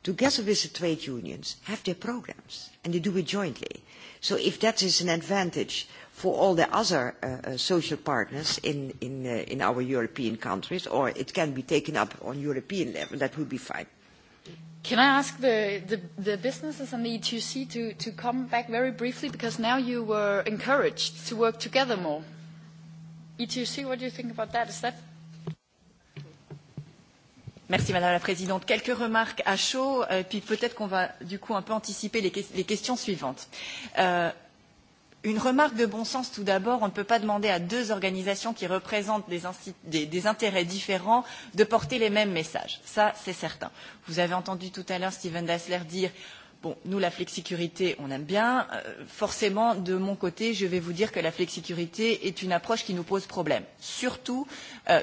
together with the trade unions, have their programs, and they do it jointly. So if that is an advantage for all the other uh, social partners in, in, uh, in our European countries, or it can be taken up on European level, that would be fine. Can I ask the, the, the businesses and the E2C to, to come back very briefly, because now you were encouraged to work together more. E2C, what do you think about that? Is that Merci Madame la Présidente. Quelques remarques à chaud, puis peut-être qu'on va du coup un peu anticiper les, que les questions suivantes. Euh, Une remarque de bon sens tout d'abord, on ne peut pas demander à deux organisations qui représentent des, des, des intérêts différents de porter les mêmes messages. Ça, c'est certain. Vous avez entendu tout à l'heure Steven Dassler dire Bon, nous, la flexicurité, on aime bien. Euh, forcément, de mon côté, je vais vous dire que la flexicurité est une approche qui nous pose problème, surtout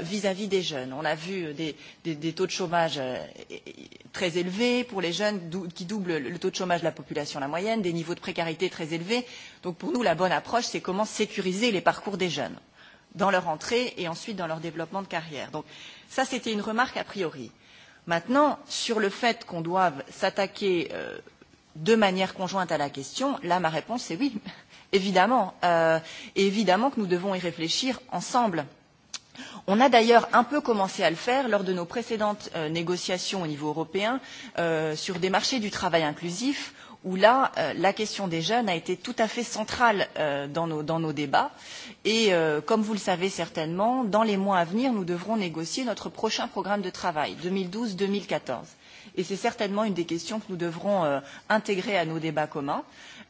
vis-à-vis euh, -vis des jeunes. On a vu des, des, des taux de chômage euh, très élevés pour les jeunes, dou qui doublent le taux de chômage de la population, la moyenne, des niveaux de précarité très élevés. Donc, pour nous, la bonne approche, c'est comment sécuriser les parcours des jeunes dans leur entrée et ensuite dans leur développement de carrière. Donc, ça, c'était une remarque a priori. Maintenant, sur le fait qu'on doive s'attaquer. Euh, de manière conjointe à la question, là, ma réponse est oui, évidemment. Euh, et évidemment que nous devons y réfléchir ensemble. On a d'ailleurs un peu commencé à le faire lors de nos précédentes euh, négociations au niveau européen euh, sur des marchés du travail inclusif, où là, euh, la question des jeunes a été tout à fait centrale euh, dans, nos, dans nos débats. Et euh, comme vous le savez certainement, dans les mois à venir, nous devrons négocier notre prochain programme de travail, 2012-2014 et c'est certainement une des questions que nous devrons euh, intégrer à nos débats communs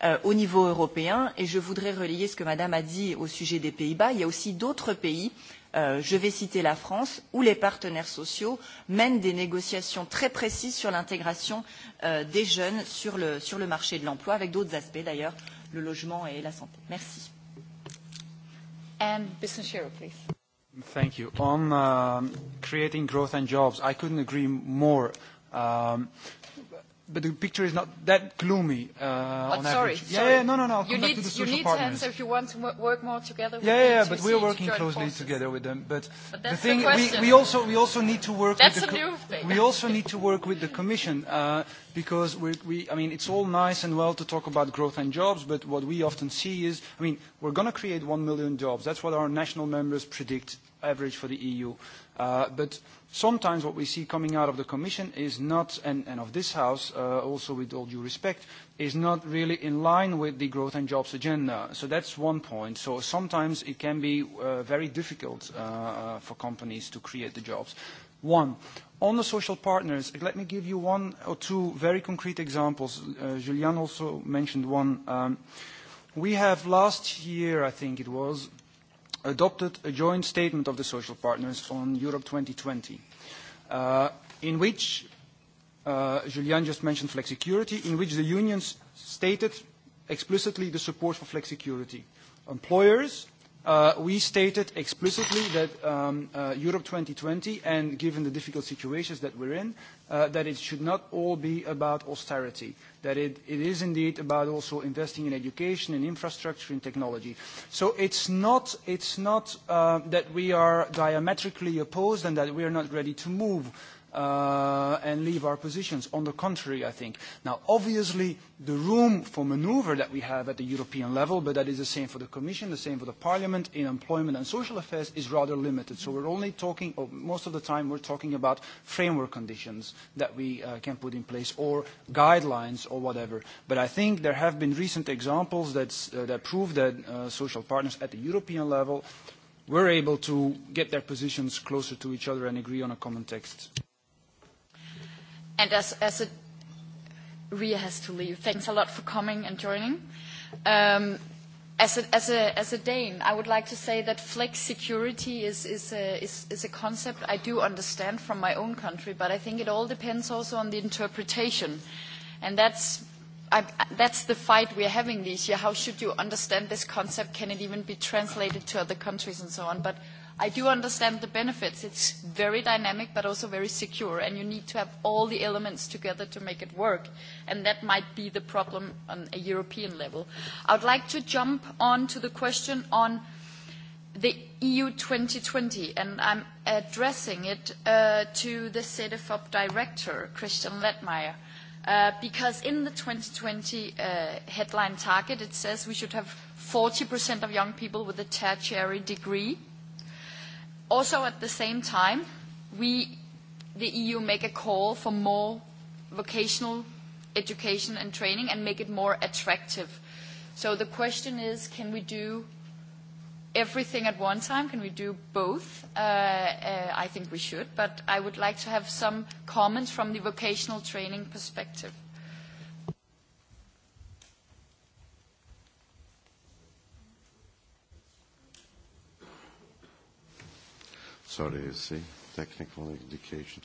euh, au niveau européen. Et je voudrais relayer ce que Madame a dit au sujet des Pays-Bas. Il y a aussi d'autres pays je vais citer la France, où les partenaires sociaux mènent des négociations très précises sur l'intégration des jeunes sur le, marché de l'emploi, avec d'autres aspects d'ailleurs, le logement et la santé. Merci. On creating growth and jobs, I couldn't agree more Um, but the picture is not that gloomy uh, on sorry, average. Sorry. Yeah, yeah, no, no, no. I'll you come need, back to the social partners. you need partners. hands if you want to work more together. With yeah, yeah, yeah but we're working closely forces. together with them. But, but that's the thing, the question. we, we also we also need to work. That's with the a new thing. We also need to work with the Commission uh, because we, we, I mean, it's all nice and well to talk about growth and jobs, but what we often see is, I mean, we're going to create one million jobs. That's what our national members predict average for the EU But sometimes what we see coming out of the Commission is not, and of this House, also with all due respect, is not really in line with the growth and jobs agenda. So that's one point. So sometimes it can be very difficult for companies to create the jobs. One, on the social partners, let me give you one or two very concrete examples. Julian also mentioned one. We have last year, I think it was, adopted a joint statement of the social partners on Europe 2020, uh, in which uh, Julian just mentioned flexicurity, in which the unions stated explicitly the support for flexicurity. Employers we stated explicitly that um, uh, Europe 2020, and given the difficult situations that we're in, uh, that it should not all be about austerity, that it, it is indeed about also investing in education, in infrastructure, in technology. So it's not, it's not uh, that we are diametrically opposed and that we are not ready to move uh, and leave our positions. On the contrary, I think. Now, obviously, the room for maneuver that we have at the European level, but that is the same for the Commission, the same for the Parliament, in employment and social affairs, is rather limited. So we're only talking, or most of the time, we're talking about framework conditions that we uh, can put in place, or guidelines, or whatever. But I think there have been recent examples that's, uh, that prove that uh, social partners at the European level were able to get their positions closer to each other and agree on a common text. And as, as a, Ria has to leave. Thanks a lot for coming and joining. Um, as a, as, a, as a Dane, I would like to say that flex security is, is, a, is, is a concept I do understand from my own country, but I think it all depends also on the interpretation. And that's, I, that's the fight we're having this year. How should you understand this concept? Can it even be translated to other countries and so on? But I do understand the benefits. It's very dynamic, but also very secure, and you need to have all the elements together to make it work. And that might be the problem on a European level. I would like to jump on to the question on the EU 2020, and I'm addressing it uh, to the CEDEFOP director, Christian Lettmeier, because in the 2020 uh, headline target, it says we should have 40% of young people with a tertiary degree Also, at the same time, we, the EU, make a call for more vocational education and training and make it more attractive. So the question is, can we do everything at one time? Can we do both? Uh, uh, I think we should, but I would like to have some comments from the vocational training perspective. Sorry, you see, technical education.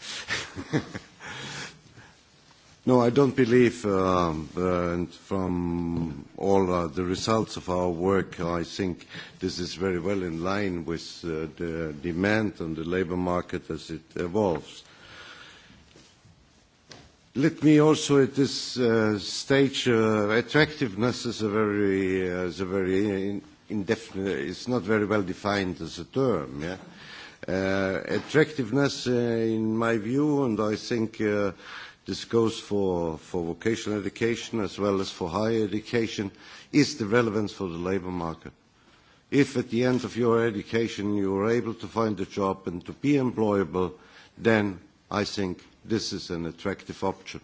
No, I don't believe, uh, and from all uh, the results of our work, I think this is very well in line with uh, the demand on the labor market as it evolves. Let me also at this uh, stage, uh, attractiveness is a very, uh, is a very in indefinite, it's not very well defined as a term, yeah? Uh, attractiveness, uh, in my view, and I think uh, this goes for, for vocational education as well as for higher education, is the relevance for the labour market. If at the end of your education you are able to find a job and to be employable, then I think this is an attractive option.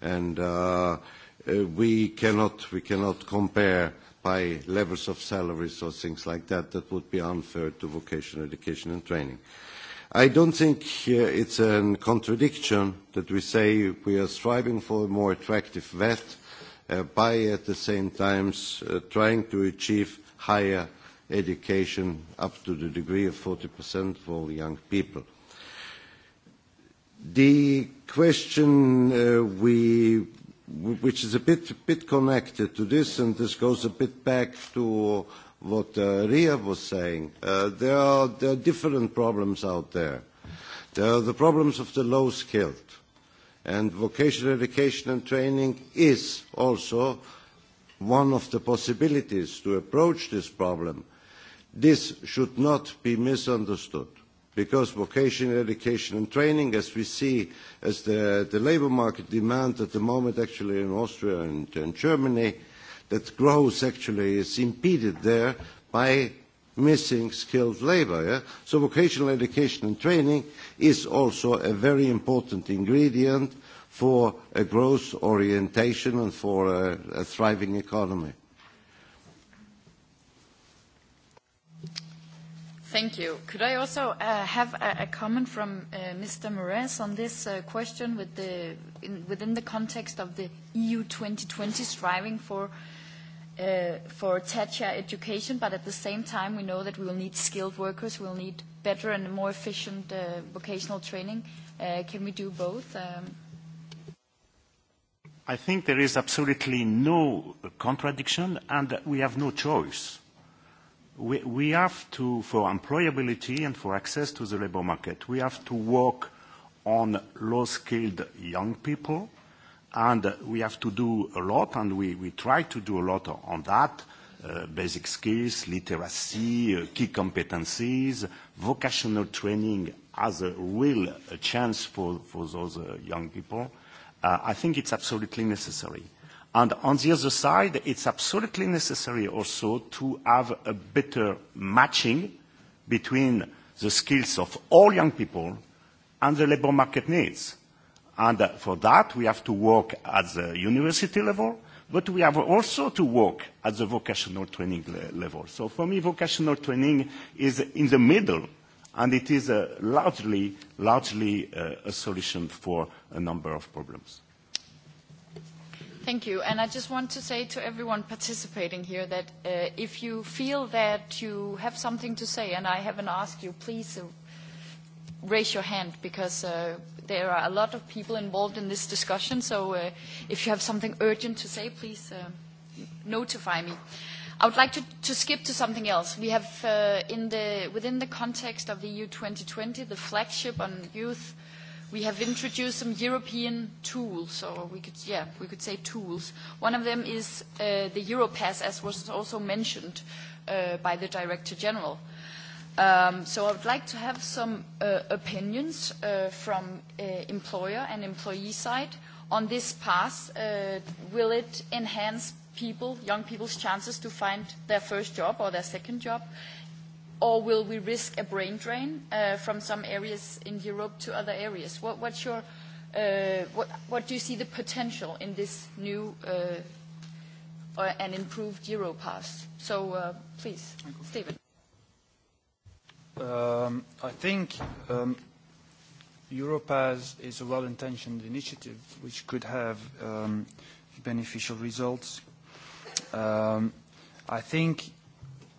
And uh, we, cannot, we cannot compare by levels of salaries or things like that that would be unfair to vocational education and training. I don't think uh, it's a contradiction that we say we are striving for a more attractive VET uh, by at the same time uh, trying to achieve higher education up to the degree of 40% for all young people. The question uh, we which is a bit, bit connected to this, and this goes a bit back to what uh, Ria was saying. Uh, there, are, there are different problems out there. There are the problems of the low-skilled, and vocational education and training is also one of the possibilities to approach this problem. This should not be misunderstood because vocational education and training, as we see, as the, the labour market demand at the moment actually in Austria and, and Germany, that growth actually is impeded there by missing skilled labour. Yeah? So vocational education and training is also a very important ingredient for a growth orientation and for a, a thriving economy. Thank you. Could I also uh, have a, a comment from uh, Mr. Moraes on this uh, question with the, in, within the context of the EU 2020 striving for uh, for education, but at the same time we know that we will need skilled workers, we will need better and more efficient uh, vocational training. Uh, can we do both? Um, I think there is absolutely no contradiction and we have no choice we, we have to, for employability and for access to the labor market, we have to work on low-skilled young people, and we have to do a lot, and we, we try to do a lot on that, basic skills, literacy, key competencies, vocational training as a real chance for, for those young people. I think it's absolutely necessary on the other side, it's absolutely necessary also to have a better matching between the skills of all young people and the labor market needs. And for that, we have to work at the university level, but we have also to work at the vocational training level. So for me, vocational training is in the middle, and it is largely a solution for a number of problems. Thank you. And I just want to say to everyone participating here that uh, if you feel that you have something to say and I haven't asked you, please uh, raise your hand because uh, there are a lot of people involved in this discussion. So uh, if you have something urgent to say, please uh, notify me. I would like to, to skip to something else. We have, uh, in the, within the context of the EU 2020, the flagship on youth we have introduced some European tools, or we could, yeah, we could say tools. One of them is uh, the Europass, as was also mentioned uh, by the Director General. Um, so I would like to have some uh, opinions uh, from uh, employer and employee side on this pass. Uh, will it enhance people, young people's chances to find their first job or their second job? or will we risk a brain drain uh, from some areas in Europe to other areas? What, what's your, uh, what, what do you see the potential in this new uh, uh, and improved Europass? So uh, please, Stephen. Um, I think um, Europass is a well-intentioned initiative which could have um, beneficial results. Um, I think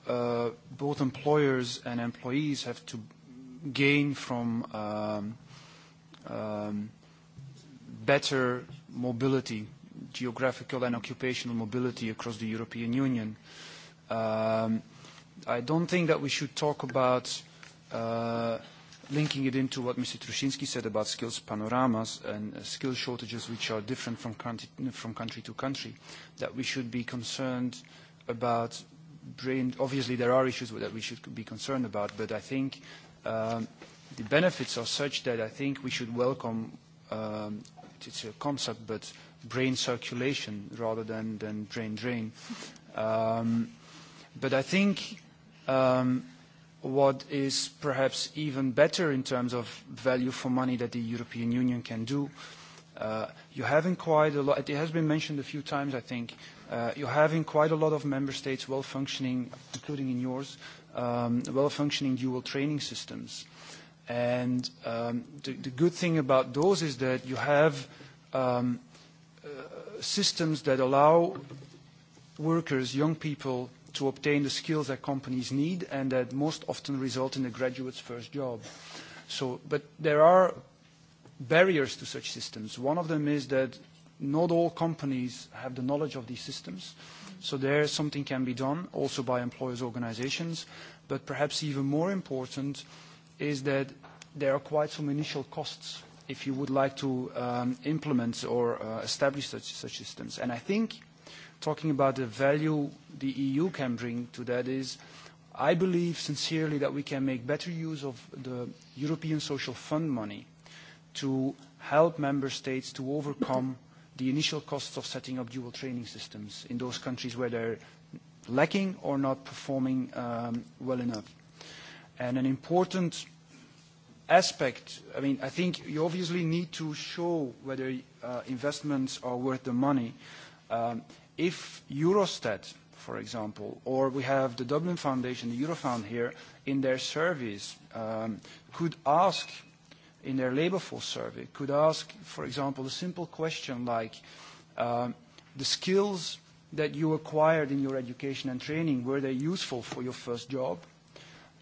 uh, both employers and employees have to gain from um, um, better mobility, geographical and occupational mobility across the European Union. Um, I don't think that we should talk about uh, linking it into what Mr. Trushinsky said about skills panoramas and uh, skill shortages which are different from country, from country to country, that we should be concerned about brain, obviously there are issues that we should be concerned about, but I think um, the benefits are such that I think we should welcome, um, it's a concept, but brain circulation rather than, than brain drain. Um, but I think um, what is perhaps even better in terms of value for money that the European Union can do, uh, you haven't quite a lot, it has been mentioned a few times, I think, uh, you're having quite a lot of member states well functioning, including in yours, um, well functioning dual training systems. And um, the, the good thing about those is that you have um, uh, systems that allow workers, young people, to obtain the skills that companies need and that most often result in a graduate's first job. So, but there are barriers to such systems. One of them is that Not all companies have the knowledge of these systems, so there something can be done also by employers' organizations. But perhaps even more important is that there are quite some initial costs if you would like to implement or establish such, such systems. And I think talking about the value the EU can bring to that is I believe sincerely that we can make better use of the European Social Fund money to help member states to overcome the initial costs of setting up dual training systems in those countries where they're lacking or not performing well enough. And an important aspect, I mean, I think you obviously need to show whether investments are worth the money. If Eurostat, for example, or we have the Dublin Foundation, the Eurofound here, in their surveys, could ask in their labor force survey could ask, for example, a simple question like um, the skills that you acquired in your education and training, were they useful for your first job?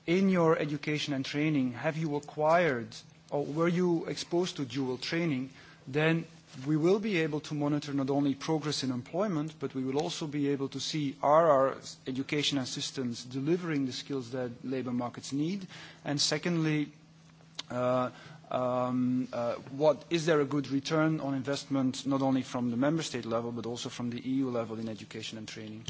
In your education and training, have you acquired or were you exposed to dual training? Then we will be able to monitor not only progress in employment, but we will also be able to see are our education assistants delivering the skills that labor markets need? And secondly, what is there a good return on investment, not only from the member state level, but also from the EU level in education and training?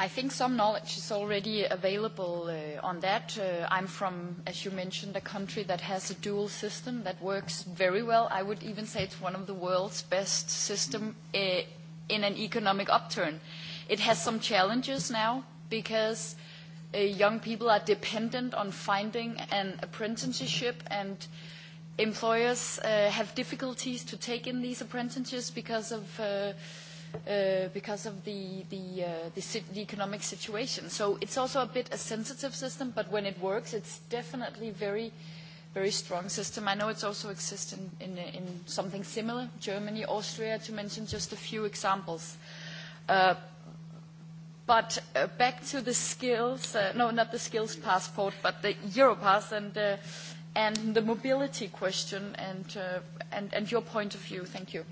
I think some knowledge is already available uh, on that. Uh, I'm from, as you mentioned, a country that has a dual system that works very well. I would even say it's one of the world's best system uh, in an economic upturn. It has some challenges now because young people are dependent on finding an apprenticeship and employers have difficulties to take in these apprentices because of because of the the, uh, the, the economic situation. So it's also a bit a sensitive system, but when it works, it's definitely very very strong system. I know it's also exists in, in, in something similar, Germany, Austria, to mention just a few examples. Uh, But uh, back to the skills, uh, no, not the skills passport, but the Europass and, uh, and the mobility question and, uh, and, and your point of view. Thank you.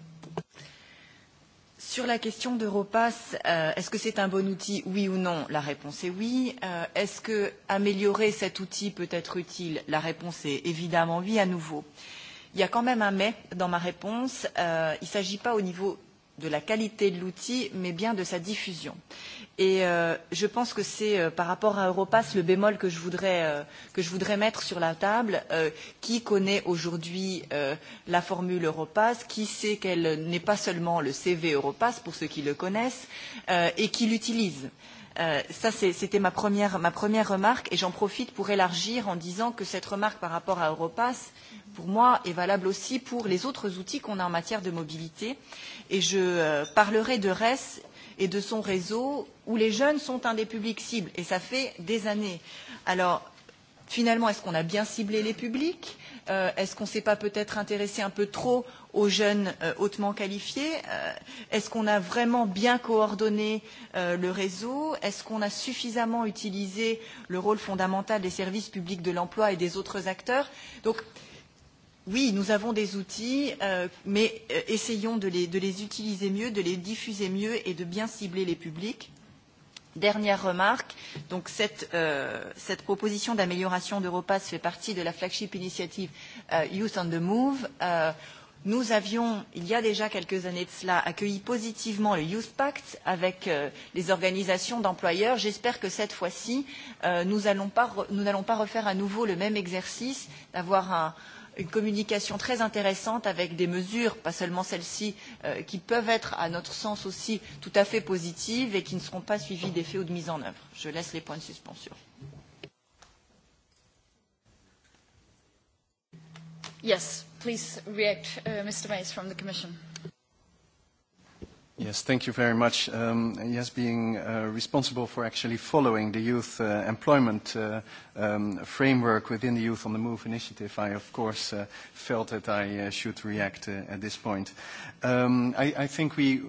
Sur la question d'Europass, est-ce que c'est un bon outil, oui ou non La réponse est oui. est-ce que améliorer cet outil peut être utile La réponse est évidemment oui à nouveau. Il y a quand même un mais dans ma réponse. il ne s'agit pas au niveau de la qualité de l'outil, mais bien de sa diffusion. Et euh, je pense que c'est euh, par rapport à Europass le bémol que je voudrais, euh, que je voudrais mettre sur la table. Euh, qui connaît aujourd'hui euh, la formule Europass Qui sait qu'elle n'est pas seulement le CV Europass, pour ceux qui le connaissent, euh, et qui l'utilise euh, ça, c'était ma première, ma première remarque et j'en profite pour élargir en disant que cette remarque par rapport à Europass, pour moi, est valable aussi pour les autres outils qu'on a en matière de mobilité. Et je parlerai de RES et de son réseau où les jeunes sont un des publics cibles et ça fait des années. Alors, finalement, est-ce qu'on a bien ciblé les publics euh, Est-ce qu'on ne s'est pas peut-être intéressé un peu trop aux jeunes hautement qualifiés Est-ce qu'on a vraiment bien coordonné le réseau Est-ce qu'on a suffisamment utilisé le rôle fondamental des services publics de l'emploi et des autres acteurs Donc, oui, nous avons des outils, mais essayons de les, de les utiliser mieux, de les diffuser mieux et de bien cibler les publics. Dernière remarque, donc cette, euh, cette proposition d'amélioration d'Europass fait partie de la flagship initiative euh, Youth on the Move. Euh, Nous avions, il y a déjà quelques années de cela, accueilli positivement le Youth Pact avec euh, les organisations d'employeurs. J'espère que cette fois-ci, euh, nous n'allons pas, re, pas refaire à nouveau le même exercice d'avoir un, une communication très intéressante avec des mesures, pas seulement celles-ci, euh, qui peuvent être, à notre sens aussi, tout à fait positives et qui ne seront pas suivies d'effets ou de mise en œuvre. Je laisse les points de suspension. Yes, Please react, uh, Mr. Mays from the Commission. Yes, thank you very much. Um, yes, being uh, responsible for actually following the youth uh, employment uh, um, framework within the Youth on the Move initiative, I of course uh, felt that I uh, should react uh, at this point. Um, I, I think we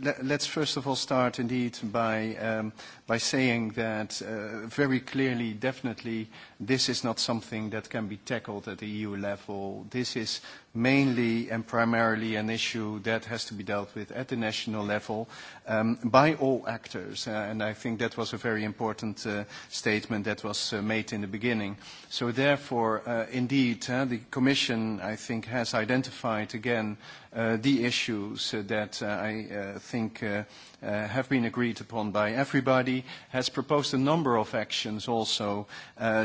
let, let's first of all start indeed by um, by saying that uh, very clearly, definitely, this is not something that can be tackled at the EU level. This is mainly and primarily an issue that has to be dealt with at the national level um, by all actors. Uh, and I think that was a very important uh, statement that was uh, made in the beginning. So therefore, uh, indeed, uh, the Commission, I think, has identified again uh, the issues that uh, I uh, think uh, have been agreed upon by everybody, has proposed a number of actions also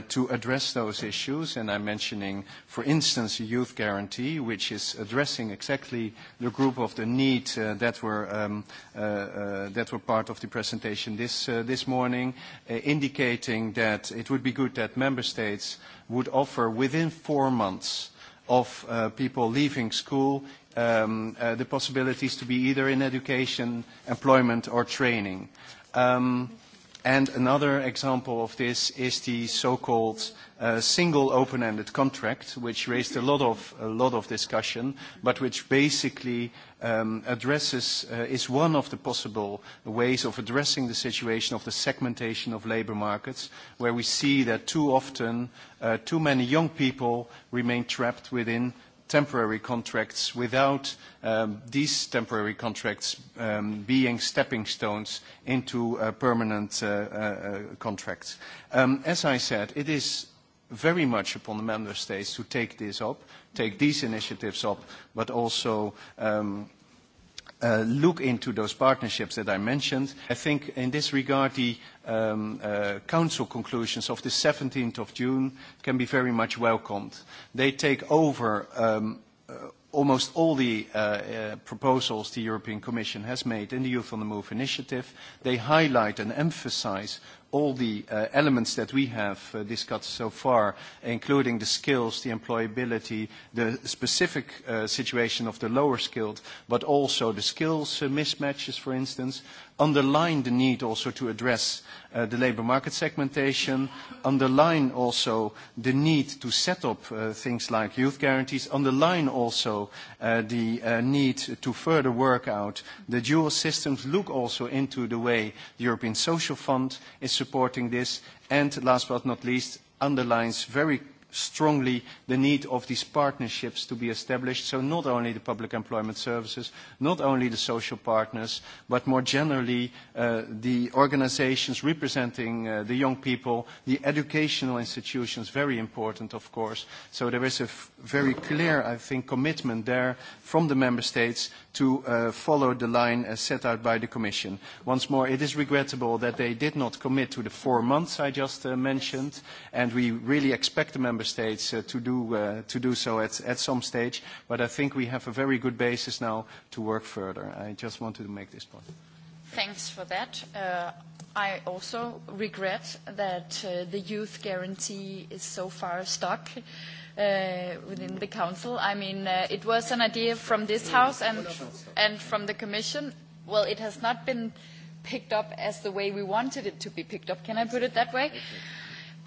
to address those issues. And I'm mentioning, for instance, a youth guarantee, which is addressing exactly the group of the need that were part of the presentation this morning, indicating that it would be good that member states would offer within four months of people leaving school um, uh, the possibilities to be either in education, employment, or training. Um, and another example of this is the so-called uh, single open-ended contract, which raised a lot of, a lot of discussion, but which basically um, addresses, uh, is one of the possible ways of addressing the situation of the segmentation of labor markets, where we see that too often uh, too many young people remain trapped within temporary contracts without these temporary contracts being stepping stones into permanent contracts. As I said, it is very much upon the member states to take this up, take these initiatives up, but also um, look into those partnerships that I mentioned. I think in this regard, the council conclusions of the 17th of June can be very much welcomed. They take over almost all the proposals the European Commission has made in the Youth on the Move initiative. They highlight and emphasize all the uh, elements that we have uh, discussed so far, including the skills, the employability, the specific uh, situation of the lower skilled, but also the skills uh, mismatches, for instance, underline the need also to address uh, the labor market segmentation, underline also the need to set up uh, things like youth guarantees, underline also uh, the uh, need to further work out the dual systems, look also into the way the European Social Fund is supporting this, and last but not least, underlines very strongly the need of these partnerships to be established. So not only the public employment services, not only the social partners, but more generally uh, the organizations representing uh, the young people, the educational institutions, very important, of course. So there is a very clear, I think, commitment there from the member states to uh, follow the line as set out by the Commission. Once more, it is regrettable that they did not commit to the four months I just uh, mentioned, and we really expect the Member States uh, to, do, uh, to do so at, at some stage, but I think we have a very good basis now to work further. I just wanted to make this point. Thanks for that. Uh, I also regret that uh, the youth guarantee is so far stuck uh within the council. I mean, uh, it was an idea from this house and and from the commission. Well, it has not been picked up as the way we wanted it to be picked up. Can I put it that way?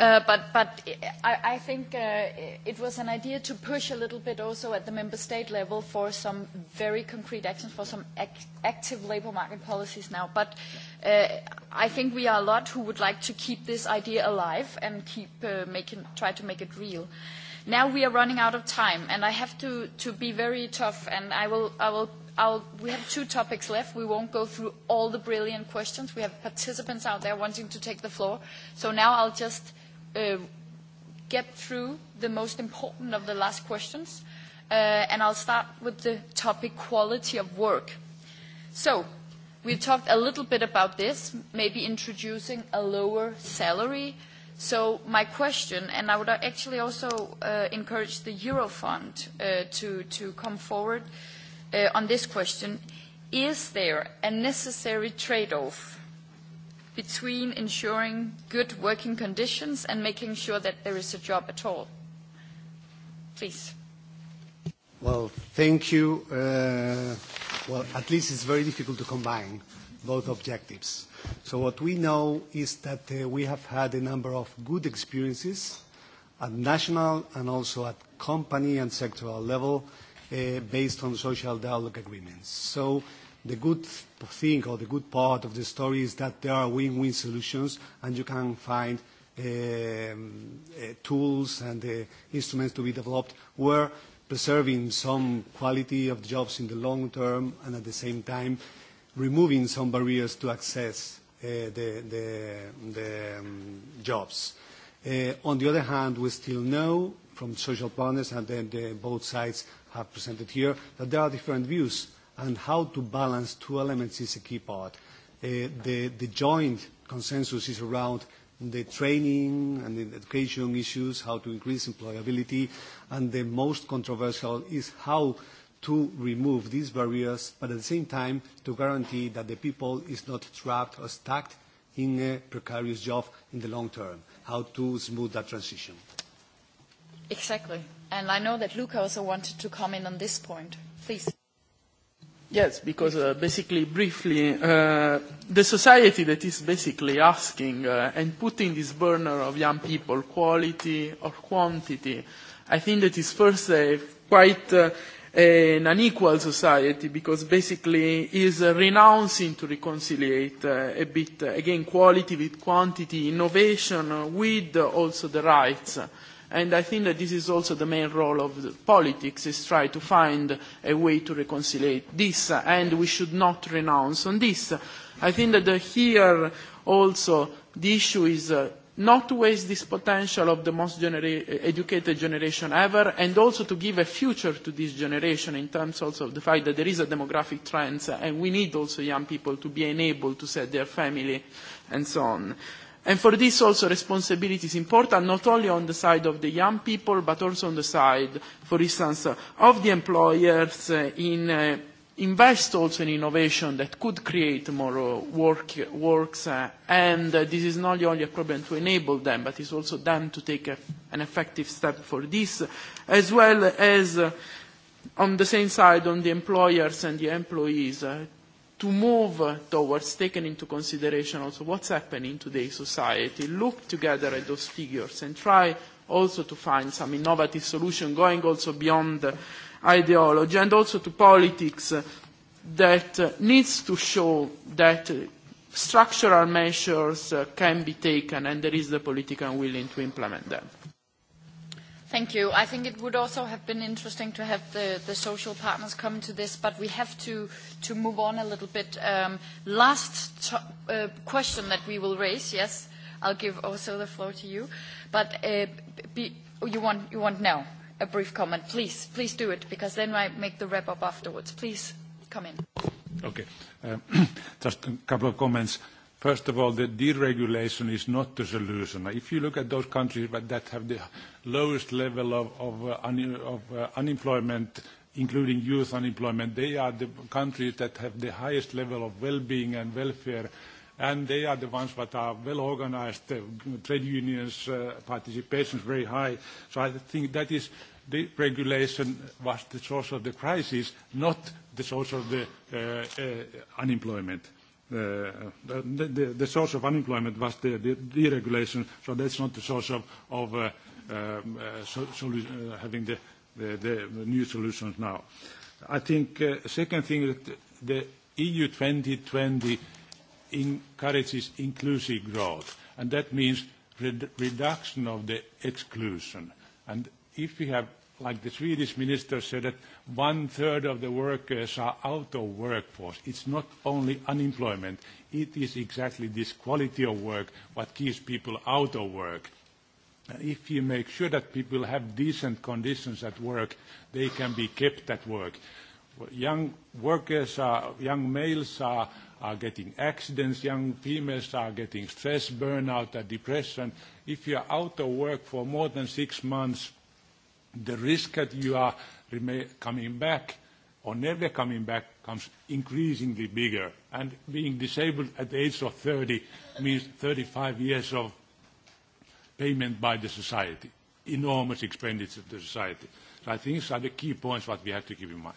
Uh, but but I, I think uh, it was an idea to push a little bit also at the member state level for some very concrete actions for some ac- active labour market policies now. But uh, I think we are a lot who would like to keep this idea alive and keep uh, making try to make it real. Uh, Now we are running out of time, and I have to, to be very tough, and I will, I will I'll, we have two topics left. We won't go through all the brilliant questions. We have participants out there wanting to take the floor. So now I'll just uh, get through the most important of the last questions. Uh, and I'll start with the topic quality of work. So we've talked a little bit about this, maybe introducing a lower salary uh, So my question, and I would actually also uh, encourage the Eurofund uh, to, to come forward uh, on this question, is there a necessary trade-off between ensuring good working conditions and making sure that there is a job at all? Please. Well, thank you. Uh, well, at least it's very difficult to combine. Uh, both objectives. So what we know is that we have had a number of good experiences at national and also at company and sectoral level based on social dialogue agreements. So the good thing or the good part of the story is that there are win-win solutions and you can find tools and instruments to be developed where preserving some quality of jobs in the long term and at the same time removing some barriers to access uh, the, the, the um, jobs. Uh, on the other hand, we still know from social partners and then the, both sides have presented here that there are different views and how to balance two elements is a key part. Uh, the, the joint consensus is around the training and the education issues, how to increase employability, and the most controversial is how to remove these barriers, but at the same time to guarantee that the people is not trapped or stuck in a precarious job in the long term, how to smooth that transition. Exactly. And I know that Luca also wanted to comment on this point. Please. Yes, because uh, basically, briefly, uh, the society that is basically asking uh, and putting this burner of young people, quality or quantity, I think that is first a quite uh, an unequal society because basically is renouncing to reconciliate uh, a bit again quality with quantity, innovation with also the rights. And I think that this is also the main role of the politics, is try to find a way to reconcile this, and we should not renounce on this. I think that here also the issue is not to waste this potential of the most genera- educated generation ever, and also to give a future to this generation in terms also of the fact that there is a demographic trend, and we need also young people to be enabled to set their family and so on. And for this also responsibility is important, not only on the side of the young people, but also on the side, for instance, of the employers in invest also in innovation that could create more work, works, uh, and uh, this is not only a problem to enable them, but it's also them to take a, an effective step for this, as well as uh, on the same side, on the employers and the employees, uh, to move towards taking into consideration also what's happening in today's society, look together at those figures and try also to find some innovative solution going also beyond ideology and also to politics that needs to show that structural measures can be taken and there is the political willing to implement them. Thank you. I think it would also have been interesting to have the, the social partners come to this, but we have to, to move on a little bit. Um, last to, uh, question that we will raise, yes, I'll give also the floor to you, but uh, be, you, want, you want now? a brief comment, please. Please do it, because then I make the wrap-up afterwards. Please come in. Okay. Just a couple of comments. First of all, the deregulation is not the solution. If you look at those countries that have the lowest level of unemployment, including youth unemployment, they are the countries that have the highest level of well-being and welfare, and they are the ones that are well-organized, trade unions, participation is very high. So I think that is the regulation was the source of the crisis, not the source of the uh, uh, unemployment. Uh, the, the, the source of unemployment was the, the deregulation, so that's not the source of, of uh, uh, so, uh, having the, the, the new solutions now. I think uh, second thing that the EU 2020 encourages inclusive growth, and that means reduction of the exclusion. And if we have, like the Swedish minister said, that one-third of the workers are out of workforce, it's not only unemployment, it is exactly this quality of work what keeps people out of work. If you make sure that people have decent conditions at work, they can be kept at work. Young workers are, young males are are getting accidents, young females are getting stress, burnout, and depression. If you are out of work for more than six months, the risk that you are coming back or never coming back comes increasingly bigger. And being disabled at the age of 30 means 35 years of payment by the society, enormous expenditure to society. So I think these are the key points what we have to keep in mind.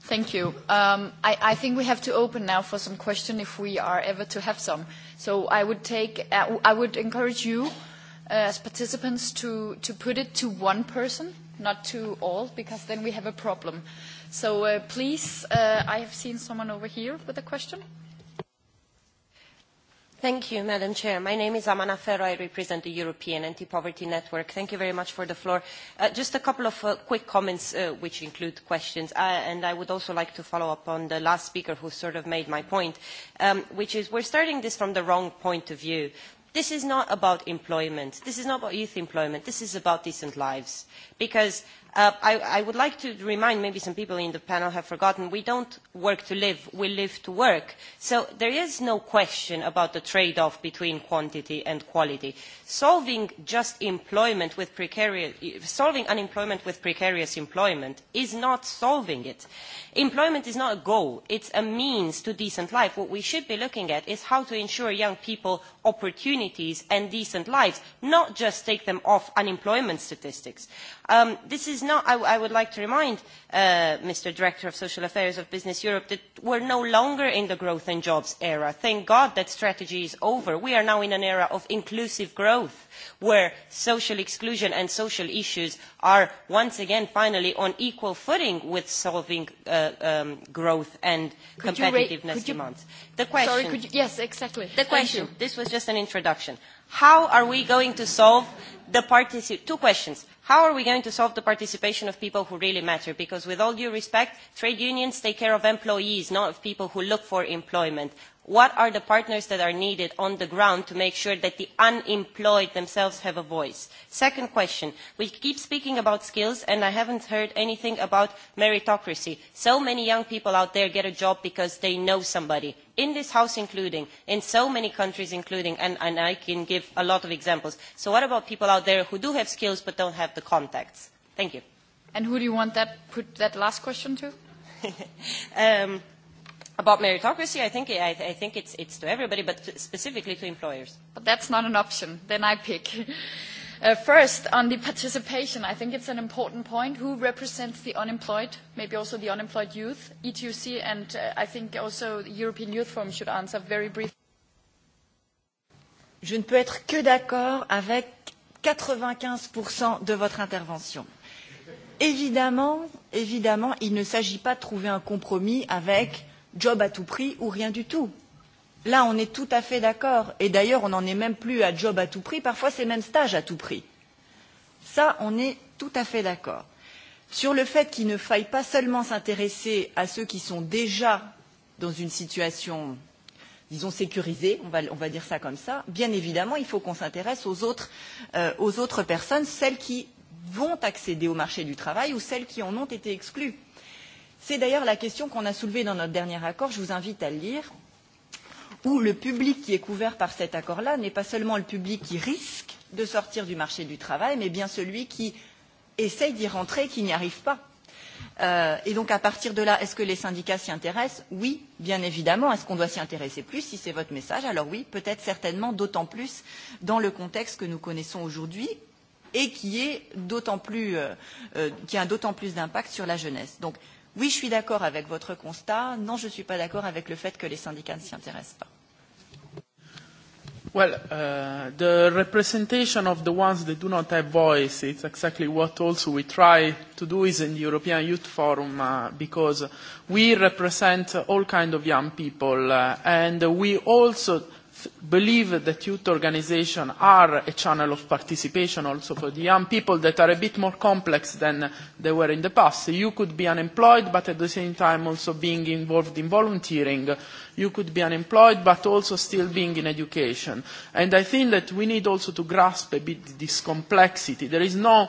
Thank you. Um, I, I think we have to open now for some questions if we are ever to have some. So I would take, uh, I would encourage you as participants to, to put it to one person, not to all, because then we have a problem. So uh, please, uh, I have seen someone over here with a question. Thank you, Madam Chair. My name is Amana Ferro. I represent the European Anti-Poverty Network. Thank you very much for the floor. Uh, just a couple of uh, quick comments, uh, which include questions. I, and I would also like to follow up on the last speaker who sort of made my point, um, which is we're starting this from the wrong point of view This is not about employment. This is not about youth employment. This is about decent lives. Because I, I would like to remind, maybe some people in the panel have forgotten, we don't work to live, we live to work. So there is no question about the trade-off between quantity and quality. Solving just employment with precarious, solving unemployment with precarious employment is not solving it. Employment is not a goal, it's a means to decent life. What we should be looking at is how to ensure young people opportunities and decent lives, not just take them off unemployment statistics. Um, this is not, I, I would like to remind uh, Mr. Director of Social Affairs of Business Europe that we're no longer in the growth and jobs era. Thank God that strategy is over. We are now in an era of inclusive growth where social exclusion and social issues are once again finally on equal footing with solving uh, um, growth and could competitiveness you demands. The question, sorry, could you, yes, exactly. The question, this was just an introduction how are we going to solve the particip- two questions how are we going to solve the participation of people who really matter? Because with all due respect, trade unions take care of employees, not of people who look for employment what are the partners that are needed on the ground to make sure that the unemployed themselves have a voice? Second question, we keep speaking about skills and I haven't heard anything about meritocracy. So many young people out there get a job because they know somebody, in this house including, in so many countries including, and, and I can give a lot of examples. So what about people out there who do have skills but don't have the contacts? Thank you. And who do you want that, put that last question to? um, about meritocracy, I think, I, I think it's, it's to everybody, but specifically to employers. But that's not an option. Then I pick. Uh, first, on the participation, I think it's an important point. Who represents the unemployed, maybe also the unemployed youth? ETUC and uh, I think also the European Youth Forum should answer very briefly. Je ne peux être que d'accord avec 95% de votre intervention. Évidemment, évidemment, il ne s'agit pas de trouver un compromis avec job à tout prix ou rien du tout. Là, on est tout à fait d'accord. Et d'ailleurs, on n'en est même plus à job à tout prix. Parfois, c'est même stage à tout prix. Ça, on est tout à fait d'accord. Sur le fait qu'il ne faille pas seulement s'intéresser à ceux qui sont déjà dans une situation, disons, sécurisée, on va, on va dire ça comme ça, bien évidemment, il faut qu'on s'intéresse aux, autres, euh, aux autres personnes, celles qui vont accéder au marché du travail ou celles qui en ont été exclues. C'est d'ailleurs la question qu'on a soulevée dans notre dernier accord, je vous invite à le lire, où le public qui est couvert par cet accord-là n'est pas seulement le public qui risque de sortir du marché du travail, mais bien celui qui essaye d'y rentrer et qui n'y arrive pas. Euh, et donc à partir de là, est-ce que les syndicats s'y intéressent Oui, bien évidemment. Est-ce qu'on doit s'y intéresser plus Si c'est votre message, alors oui, peut-être certainement, d'autant plus dans le contexte que nous connaissons aujourd'hui et qui, est plus, euh, qui a d'autant plus d'impact sur la jeunesse. Donc Oui, je suis d'accord avec votre constat. Non, je ne suis pas d'accord avec le fait que les syndicats ne s'y intéressent pas. Well, uh, the representation of the ones that do not have voice, it's exactly what also we try to do is in the European Youth Forum uh, because we represent all kinds of young people uh, and we also believe that youth organizations are a channel of participation also for the young people that are a bit more complex than they were in the past. You could be unemployed, but at the same time also being involved in volunteering. You could be unemployed, but also still being in education. And I think that we need also to grasp a bit this complexity. There is no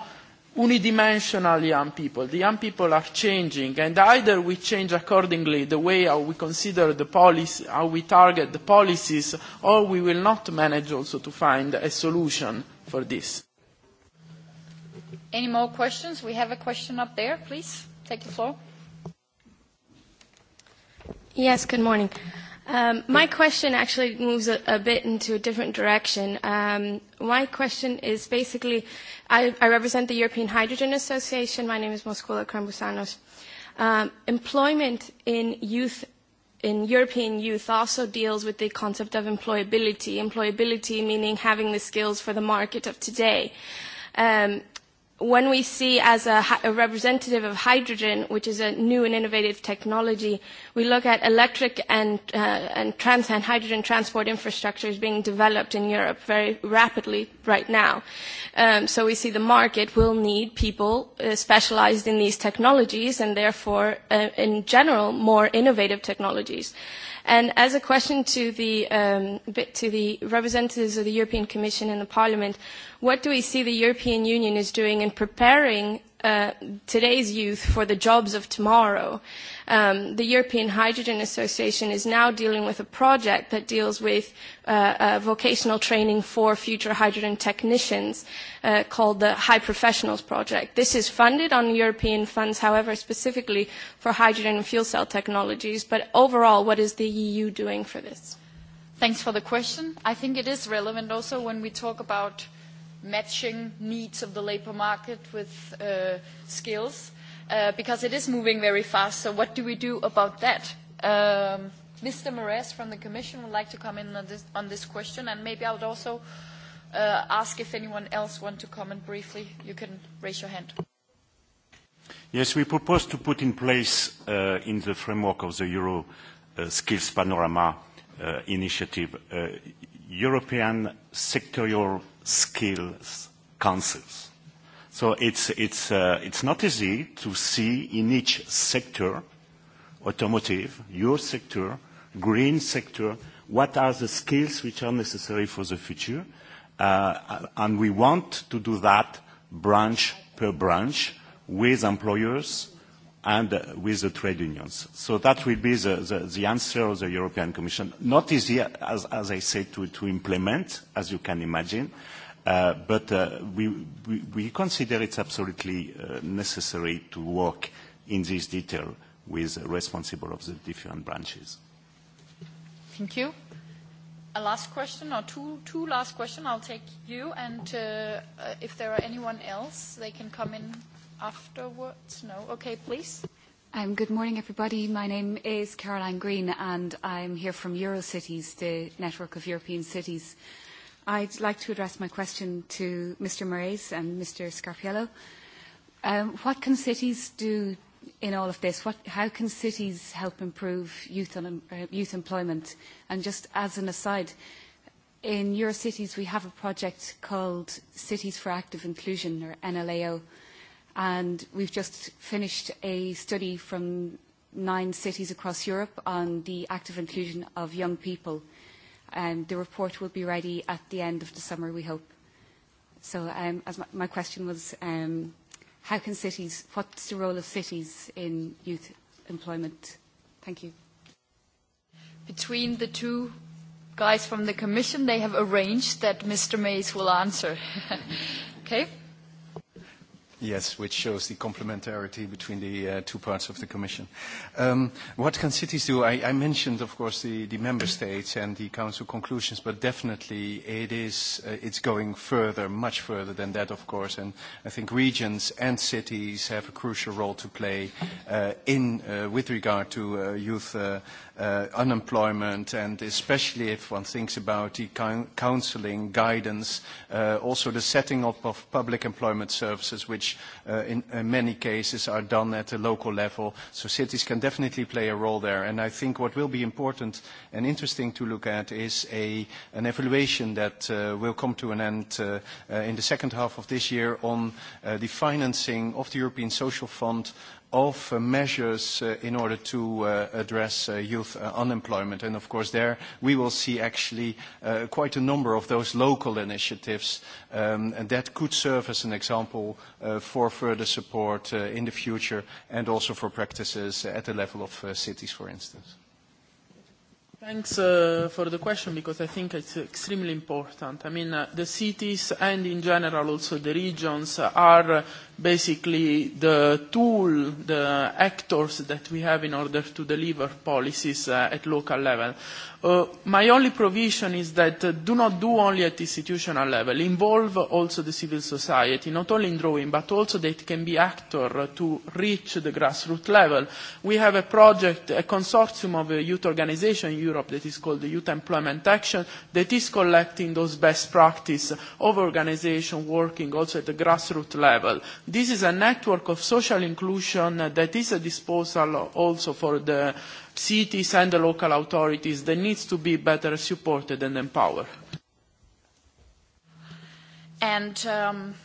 unidimensional young people. The young people are changing, and either we change accordingly the way how we consider the policy, how we target the policies, or we will not manage also to find a solution for this. Any more questions? We have a question up there, please. Take the floor. Yes, good morning. Um, my question actually moves a, a bit into a different direction. Um, my question is basically, I, I represent the European Hydrogen Association. My name is Moscula Krambusanos. Um, employment in youth in European youth also deals with the concept of employability. Employability meaning having the skills for the market of today. Um, when we see as a, a representative of hydrogen, which is a new and innovative technology, we look at electric and, uh, and, trans and hydrogen transport infrastructures being developed in Europe very rapidly right now. Um, so we see the market will need people uh, specialized in these technologies and therefore, uh, in general, more innovative technologies. And as a question to the, um, bit to the representatives of the European Commission and the Parliament, what do we see the European Union is doing in preparing uh, today's youth for the jobs of tomorrow. Um, the European Hydrogen Association is now dealing with a project that deals with uh, uh, vocational training for future hydrogen technicians uh, called the High Professionals Project. This is funded on European funds, however, specifically for hydrogen and fuel cell technologies. But overall, what is the EU doing for this? Thanks for the question. I think it is relevant also when we talk about matching needs of the labour market with skills because it is moving very fast. So what do we do about that? Mr. Moraes from the Commission would like to come in on this, on this question, and maybe I would also uh, ask if anyone else wants to comment briefly. You can raise your hand. Yes, we propose to put in place uh, in the framework of the Euro uh, Skills Panorama uh, initiative uh, European sectorial skills councils. So it's, it's, uh, it's not easy to see in each sector, automotive, your sector, green sector, what are the skills which are necessary for the future. Uh, and we want to do that branch per branch with employers and with the trade unions. So that will be the, the, the answer of the European Commission. Not easy, as, as I said, to, to implement, as you can imagine, But we consider it's absolutely necessary to work in this detail with responsible of the different branches. Thank you. A last question or two two last question. I'll take you, and if there are anyone else, they can come in afterwards. No? Okay, please. Um, good morning, everybody. My name is Caroline Green, and I'm here from Eurocities, the network of European cities. I'd like to address my question to Mr. Moraes and Mr. Scarfiello. Um, what can cities do in all of this? What, how can cities help improve youth, un, uh, youth employment? And just as an aside, in your cities we have a project called Cities for Active Inclusion, or NLAO, and we've just finished a study from nine cities across Europe on the active inclusion of young people – Um, the report will be ready at the end of the summer, we hope. So um, as my, my question was, um, how can cities, what's the role of cities in youth employment? Thank you. Between the two guys from the Commission, they have arranged that Mr. Mays will answer. okay. Yes, which shows the complementarity between the uh, two parts of the Commission. Um, what can cities do? I, I mentioned, of course, the, the member states and the Council conclusions, but definitely it is uh, it's going further, much further than that, of course. And I think regions and cities have a crucial role to play uh, in uh, with regard to uh, youth uh, uh, unemployment, and especially if one thinks about the counselling, guidance, uh, also the setting up of public employment services, which which in many cases are done at the local level. So cities can definitely play a role there. And I think what will be important and interesting to look at is an evaluation that will come to an end in the second half of this year on the financing of the European Social Fund of measures in order to address youth unemployment. And of course, there we will see actually quite a number of those local initiatives, and that could serve as an example for further support in the future and also for practices at the level of cities, for instance. Thanks uh, for the question because I think it's extremely important. I mean, uh, the cities and in general also the regions are basically the tool, the actors that we have in order to deliver policies uh, at local level. Uh, my only provision is that uh, do not do only at institutional level, involve also the civil society, not only in drawing, but also that it can be actor to reach the grassroots level. We have a project, a consortium of a youth organization in Europe that is called the Youth Employment Action that is collecting those best practice of organization working also at the grassroots level This is a network of social inclusion that is a disposal also for the cities and the local authorities that needs to be better supported and empowered. And um,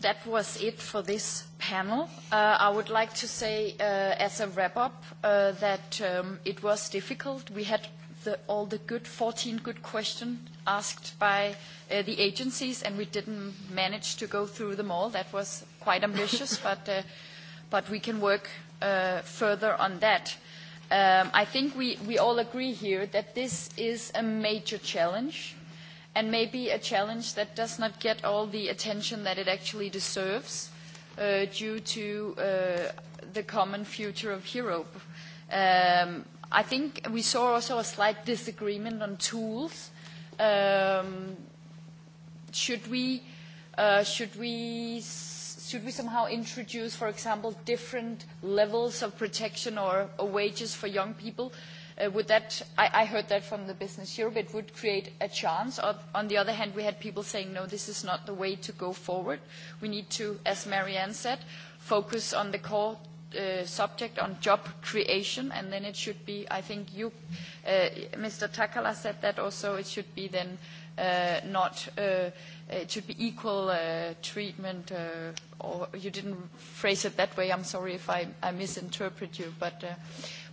that was it for this panel. Uh, I would like to say uh, as a wrap-up uh, that um, it was difficult. We had the, all the good 14 good questions asked by uh, the agencies, and we didn't manage to go through them all. That was quite ambitious, but, uh, but we can work uh, further on that. Um, I think we, we all agree here that this is a major challenge and maybe a challenge that does not get all the attention that it actually deserves uh, due to uh, the common future of Europe. Um, I think we saw also a slight disagreement on tools. Um, should we, uh, should we should we somehow introduce, for example, different levels of protection or, or wages for young people? would that, I, I heard that from the Business Europe, it would create a chance. on the other hand, we had people saying, no, this is not the way to go forward. We need to, as Marianne said, focus on the core subject on job creation, and then it should be, I think you, Mr. Takala said that also, it should be then uh, not uh, it should be equal uh, treatment, uh, or you didn't phrase it that way. I'm sorry if I, I misinterpret you, but uh,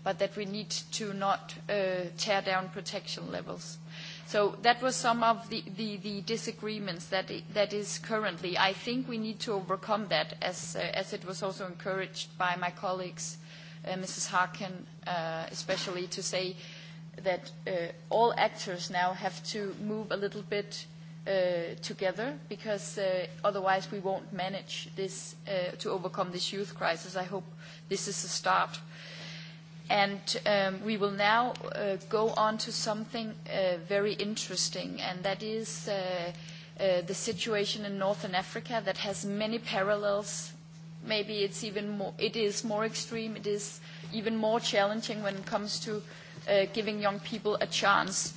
but that we need to not uh, tear down protection levels. So that was some of the, the, the disagreements that, that is currently. I think we need to overcome that, as, uh, as it was also encouraged by my colleagues, uh, Mrs. Harkin, uh, especially to say that uh, all actors now have to move a little bit uh, together because uh, otherwise we won't manage this uh, to overcome this youth crisis. I hope this is a start. And um, we will now uh, go on to something uh, very interesting, and that is uh, uh, the situation in Northern Africa that has many parallels. Maybe it's even more, it is more extreme, it is even more challenging when it comes to uh, giving young people a chance.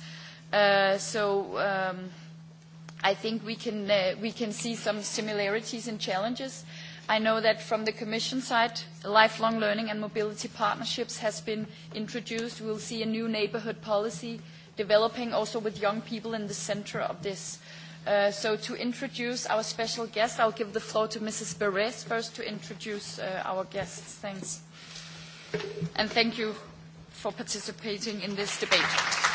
Uh, so um, I think we can, uh, we can see some similarities and challenges. I know that from the Commission side, lifelong learning and mobility partnerships has been introduced. We'll see a new neighbourhood policy developing also with young people in the centre of this. Uh, so to introduce our special guest, I'll give the floor to Mrs. Beres first to introduce uh, our guests. Thanks. And thank you for participating in this debate.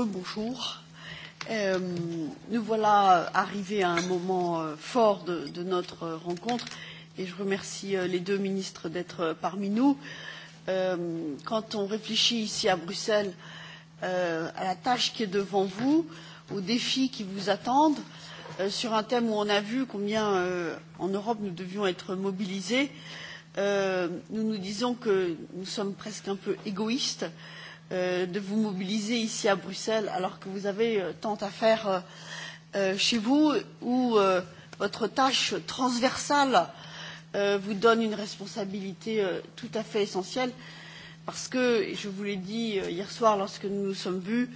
rebonjour. Euh, nous voilà arrivés à un moment fort de, de notre rencontre et je remercie les deux ministres d'être parmi nous. Euh, quand on réfléchit ici à Bruxelles euh, à la tâche qui est devant vous, aux défis qui vous attendent, euh, sur un thème où on a vu combien euh, en Europe nous devions être mobilisés, euh, nous nous disons que nous sommes presque un peu égoïstes de vous mobiliser ici à Bruxelles alors que vous avez tant à faire chez vous où votre tâche transversale vous donne une responsabilité tout à fait essentielle parce que, je vous l'ai dit hier soir lorsque nous nous sommes vus,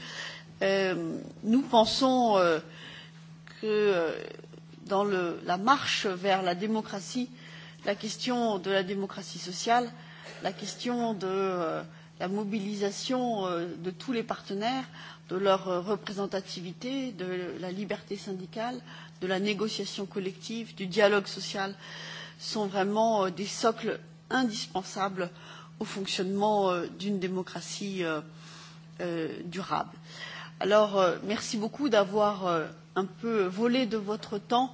nous pensons que dans la marche vers la démocratie, la question de la démocratie sociale, la question de la mobilisation de tous les partenaires, de leur représentativité, de la liberté syndicale, de la négociation collective, du dialogue social sont vraiment des socles indispensables au fonctionnement d'une démocratie durable. Alors, merci beaucoup d'avoir un peu volé de votre temps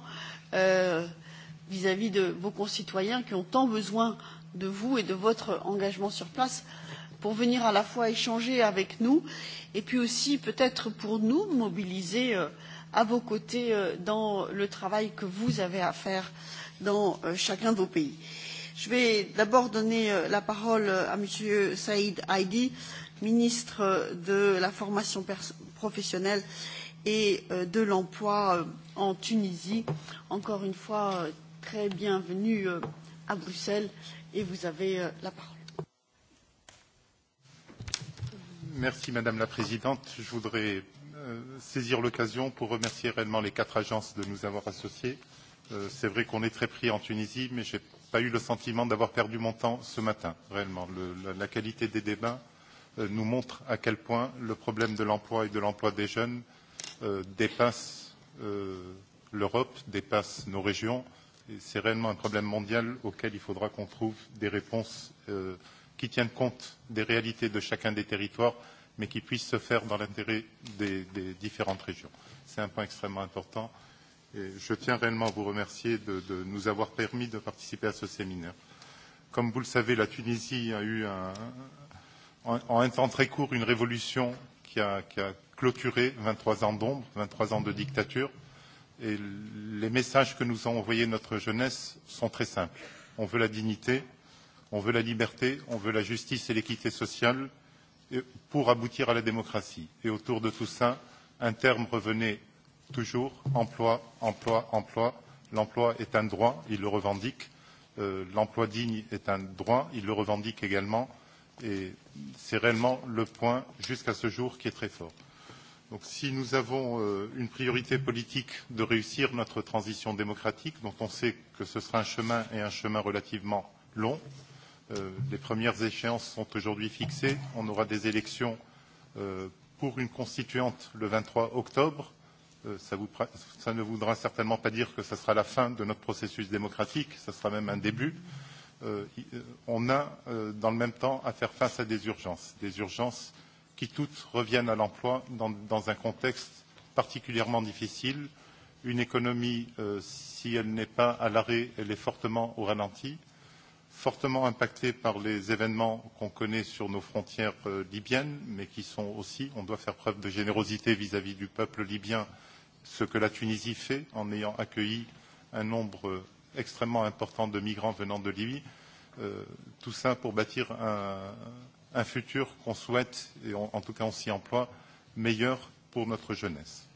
vis-à-vis de vos concitoyens qui ont tant besoin de vous et de votre engagement sur place pour venir à la fois échanger avec nous et puis aussi peut être pour nous mobiliser à vos côtés dans le travail que vous avez à faire dans chacun de vos pays. Je vais d'abord donner la parole à M. Saïd Haïdi, ministre de la formation professionnelle et de l'emploi en Tunisie. Encore une fois, très bienvenue à Bruxelles et vous avez la parole. Merci Madame la Présidente. Je voudrais saisir l'occasion pour remercier réellement les quatre agences de nous avoir associés. C'est vrai qu'on est très pris en Tunisie, mais je n'ai pas eu le sentiment d'avoir perdu mon temps ce matin, réellement. Le, la, la qualité des débats nous montre à quel point le problème de l'emploi et de l'emploi des jeunes dépasse l'Europe, dépasse nos régions. C'est réellement un problème mondial auquel il faudra qu'on trouve des réponses euh, qui tienne compte des réalités de chacun des territoires, mais qui puisse se faire dans l'intérêt des, des différentes régions. C'est un point extrêmement important. Et je tiens réellement à vous remercier de, de nous avoir permis de participer à ce séminaire. Comme vous le savez, la Tunisie a eu un, en, en un temps très court une révolution qui a, qui a clôturé 23 ans d'ombre, 23 ans de dictature. Et les messages que nous a envoyés notre jeunesse sont très simples. On veut la dignité, On veut la liberté, on veut la justice et l'équité sociale pour aboutir à la démocratie. Et autour de tout ça, un terme revenait toujours emploi, emploi, emploi. L'emploi est un droit, il le revendique. Euh, L'emploi digne est un droit, il le revendique également. Et c'est réellement le point jusqu'à ce jour qui est très fort. Donc si nous avons euh, une priorité politique de réussir notre transition démocratique, dont on sait que ce sera un chemin et un chemin relativement long, les premières échéances sont aujourd'hui fixées. On aura des élections pour une constituante le 23 octobre. Ça, vous, ça ne voudra certainement pas dire que ce sera la fin de notre processus démocratique, ce sera même un début. on a dans le même temps à faire face à des urgences, des urgences qui toutes reviennent à l'emploi dans, dans un contexte particulièrement difficile. Une économie, si elle n'est pas à l'arrêt, elle est fortement au ralenti. Euh, fortement impactés par les événements qu'on connaît sur nos frontières libyennes, mais qui sont aussi, on doit faire preuve de générosité vis-à-vis du peuple libyen, ce que la Tunisie fait en ayant accueilli un nombre extrêmement important de migrants venant de Libye. tout ça pour bâtir un, un futur qu'on souhaite, et on, en tout cas on s'y emploie, meilleur pour notre jeunesse.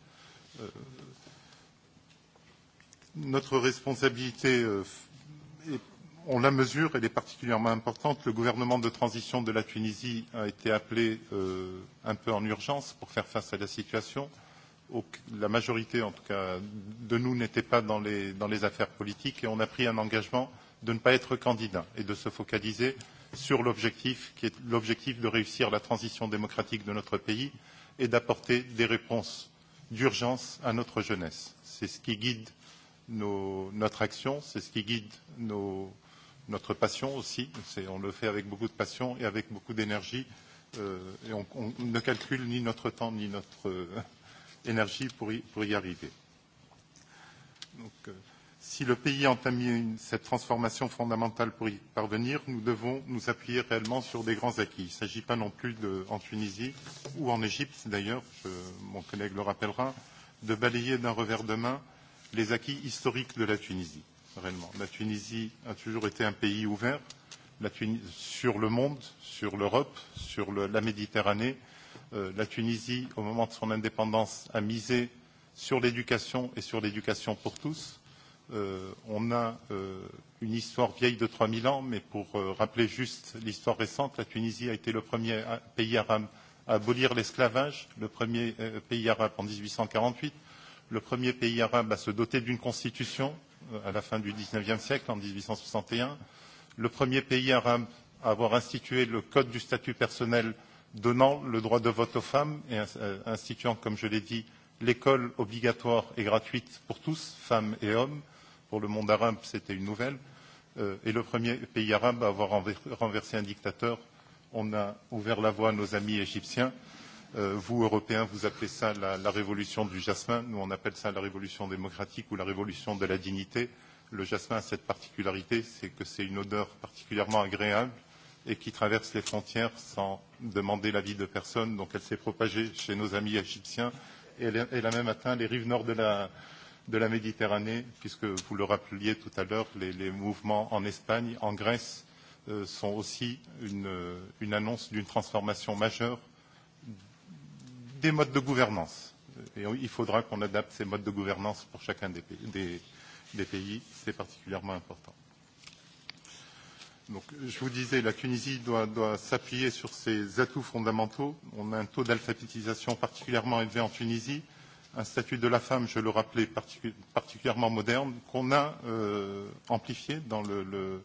notre responsabilité est on la mesure, elle est particulièrement importante. Le gouvernement de transition de la Tunisie a été appelé euh, un peu en urgence pour faire face à la situation. La majorité, en tout cas, de nous n'était pas dans les, dans les affaires politiques et on a pris un engagement de ne pas être candidat et de se focaliser sur l'objectif qui est l'objectif de réussir la transition démocratique de notre pays et d'apporter des réponses d'urgence à notre jeunesse. C'est ce qui guide nos, notre action, c'est ce qui guide nos, notre passion aussi. On le fait avec beaucoup de passion et avec beaucoup d'énergie. Euh, et on, on ne calcule ni notre temps ni notre euh, énergie pour y, pour y arriver. Donc, euh, si le pays entame cette transformation fondamentale pour y parvenir, nous devons nous appuyer réellement sur des grands acquis. Il ne s'agit pas non plus de, en Tunisie ou en Égypte d'ailleurs, mon collègue le rappellera, de balayer d'un revers de main les acquis historiques de la Tunisie réellement. La Tunisie a toujours été un pays ouvert la Tunis sur le monde, sur l'Europe, sur le, la Méditerranée. Euh, la Tunisie, au moment de son indépendance, a misé sur l'éducation et sur l'éducation pour tous. Euh, on a euh, une histoire vieille de 3000 ans, mais pour euh, rappeler juste l'histoire récente, la Tunisie a été le premier pays arabe à abolir l'esclavage, le premier euh, pays arabe en 1848, le premier pays arabe à se doter d'une constitution, à la fin du XIXe siècle, en 1861, le premier pays arabe à avoir institué le code du statut personnel donnant le droit de vote aux femmes et instituant, comme je l'ai dit, l'école obligatoire et gratuite pour tous, femmes et hommes. Pour le monde arabe, c'était une nouvelle. et le premier pays arabe à avoir renversé un dictateur. On a ouvert la voie à nos amis égyptiens vous, Européens, vous appelez ça la, la révolution du jasmin. Nous, on appelle ça la révolution démocratique ou la révolution de la dignité. Le jasmin a cette particularité, c'est que c'est une odeur particulièrement agréable et qui traverse les frontières sans demander l'avis de personne. Donc elle s'est propagée chez nos amis égyptiens et elle, elle a même atteint les rives nord de la, de la Méditerranée, puisque vous le rappeliez tout à l'heure, les, les mouvements en Espagne, en Grèce, euh, sont aussi une, une annonce d'une transformation majeure des modes de gouvernance. Et il faudra qu'on adapte ces modes de gouvernance pour chacun des pays. Des, des pays C'est particulièrement important. Donc, je vous disais, la Tunisie doit, doit s'appuyer sur ses atouts fondamentaux. On a un taux d'alphabétisation particulièrement élevé en Tunisie, un statut de la femme, je le rappelais, particu particulièrement moderne, qu'on a euh, amplifié dans le, le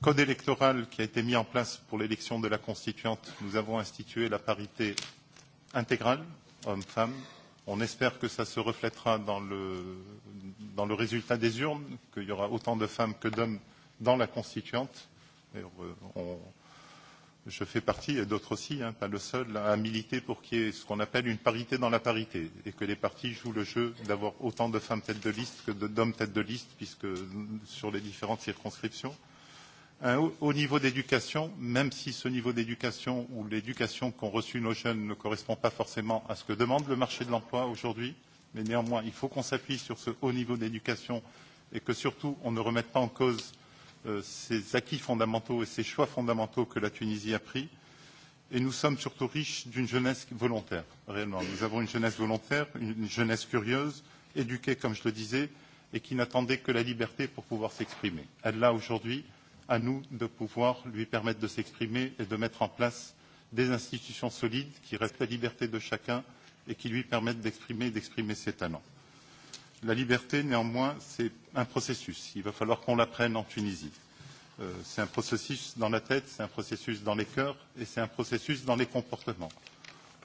code électoral qui a été mis en place pour l'élection de la constituante. Nous avons institué la parité intégrale, hommes-femmes. On espère que ça se reflètera dans le, dans le résultat des urnes, qu'il y aura autant de femmes que d'hommes dans la constituante. Et on, je fais partie, et d'autres aussi, hein, pas le seul, à militer pour qu'il y ait ce qu'on appelle une parité dans la parité, et que les partis jouent le jeu d'avoir autant de femmes tête de liste que d'hommes tête de liste, puisque sur les différentes circonscriptions un haut niveau d'éducation, même si ce niveau d'éducation ou l'éducation qu'ont reçue nos jeunes ne correspond pas forcément à ce que demande le marché de l'emploi aujourd'hui, mais néanmoins, il faut qu'on s'appuie sur ce haut niveau d'éducation et que surtout on ne remette pas en cause ces acquis fondamentaux et ces choix fondamentaux que la Tunisie a pris. Et nous sommes surtout riches d'une jeunesse volontaire, réellement. Nous avons une jeunesse volontaire, une jeunesse curieuse, éduquée, comme je le disais, et qui n'attendait que la liberté pour pouvoir s'exprimer. Elle l'a aujourd'hui à nous de pouvoir lui permettre de s'exprimer et de mettre en place des institutions solides qui restent la liberté de chacun et qui lui permettent d'exprimer et d'exprimer ses talents. La liberté, néanmoins, c'est un processus. Il va falloir qu'on l'apprenne en Tunisie. C'est un processus dans la tête, c'est un processus dans les cœurs et c'est un processus dans les comportements.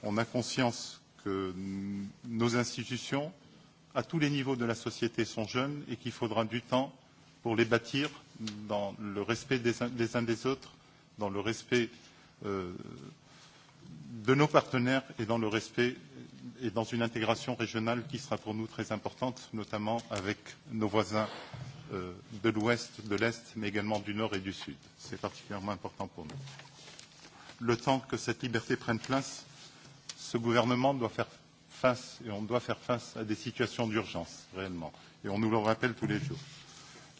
On a conscience que nos institutions, à tous les niveaux de la société, sont jeunes et qu'il faudra du temps pour les bâtir dans le respect des, des uns des autres, dans le respect euh, de nos partenaires et dans le respect et dans une intégration régionale qui sera pour nous très importante, notamment avec nos voisins euh, de l'ouest, de l'est, mais également du nord et du sud. C'est particulièrement important pour nous. Le temps que cette liberté prenne place, ce gouvernement doit faire face et on doit faire face à des situations d'urgence réellement et on nous le rappelle tous les jours.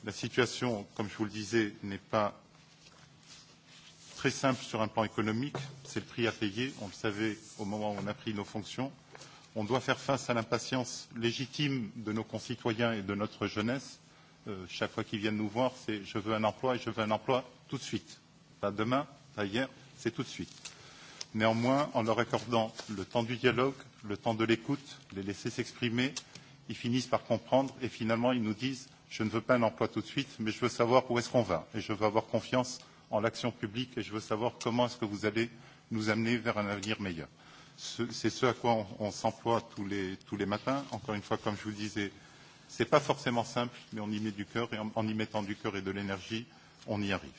La situation, comme je vous le disais, n'est pas très simple sur un plan économique. C'est le prix à payer. On le savait au moment où on a pris nos fonctions. On doit faire face à l'impatience légitime de nos concitoyens et de notre jeunesse. Euh, chaque fois qu'ils viennent nous voir, c'est je veux un emploi et je veux un emploi tout de suite. Pas demain, pas hier, c'est tout de suite. Néanmoins, en leur accordant le temps du dialogue, le temps de l'écoute, les laisser s'exprimer, ils finissent par comprendre et finalement ils nous disent Je ne veux pas un emploi tout de suite, mais je veux savoir où est-ce qu'on va. Et je veux avoir confiance en l'action publique et je veux savoir comment est-ce que vous allez nous amener vers un avenir meilleur. C'est ce à quoi on, on s'emploie tous les, tous les matins. Encore une fois, comme je vous le disais, ce n'est pas forcément simple, mais on y met du cœur et en, en y mettant du cœur et de l'énergie, on y arrive.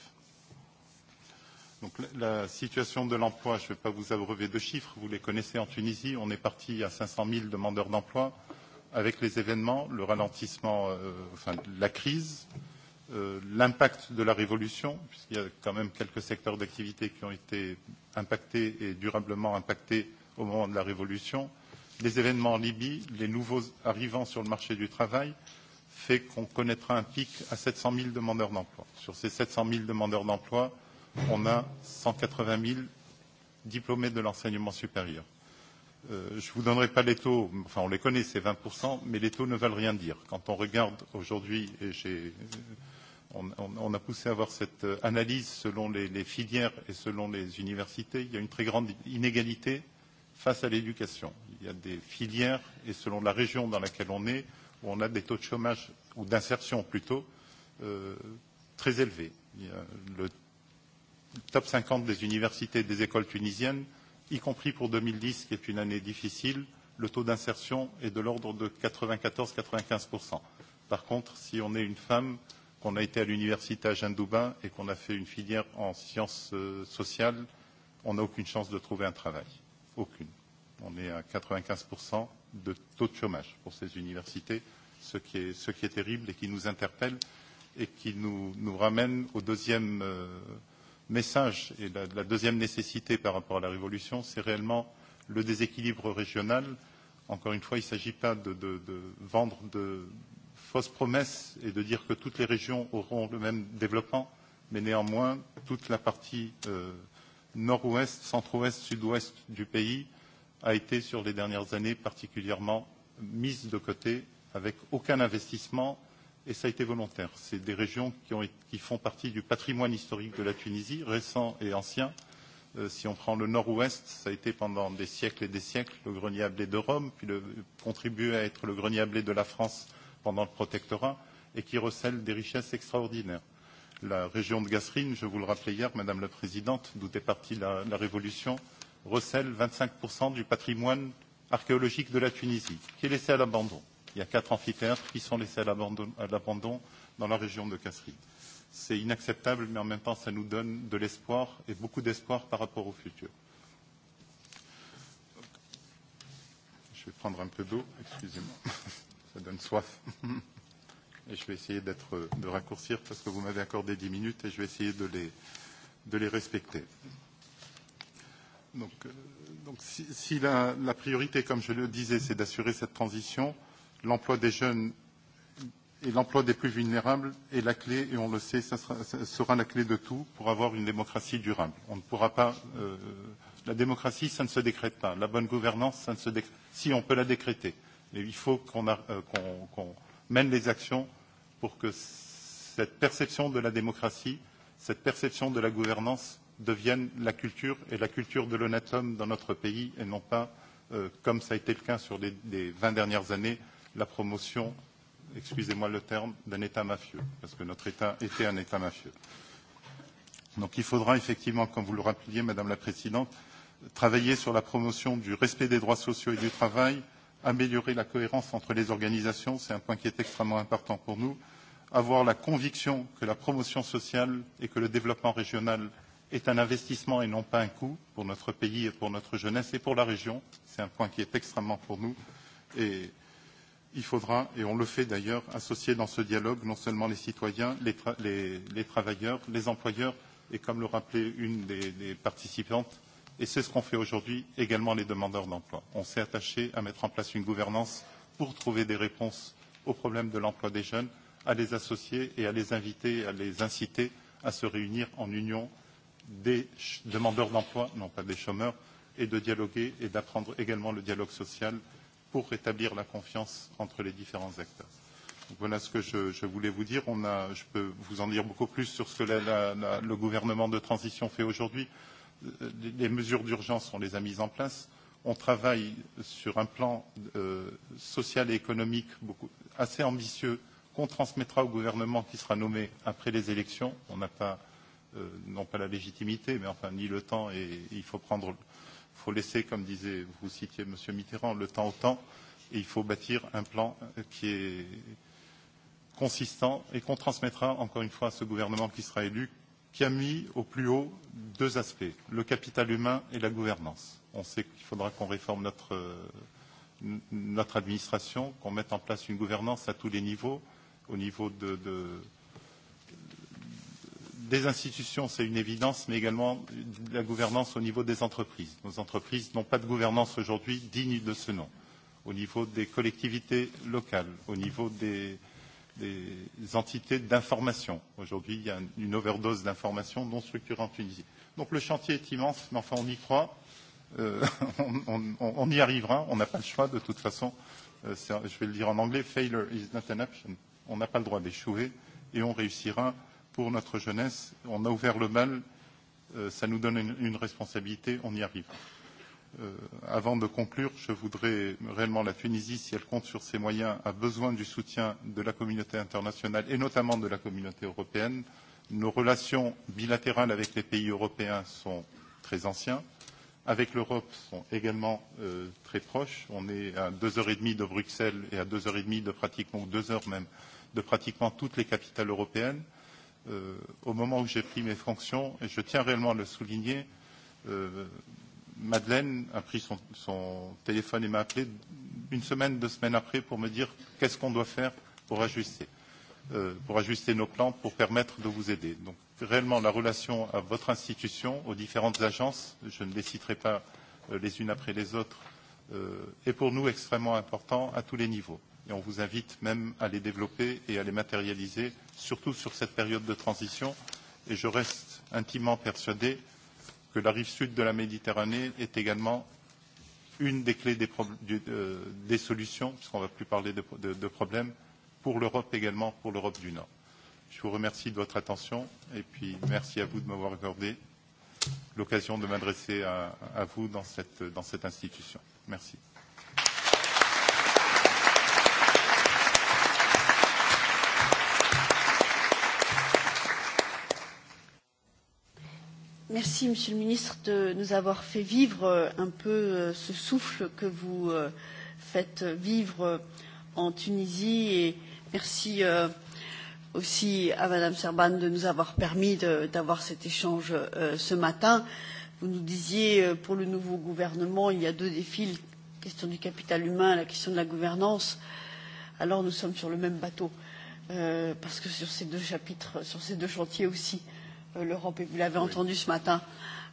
Donc la situation de l'emploi, je ne vais pas vous abreuver de chiffres, vous les connaissez en Tunisie, on est parti à 500 000 demandeurs d'emploi avec les événements, le ralentissement, euh, enfin la crise, euh, l'impact de la révolution, puisqu'il y a quand même quelques secteurs d'activité qui ont été impactés et durablement impactés au moment de la révolution, les événements en Libye, les nouveaux arrivants sur le marché du travail, fait qu'on connaîtra un pic à 700 000 demandeurs d'emploi. Sur ces 700 000 demandeurs d'emploi, on a 180 000 diplômés de l'enseignement supérieur je ne vous donnerai pas les taux, enfin on les connaît, c'est 20%, mais les taux ne veulent rien dire. Quand on regarde aujourd'hui, et j'ai, on, on, on a poussé à voir cette analyse selon les, les filières et selon les universités, il y a une très grande inégalité face à l'éducation. Il y a des filières et selon la région dans laquelle on est, où on a des taux de chômage ou d'insertion plutôt euh, très élevés. Il y a le top 50 des universités et des écoles tunisiennes y compris pour 2010, qui est une année difficile, le taux d'insertion est de l'ordre de 94-95%. Par contre, si on est une femme, qu'on a été à l'université à Jeanne-Doubin et qu'on a fait une filière en sciences sociales, on n'a aucune chance de trouver un travail. Aucune. On est à 95% de taux de chômage pour ces universités, ce qui est, ce qui est terrible et qui nous interpelle et qui nous, nous ramène au deuxième, euh, message et la, la deuxième nécessité par rapport à la révolution, c'est réellement le déséquilibre régional. Encore une fois, il ne s'agit pas de, de, de vendre de fausses promesses et de dire que toutes les régions auront le même développement, mais néanmoins, toute la partie euh, nord-ouest, centre-ouest, sud-ouest du pays a été sur les dernières années particulièrement mise de côté avec aucun investissement et ça a été volontaire. C'est des régions qui, ont, qui font partie du patrimoine historique de la Tunisie, récent et ancien. Euh, si on prend le nord-ouest, ça a été pendant des siècles et des siècles le grenier à blé de Rome, puis le, contribué à être le grenier à blé de la France pendant le protectorat, et qui recèle des richesses extraordinaires. La région de Gasserine, je vous le rappelais hier, Madame la Présidente, d'où est partie la, la Révolution, recèle 25% du patrimoine archéologique de la Tunisie, qui est laissé à l'abandon. Il y a quatre amphithéâtres qui sont laissés à l'abandon dans la région de Casserie. C'est inacceptable, mais en même temps, ça nous donne de l'espoir et beaucoup d'espoir par rapport au futur. Je vais prendre un peu d'eau, excusez-moi. Ça donne soif. Et je vais essayer d'être, de raccourcir parce que vous m'avez accordé 10 minutes et je vais essayer de les, de les respecter. Donc, donc si, si la, la priorité, comme je le disais, c'est d'assurer cette transition, euh, l'emploi des jeunes et l'emploi des plus vulnérables est la clé, et on le sait, ça sera, ça sera la clé de tout pour avoir une démocratie durable. On ne pourra pas. Euh, la démocratie, ça ne se décrète pas. La bonne gouvernance, ça ne se décrète. Si on peut la décréter, mais il faut qu'on euh, qu qu mène les actions pour que cette perception de la démocratie, cette perception de la gouvernance devienne la culture et la culture de l'honnête homme dans notre pays et non pas, euh, comme ça a été le cas sur les, les 20 dernières années, la promotion, excusez-moi le terme, d'un État mafieux, parce que notre État était un État mafieux. Donc il faudra effectivement, comme vous le rappeliez, Madame la Présidente, travailler sur la promotion du respect des droits sociaux et du travail, améliorer la cohérence entre les organisations, c'est un point qui est extrêmement important pour nous, avoir la conviction que la promotion sociale et que le développement régional est un investissement et non pas un coût pour notre pays et pour notre jeunesse et pour la région. C'est un point qui est extrêmement pour nous et il faudra, et on le fait d'ailleurs, associer dans ce dialogue non seulement les citoyens, les, tra les, les travailleurs, les employeurs, et comme le rappelait une des, des participantes, et c'est ce qu'on fait aujourd'hui, également les demandeurs d'emploi. On s'est attaché à mettre en place une gouvernance pour trouver des réponses aux problèmes de l'emploi des jeunes, à les associer et à les inviter, à les inciter à se réunir en union des demandeurs d'emploi, non pas des chômeurs, et de dialoguer et d'apprendre également le dialogue social pour rétablir la confiance entre les différents acteurs. Donc voilà ce que je, je voulais vous dire. On a, je peux vous en dire beaucoup plus sur ce que la, la, la, le gouvernement de transition fait aujourd'hui. Les, les mesures d'urgence, on les a mises en place. On travaille sur un plan euh, social et économique beaucoup, assez ambitieux qu'on transmettra au gouvernement qui sera nommé après les élections. On n'a pas, euh, non pas la légitimité, mais enfin ni le temps et, et il faut prendre Le, Il faut laisser, comme disait, vous citiez M. Mitterrand, le temps au temps, et il faut bâtir un plan qui est consistant et qu'on transmettra encore une fois à ce gouvernement qui sera élu, qui a mis au plus haut deux aspects, le capital humain et la gouvernance. On sait qu'il faudra qu'on réforme notre, notre administration, qu'on mette en place une gouvernance à tous les niveaux, au niveau de, de, des institutions, c'est une évidence, mais également de la gouvernance au niveau des entreprises. Nos entreprises n'ont pas de gouvernance aujourd'hui digne de ce nom, au niveau des collectivités locales, au niveau des, des entités d'information. Aujourd'hui, il y a une overdose d'informations non structurées en Tunisie. Donc le chantier est immense, mais enfin on y croit, euh, on, on, on y arrivera, on n'a pas le choix de toute façon. Euh, je vais le dire en anglais, failure is not an option. On n'a pas le droit d'échouer et on réussira pour notre jeunesse. On a ouvert le bal, euh, ça nous donne une, une responsabilité, on y arrive. Euh, avant de conclure, je voudrais réellement la Tunisie, si elle compte sur ses moyens, a besoin du soutien de la communauté internationale et notamment de la communauté européenne. Nos relations bilatérales avec les pays européens sont très anciennes avec l'Europe sont également euh, très proches. On est à deux heures et demie de Bruxelles et à deux heures et demie de pratiquement, ou deux heures même, de pratiquement toutes les capitales européennes euh, au moment où j'ai pris mes fonctions, et je tiens réellement à le souligner, euh, Madeleine a pris son, son téléphone et m'a appelé une semaine, deux semaines après pour me dire qu'est-ce qu'on doit faire pour ajuster, euh, pour ajuster nos plans, pour permettre de vous aider. Donc réellement la relation à votre institution, aux différentes agences, je ne les citerai pas euh, les unes après les autres, euh, est pour nous extrêmement important à tous les niveaux et on vous invite même à les développer et à les matérialiser, surtout sur cette période de transition. Et je reste intimement persuadé que la rive sud de la Méditerranée est également une des clés des, du, euh, des solutions, puisqu'on ne va plus parler de, de, de problèmes, pour l'Europe également, pour l'Europe du Nord. Je vous remercie de votre attention et puis merci à vous de m'avoir accordé l'occasion de m'adresser à, à vous dans cette, dans cette institution. Merci. Merci, Monsieur le Ministre, de nous avoir fait vivre un peu ce souffle que vous faites vivre en Tunisie et merci aussi à Madame Serban de nous avoir permis d'avoir cet échange ce matin. Vous nous disiez, pour le nouveau gouvernement, il y a deux défis, la question du capital humain, la question de la gouvernance. Alors nous sommes sur le même bateau, parce que sur ces deux chapitres, sur ces deux chantiers aussi, l'Europe, et vous l'avez entendu ce matin,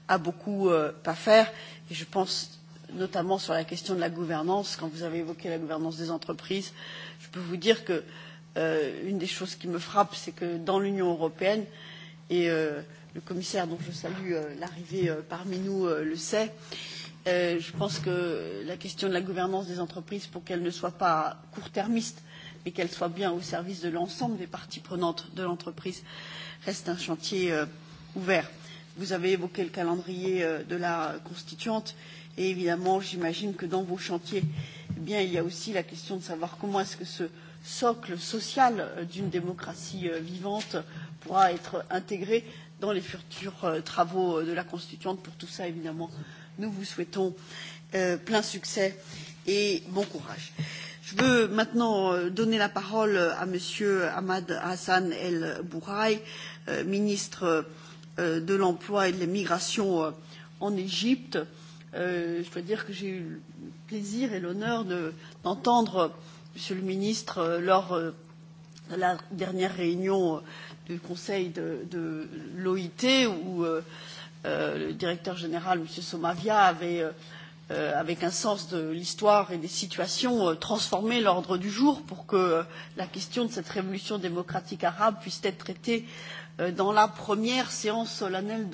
a beaucoup à faire. Et je pense notamment sur la question de la gouvernance. Quand vous avez évoqué la gouvernance des entreprises, je peux vous dire que euh, une des choses qui me frappe, c'est que dans l'Union européenne, et euh, le commissaire dont je salue euh, l'arrivée euh, parmi nous euh, le sait, euh, je pense que la question de la gouvernance des entreprises, pour qu'elle ne soit pas court-termiste, et qu'elle soit bien au service de l'ensemble des parties prenantes de l'entreprise reste un chantier ouvert. Vous avez évoqué le calendrier de la constituante et évidemment, j'imagine que dans vos chantiers, il y a aussi la question de savoir comment est-ce que ce socle social d'une démocratie vivante pourra être intégré dans les futurs travaux de la constituante. Pour tout ça, évidemment, nous vous souhaitons plein succès et bon courage. Euh, Je veux maintenant donner la parole à Monsieur Ahmad Hassan El Bourraï, ministre de l'Emploi et de l'Immigration en Égypte. Je dois dire que j'ai eu le plaisir et l'honneur d'entendre Monsieur le ministre lors de la dernière réunion du Conseil de, de l'OIT où le directeur général, M. Somavia, avait avec un sens de l'histoire et des situations, transformer l'ordre du jour pour que la question de cette révolution démocratique arabe puisse être traitée dans la première séance solennelle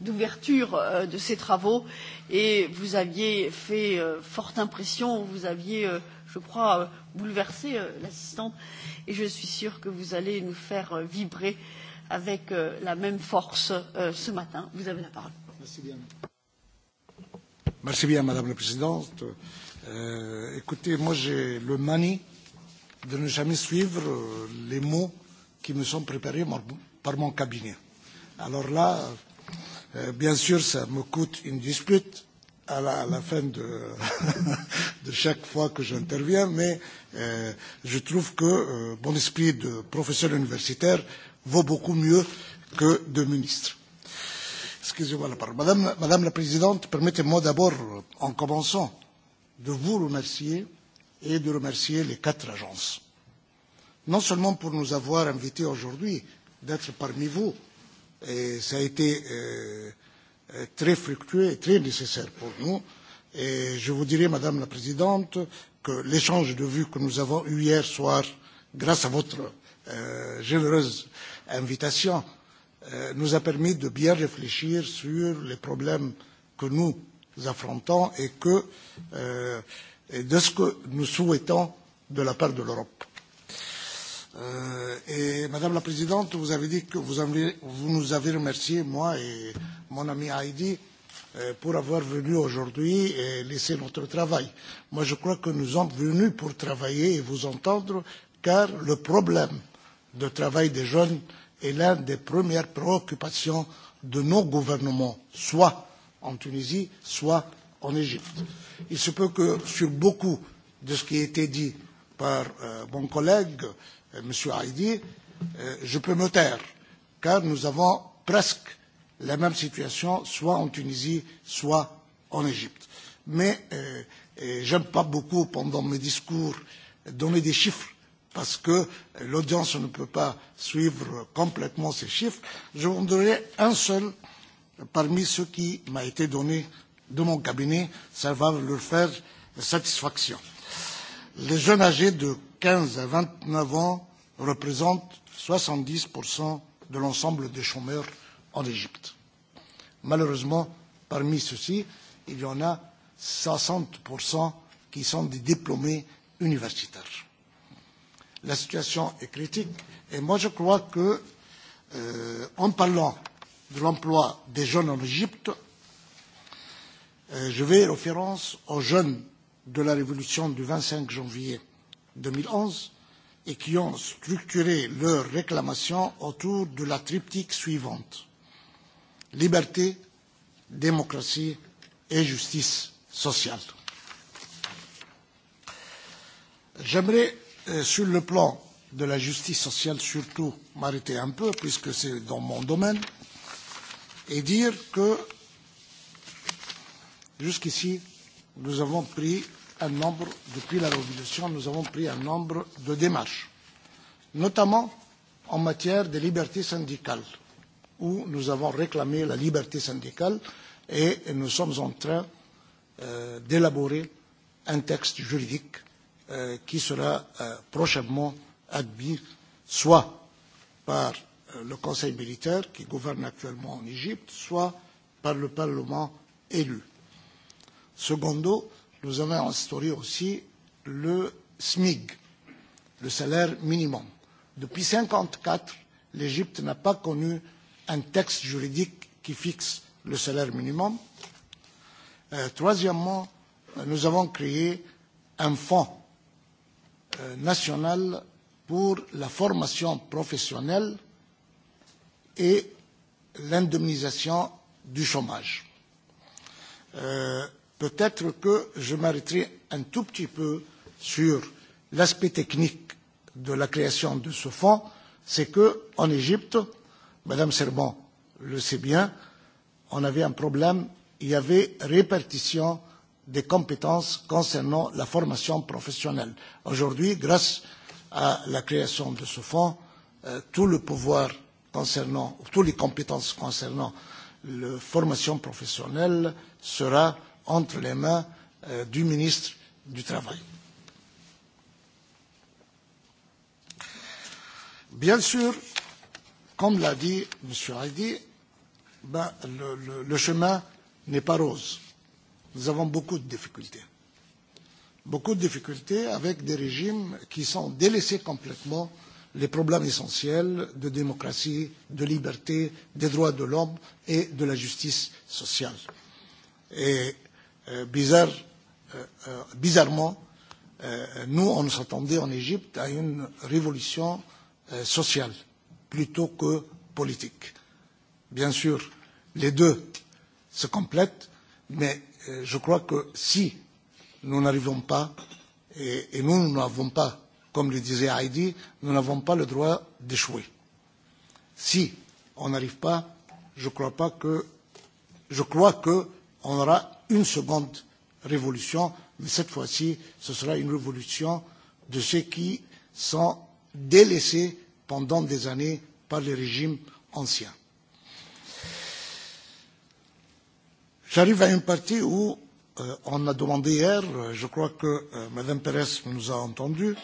d'ouverture de ces travaux. Et vous aviez fait forte impression, vous aviez, je crois, bouleversé l'assistante, et je suis sûre que vous allez nous faire vibrer avec la même force ce matin. Vous avez la parole. Merci bien. Merci bien, Madame la Présidente. Euh, écoutez, moi j'ai le manie de ne jamais suivre les mots qui me sont préparés par mon cabinet. Alors là, euh, bien sûr, ça me coûte une dispute à la, à la fin de, de chaque fois que j'interviens, mais euh, je trouve que euh, mon esprit de professeur universitaire vaut beaucoup mieux que de ministre Excusez-moi la parole. Madame, Madame la Présidente, permettez-moi d'abord, en commençant, de vous remercier et de remercier les quatre agences. Non seulement pour nous avoir invités aujourd'hui d'être parmi vous, et ça a été euh, très fructueux et très nécessaire pour nous. Et je vous dirai, Madame la Présidente, que l'échange de vues que nous avons eu hier soir, grâce à votre euh, généreuse invitation, euh, nous a permis de bien réfléchir sur les problèmes que nous affrontons et, que, euh, et de ce que nous souhaitons de la part de l'Europe. Euh, et Madame la Présidente, vous avez dit que vous, avez, vous nous avez remercié, moi et mon ami Heidi, pour avoir venu aujourd'hui et laisser notre travail. Moi, je crois que nous sommes venus pour travailler et vous entendre, car le problème de travail des jeunes est l'une des premières préoccupations de nos gouvernements, soit en Tunisie, soit en Égypte. Il se peut que sur beaucoup de ce qui a été dit par mon collègue, M. Haïdi, je peux me taire, car nous avons presque la même situation, soit en Tunisie, soit en Égypte. Mais je n'aime pas beaucoup, pendant mes discours, donner des chiffres parce que l'audience ne peut pas suivre complètement ces chiffres. Je vous donnerai un seul parmi ceux qui m'a été donné de mon cabinet. Ça va leur faire satisfaction. Les jeunes âgés de 15 à 29 ans représentent 70% de l'ensemble des chômeurs en Égypte. Malheureusement, parmi ceux-ci, il y en a 60% qui sont des diplômés universitaires la situation est critique. Et moi, je crois que, euh, en parlant de l'emploi des jeunes en Égypte, euh, je vais référence aux jeunes de la révolution du 25 janvier 2011 et qui ont structuré leurs réclamations autour de la triptyque suivante liberté, démocratie et justice sociale. J'aimerais sur le plan de la justice sociale, surtout m'arrêter un peu, puisque c'est dans mon domaine, et dire que jusqu'ici, nous avons pris un nombre, depuis la Révolution, nous avons pris un nombre de démarches, notamment en matière de liberté syndicale, où nous avons réclamé la liberté syndicale et nous sommes en train d'élaborer un texte juridique qui sera prochainement admis soit par le Conseil militaire qui gouverne actuellement en Égypte, soit par le Parlement élu. Secondo, nous avons instauré aussi le SMIG, le salaire minimum. Depuis 1954, l'Égypte n'a pas connu un texte juridique qui fixe le salaire minimum. troisièmement, nous avons créé un fonds nationale pour la formation professionnelle et l'indemnisation du chômage. Peut-être que je m'arrêterai un tout petit peu sur l'aspect technique de la création de ce fonds, c'est que en Égypte, Madame Serban le sait bien, on avait un problème, il y avait répartition des compétences concernant la formation professionnelle. Aujourd'hui, grâce à la création de ce fonds, tout le pouvoir concernant, toutes les compétences concernant la formation professionnelle sera entre les mains du ministre du Travail. Bien sûr, comme l'a dit M. Heidi, ben, le, le, le chemin n'est pas rose nous avons beaucoup de difficultés. Beaucoup de difficultés avec des régimes qui sont délaissés complètement les problèmes essentiels de démocratie, de liberté, des droits de l'homme et de la justice sociale. Et euh, bizarre, euh, bizarrement, euh, nous, on s'attendait en Égypte à une révolution euh, sociale plutôt que politique. Bien sûr, les deux se complètent, mais je crois que si nous n'arrivons pas, et, et nous n'avons pas, comme le disait Heidi, nous n'avons pas le droit d'échouer. Si on n'arrive pas, je crois pas que je crois qu'on aura une seconde révolution, mais cette fois-ci, ce sera une révolution de ceux qui sont délaissés pendant des années par les régimes anciens. J'arrive à une partie où euh, on a demandé hier, je crois que euh, Mme Pérez nous a entendus,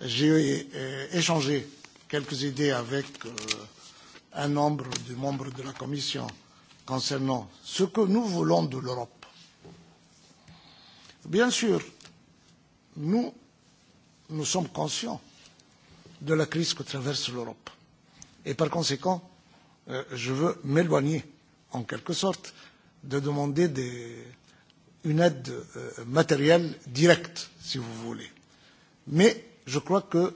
j'ai euh, échangé quelques idées avec euh, un nombre de membres de la Commission concernant ce que nous voulons de l'Europe. Bien sûr, nous, nous sommes conscients de la crise que traverse l'Europe. Et par conséquent, euh, je veux m'éloigner, en quelque sorte, de demander des, une aide matérielle directe, si vous voulez. Mais je crois que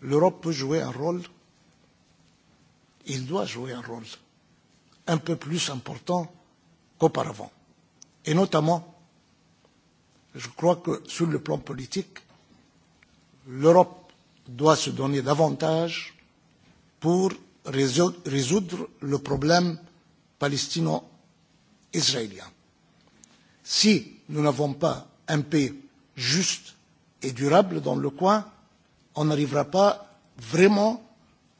l'Europe peut jouer un rôle, il doit jouer un rôle un peu plus important qu'auparavant. Et notamment, je crois que sur le plan politique, l'Europe doit se donner davantage pour résoudre le problème palestino israélien. Si nous n'avons pas un paix juste et durable dans le coin, on n'arrivera pas vraiment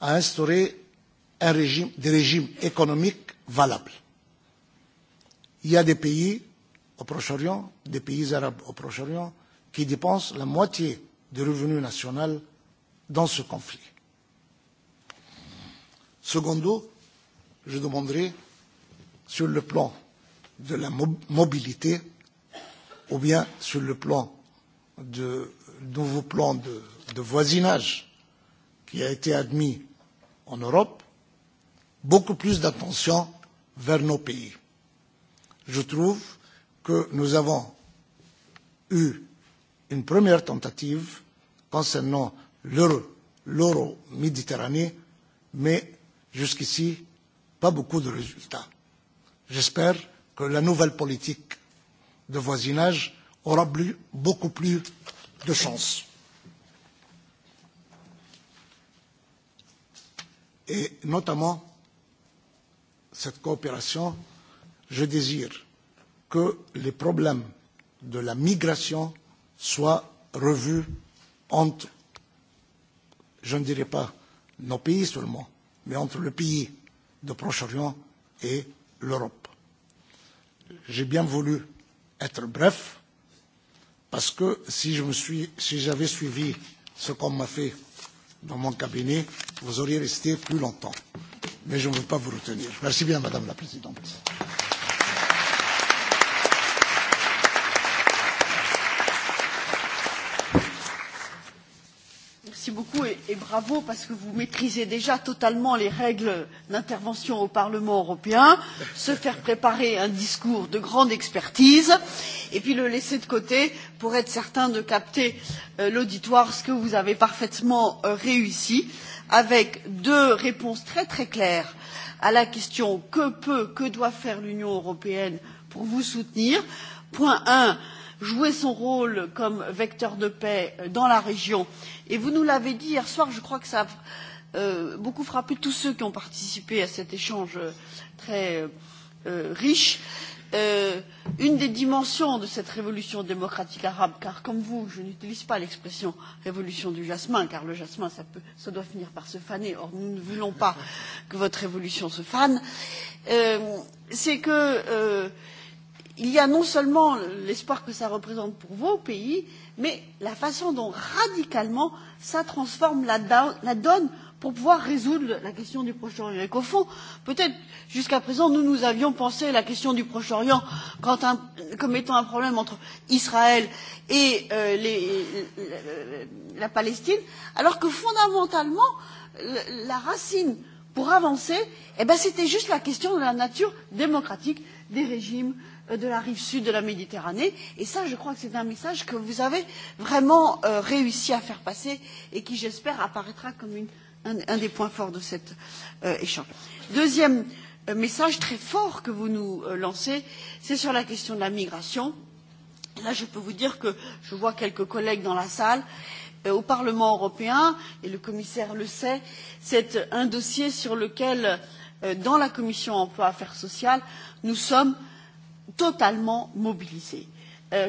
à instaurer un régime, des régimes économiques valables. Il y a des pays au Proche-Orient, des pays arabes au Proche-Orient, qui dépensent la moitié du revenu national dans ce conflit. Secondo, je demanderai, sur le plan de la mobilité ou bien sur le plan de nouveau plan de, de voisinage qui a été admis en Europe, beaucoup plus d'attention vers nos pays. Je trouve que nous avons eu une première tentative concernant l'euro-méditerranée, mais jusqu'ici, pas beaucoup de résultats. J'espère que la nouvelle politique de voisinage aura beaucoup plus de chance. Et notamment, cette coopération, je désire que les problèmes de la migration soient revus entre, je ne dirais pas nos pays seulement, mais entre le pays de Proche-Orient et l'Europe j'ai bien voulu être bref, parce que si j'avais suivi ce qu'on m'a fait dans mon cabinet, vous auriez resté plus longtemps. Mais je ne veux pas vous retenir. Merci bien, Madame la Présidente. merci beaucoup et bravo parce que vous maîtrisez déjà totalement les règles d'intervention au Parlement européen, se faire préparer un discours de grande expertise et puis le laisser de côté pour être certain de capter l'auditoire, ce que vous avez parfaitement réussi avec deux réponses très très claires à la question que peut, que doit faire l'Union européenne pour vous soutenir. Point un jouer son rôle comme vecteur de paix dans la région. Et vous nous l'avez dit hier soir, je crois que ça a beaucoup frappé tous ceux qui ont participé à cet échange très riche. une des dimensions de cette révolution démocratique arabe, car comme vous, je n'utilise pas l'expression révolution du jasmin, car le jasmin, ça, peut, ça doit finir par se faner. Or, nous ne voulons pas que votre révolution se fane. c'est que il y a non seulement l'espoir que cela représente pour vos pays mais la façon dont radicalement cela transforme la donne pour pouvoir résoudre la question du proche orient et qu'au fond peut être jusqu'à présent nous nous avions pensé la question du proche orient comme étant un problème entre israël et la palestine alors que fondamentalement la racine pour avancer c'était juste la question de la nature démocratique des régimes de la rive sud de la Méditerranée. Et ça, je crois que c'est un message que vous avez vraiment euh, réussi à faire passer et qui, j'espère, apparaîtra comme une, un, un des points forts de cet euh, échange. Deuxième message très fort que vous nous euh, lancez, c'est sur la question de la migration. Là, je peux vous dire que je vois quelques collègues dans la salle. Au Parlement européen, et le commissaire le sait, c'est un dossier sur lequel, dans la commission emploi et affaires sociales, nous sommes totalement mobilisés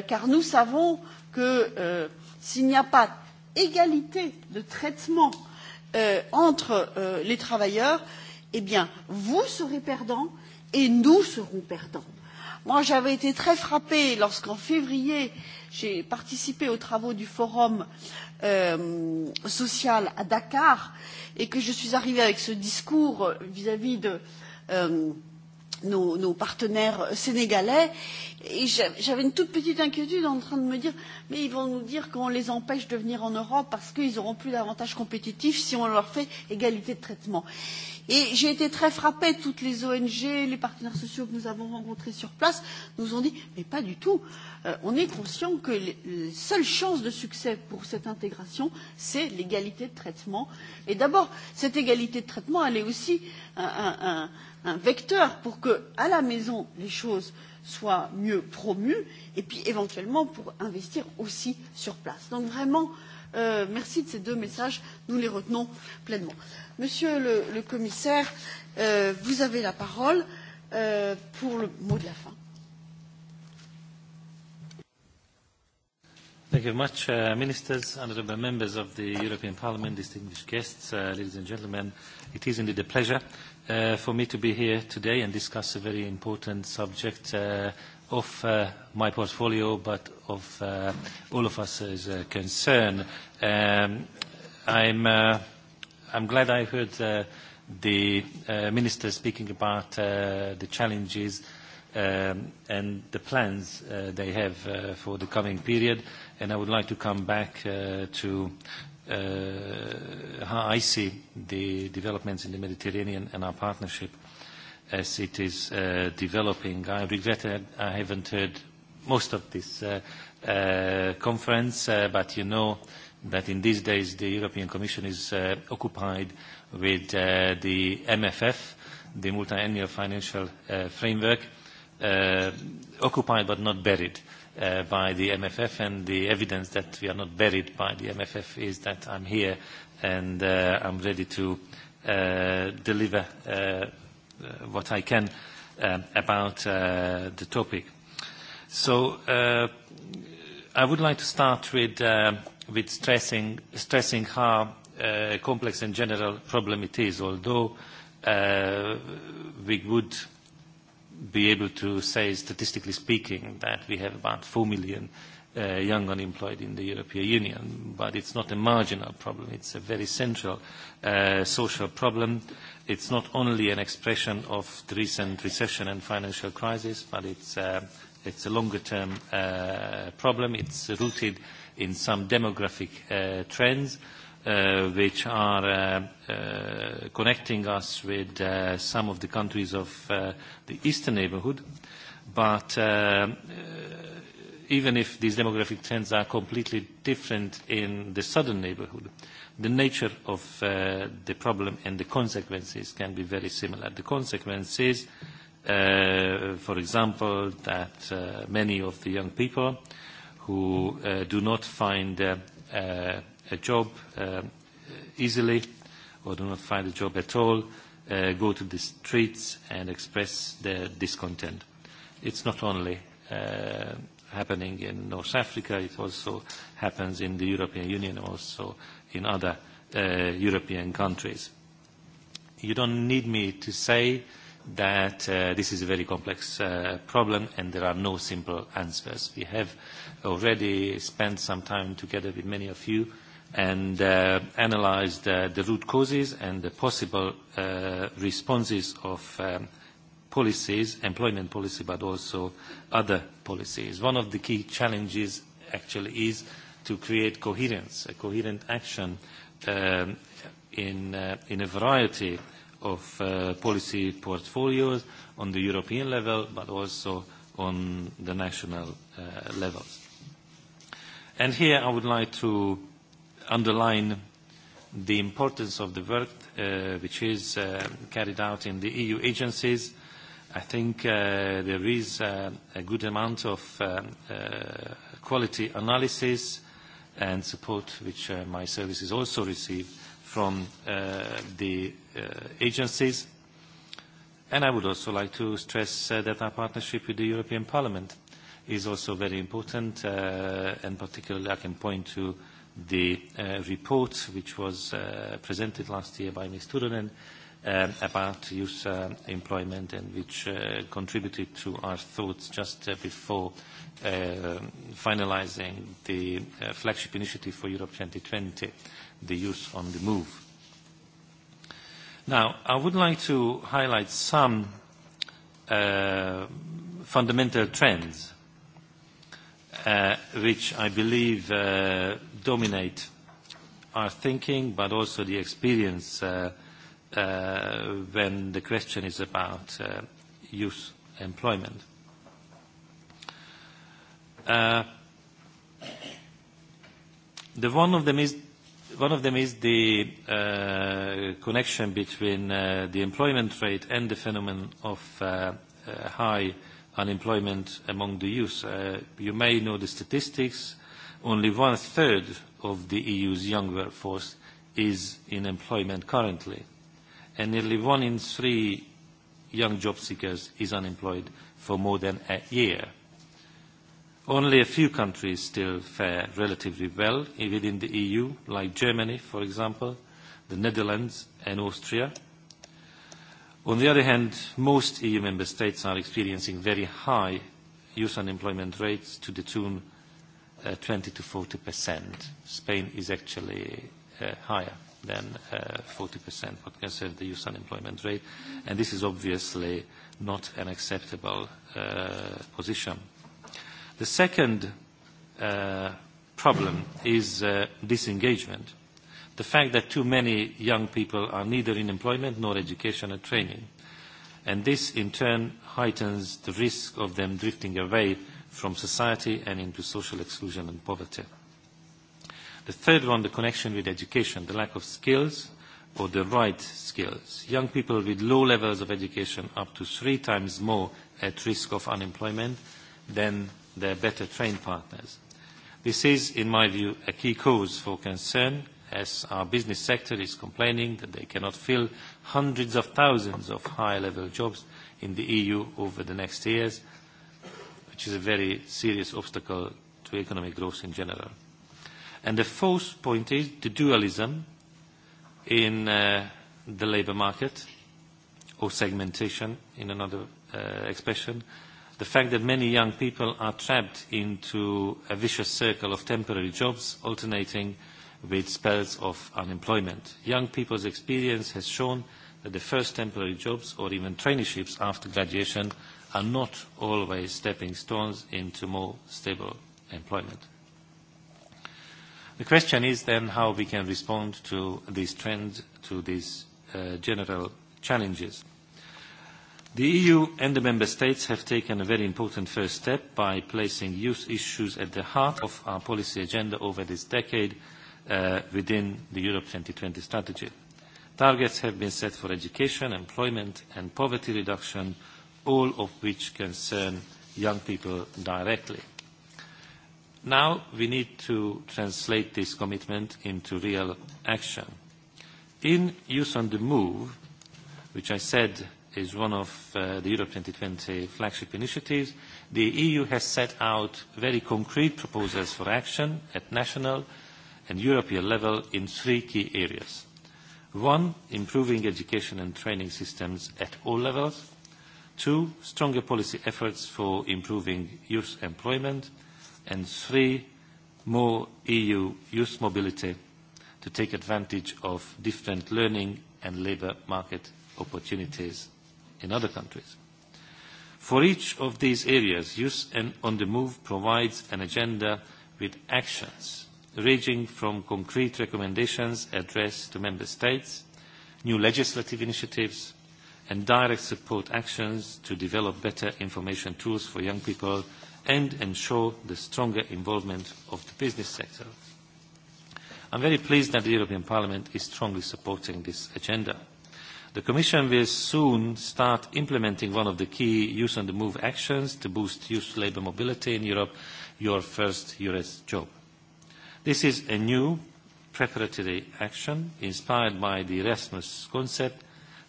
car nous savons que s'il n'y a pas égalité de traitement entre les travailleurs eh bien, vous serez perdants et nous serons perdants. j'avais été très frappée lorsqu'en février j'ai participé aux travaux du forum social à dakar et que je suis arrivée avec ce discours vis à vis de nos, nos partenaires sénégalais. Et j'avais une toute petite inquiétude en train de me dire, mais ils vont nous dire qu'on les empêche de venir en Europe parce qu'ils n'auront plus d'avantages compétitifs si on leur fait égalité de traitement. Et j'ai été très frappée, toutes les ONG, les partenaires sociaux que nous avons rencontrés sur place nous ont dit, mais pas du tout. Euh, on est conscient que les seules chances de succès pour cette intégration, c'est l'égalité de traitement. Et d'abord, cette égalité de traitement, elle est aussi un, un, un, un vecteur pour que, à la maison, les choses soient mieux promues et puis éventuellement pour investir aussi sur place. Donc vraiment, euh, merci de ces deux messages, nous les retenons pleinement. Monsieur le, le commissaire, euh, vous avez la parole euh, pour le mot de la fin. Thank you very much, uh, Ministers, honourable members of the European Parliament, distinguished guests, uh, ladies and gentlemen. It is indeed a pleasure uh, for me to be here today and discuss a very important subject uh, of uh, my portfolio, but of uh, all of us as a concern. Um, I'm, uh, I'm glad I heard uh, the uh, minister speaking about uh, the challenges um, and the plans uh, they have uh, for the coming period, and I would like to come back uh, to uh, how I see the developments in the Mediterranean and our partnership as it is uh, developing. I regret I haven't heard most of this uh, uh, conference, uh, but you know that in these days the European Commission is uh, occupied with uh, the MFF, the multi-annual financial uh, framework, uh, occupied but not buried uh, by the MFF, and the evidence that we are not buried by the MFF is that I'm here and uh, I'm ready to uh, deliver uh, what I can uh, about uh, the topic. So uh, I would like to start with, uh, with stressing, stressing how uh, complex and general problem it is, although uh, we would be able to say, statistically speaking, that we have about 4 million uh, young unemployed in the European Union. But it's not a marginal problem. It's a very central uh, social problem. It's not only an expression of the recent recession and financial crisis, but it's, uh, it's a longer-term uh, problem. It's rooted in some demographic uh, trends uh, which are uh, uh, connecting us with uh, some of the countries of uh, the eastern neighborhood. But uh, even if these demographic trends are completely different in the southern neighborhood, the nature of uh, the problem and the consequences can be very similar. The consequences, uh, for example, that uh, many of the young people who uh, do not find uh, uh, a job uh, easily or do not find a job at all uh, go to the streets and express their discontent. It's not only uh, happening in North Africa, it also happens in the European Union, also in other uh, European countries. You don't need me to say that uh, this is a very complex uh, problem and there are no simple answers. We have already spent some time together with many of you and uh, analyzed uh, the root causes and the possible uh, responses of um, policies, employment policy, but also other policies. One of the key challenges actually is to create coherence, a coherent action um, in, uh, in a variety of uh, policy portfolios on the European level, but also on the national uh, levels. And here I would like to underline the importance of the work uh, which is uh, carried out in the EU agencies. I think uh, there is uh, a good amount of uh, uh, quality analysis and support which uh, my services also receive from uh, the uh, agencies. And I would also like to stress uh, that our partnership with the European Parliament is also very important, uh, and particularly I can point to uh, the uh, report which was uh, presented last year by Ms. Turunen about youth uh, employment and which uh, contributed to our thoughts just uh, before uh, finalizing the uh, flagship initiative for Europe 2020, the Youth on the Move. Now, I would like to highlight some uh, fundamental trends uh, which I believe uh, dominate our thinking, but also the experience uh, uh, when the question is about uh, youth employment. Uh, the one of them is one of them is the uh, connection between uh, the employment rate and the phenomenon of uh, uh, high unemployment among the youth. Uh, you may know the statistics only one-third of the EU's young workforce is in employment currently, and nearly one in three young job seekers is unemployed for more than a year. Only a few countries still fare relatively well within the EU, like Germany, for example, the Netherlands, and Austria. On the other hand, most EU member states are experiencing very high youth unemployment rates to the tune 20 to 40 percent. Spain is actually uh, higher than uh, 40 percent what concerns the youth unemployment rate, and this is obviously not an acceptable uh, position. The second uh, problem is uh, disengagement. The fact that too many young people are neither in employment nor education or training. And this in turn heightens the risk of them drifting away from society and into social exclusion and poverty. The third one, the connection with education, the lack of skills or the right skills. Young people with low levels of education up to three times more at risk of unemployment than their better trained partners. This is, in my view, a key cause for concern as our business sector is complaining that they cannot fill hundreds of thousands of high-level jobs in the EU over the next years which is a very serious obstacle to economic growth in general. And the fourth point is the dualism in uh, the labour market, or segmentation in another uh, expression, the fact that many young people are trapped into a vicious circle of temporary jobs alternating with spells of unemployment. Young people's experience has shown that the first temporary jobs or even traineeships after graduation are not always stepping stones into more stable employment. The question is then how we can respond to this trend, to these general challenges. The EU and the Member States have taken a very important first step by placing youth issues at the heart of our policy agenda over this decade within the Europe 2020 strategy. Targets have been set for education, employment and poverty reduction all of which concern young people directly. Now we need to translate this commitment into real action. In Youth on the Move, which I said is one of the Europe 2020 flagship initiatives, the EU has set out very concrete proposals for action at national and European level in three key areas. One, improving education and training systems at all levels. Two, stronger policy efforts for improving youth employment. And three, more EU youth mobility to take advantage of different learning and labour market opportunities in other countries. For each of these areas, Youth and on the Move provides an agenda with actions ranging from concrete recommendations addressed to Member States, new legislative initiatives, and direct support actions to develop better information tools for young people and ensure the stronger involvement of the business sector. I am very pleased that the European Parliament is strongly supporting this agenda. The Commission will soon start implementing one of the key Youth on the Move actions to boost youth labour mobility in Europe, Your First US Job. This is a new preparatory action inspired by the Erasmus concept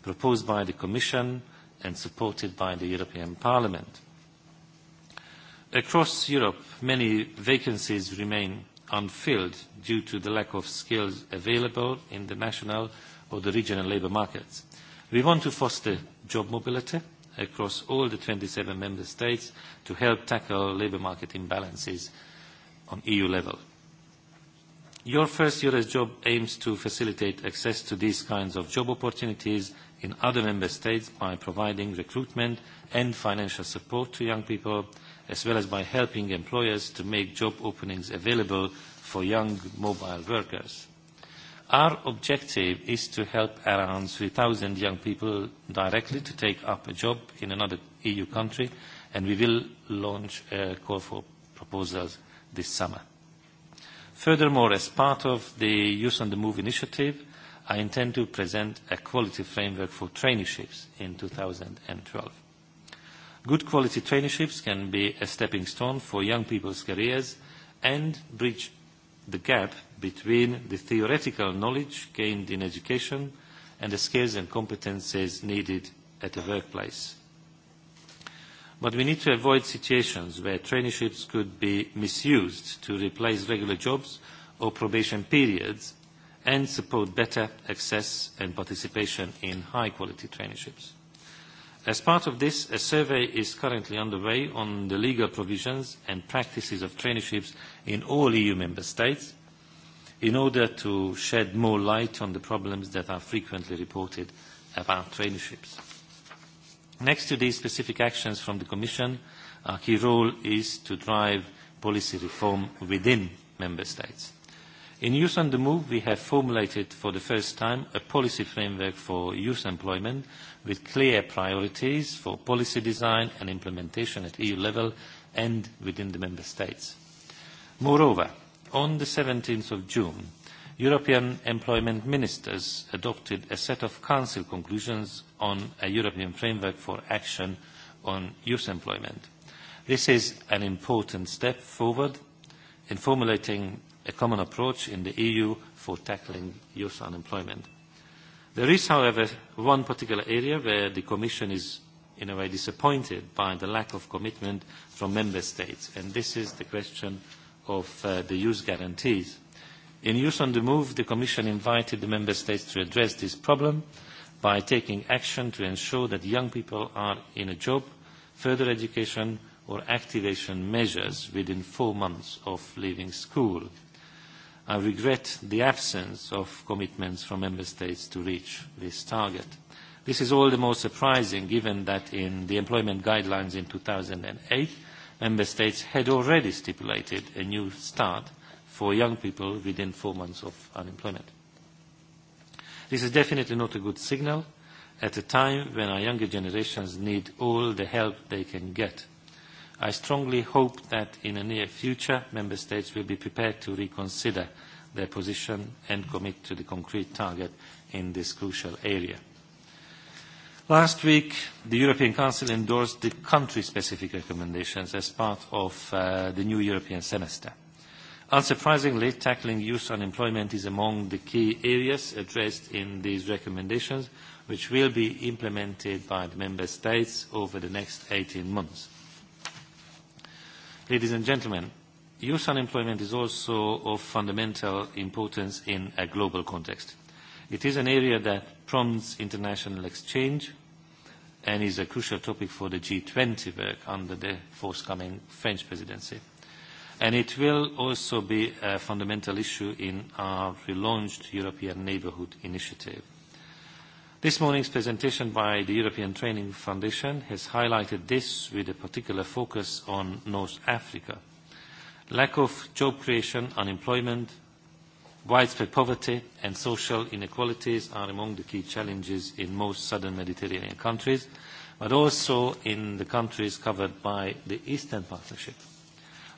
proposed by the Commission and supported by the European Parliament. Across Europe, many vacancies remain unfilled due to the lack of skills available in the national or the regional labour markets. We want to foster job mobility across all the twenty seven member states to help tackle labour market imbalances on EU level. Your first year as job aims to facilitate access to these kinds of job opportunities in other member states by providing recruitment and financial support to young people, as well as by helping employers to make job openings available for young mobile workers. Our objective is to help around 3,000 young people directly to take up a job in another EU country, and we will launch a call for proposals this summer. Furthermore, as part of the Youth on the Move initiative, I intend to present a quality framework for traineeships in 2012. Good quality traineeships can be a stepping stone for young people's careers and bridge the gap between the theoretical knowledge gained in education and the skills and competences needed at the workplace. But we need to avoid situations where traineeships could be misused to replace regular jobs or probation periods and support better access and participation in high-quality traineeships. As part of this, a survey is currently underway on the legal provisions and practices of traineeships in all EU member states in order to shed more light on the problems that are frequently reported about traineeships. Next to these specific actions from the Commission, our key role is to drive policy reform within member states In Youth on the Move, we have formulated for the first time a policy framework for youth employment with clear priorities for policy design and implementation at EU level and within the Member States. Moreover, on the 17th of June, European employment ministers adopted a set of Council conclusions on a European framework for action on youth employment. This is an important step forward in formulating a common approach in the EU for tackling youth unemployment. There is, however, one particular area where the Commission is in a way disappointed by the lack of commitment from Member States, and this is the question of uh, the youth guarantees. In Youth on the Move, the Commission invited the Member States to address this problem by taking action to ensure that young people are in a job, further education or activation measures within four months of leaving school. I regret the absence of commitments from member states to reach this target. This is all the more surprising given that in the employment guidelines in 2008, member states had already stipulated a new start for young people within four months of unemployment. This is definitely not a good signal at a time when our younger generations need all the help they can get I strongly hope that in the near future, Member States will be prepared to reconsider their position and commit to the concrete target in this crucial area. Last week, the European Council endorsed the country-specific recommendations as part of the new European semester. Unsurprisingly, tackling youth unemployment is among the key areas addressed in these recommendations, which will be implemented by the Member States over the next 18 months. Ladies and gentlemen, youth unemployment is also of fundamental importance in a global context. It is an area that prompts international exchange and is a crucial topic for the G20 work under the forthcoming French presidency. And it will also be a fundamental issue in our relaunched European Neighbourhood Initiative This morning's presentation by the European Training Foundation has highlighted this with a particular focus on North Africa. Lack of job creation, unemployment, widespread poverty and social inequalities are among the key challenges in most southern Mediterranean countries, but also in the countries covered by the Eastern Partnership.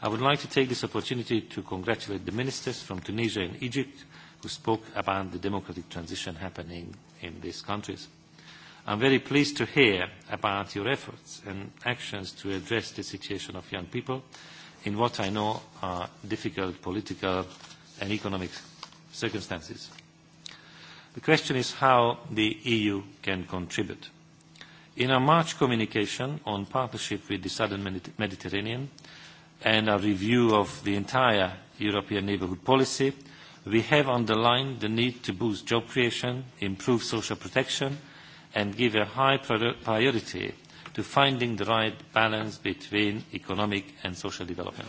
I would like to take this opportunity to congratulate the ministers from Tunisia and Egypt who spoke about the democratic transition happening in these countries. I'm very pleased to hear about your efforts and actions to address the situation of young people in what I know are difficult political and economic circumstances. The question is how the EU can contribute. In our March communication on partnership with the southern Mediterranean and our review of the entire European neighbourhood policy, we have underlined the need to boost job creation, improve social protection, and give a high priority to finding the right balance between economic and social development.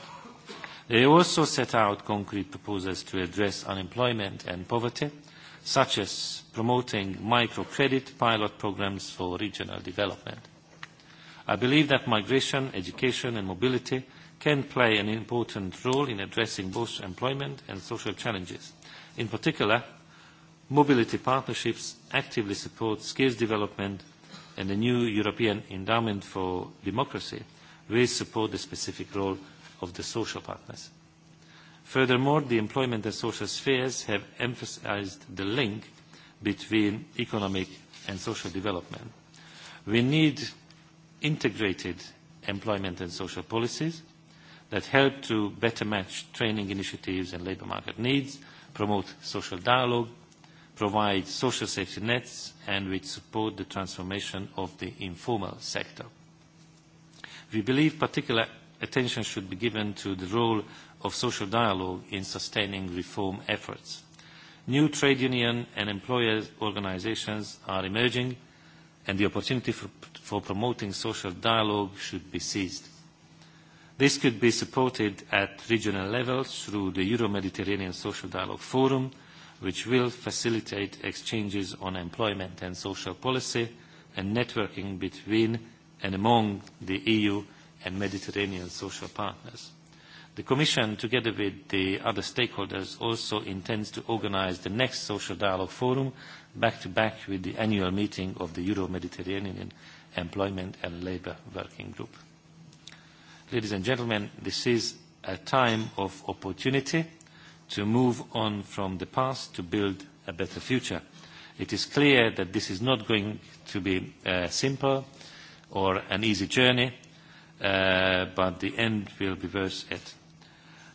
They also set out concrete proposals to address unemployment and poverty, such as promoting microcredit pilot programs for regional development. I believe that migration, education and mobility can play an important role in addressing both employment and social challenges. In particular, mobility partnerships actively support skills development and the new European Endowment for Democracy will support the specific role of the social partners. Furthermore, the employment and social spheres have emphasised the link between economic and social development. We need integrated employment and social policies that help to better match training initiatives and labour market needs, promote social dialogue, provide social safety nets, and which support the transformation of the informal sector. We believe particular attention should be given to the role of social dialogue in sustaining reform efforts. New trade union and employer organisations are emerging, and the opportunity for, for promoting social dialogue should be seized This could be supported at regional level through the Euro-Mediterranean Social Dialogue Forum, which will facilitate exchanges on employment and social policy and networking between and among the EU and Mediterranean social partners. The Commission, together with the other stakeholders, also intends to organise the next Social Dialogue Forum back-to-back with the annual meeting of the Euro-Mediterranean Employment and Labour Working Group. Ladies and gentlemen, this is a time of opportunity to move on from the past to build a better future. It is clear that this is not going to be uh, simple or an easy journey, uh, but the end will worth it.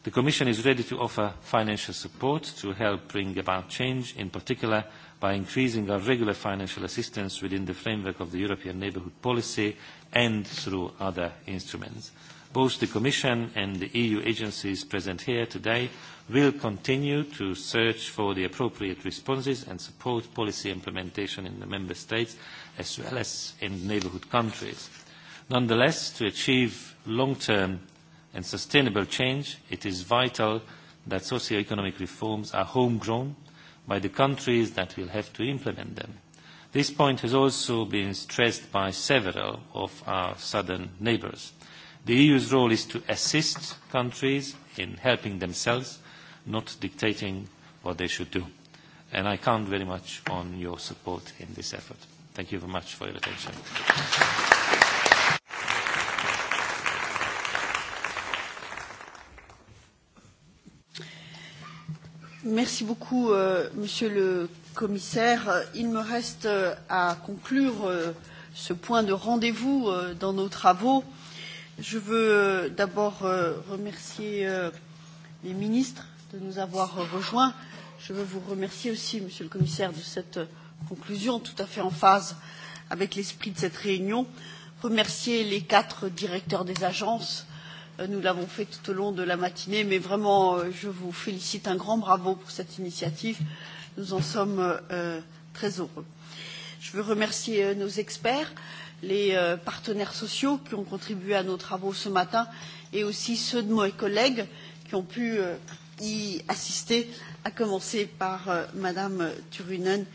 The Commission is ready to offer financial support to help bring about change, in particular by increasing our regular financial assistance within the framework of the European Neighbourhood Policy and through other instruments both the Commission and the EU agencies present here today will continue to search for the appropriate responses and support policy implementation in the Member States as well as in neighbourhood countries. Nonetheless, to achieve long-term and sustainable change, it is vital that socio-economic reforms are homegrown by the countries that will have to implement them. This point has also been stressed by several of our southern neighbours. The EU's role is to assist countries in helping themselves, not dictating what they should do. And I count very much on your support in this effort. Thank you very much for your attention. Merci beaucoup, euh, Monsieur le Commissaire. Il me reste euh, à conclure euh, ce point de rendez-vous euh, dans nos travaux Je veux d'abord remercier les ministres de nous avoir rejoints. Je veux vous remercier aussi, Monsieur le Commissaire, de cette conclusion tout à fait en phase avec l'esprit de cette réunion. Remercier les quatre directeurs des agences. Nous l'avons fait tout au long de la matinée, mais vraiment, je vous félicite un grand bravo pour cette initiative. Nous en sommes très heureux. Je veux remercier nos experts les partenaires sociaux qui ont contribué à nos travaux ce matin et aussi ceux de mes collègues qui ont pu y assister, à commencer par Madame Turunen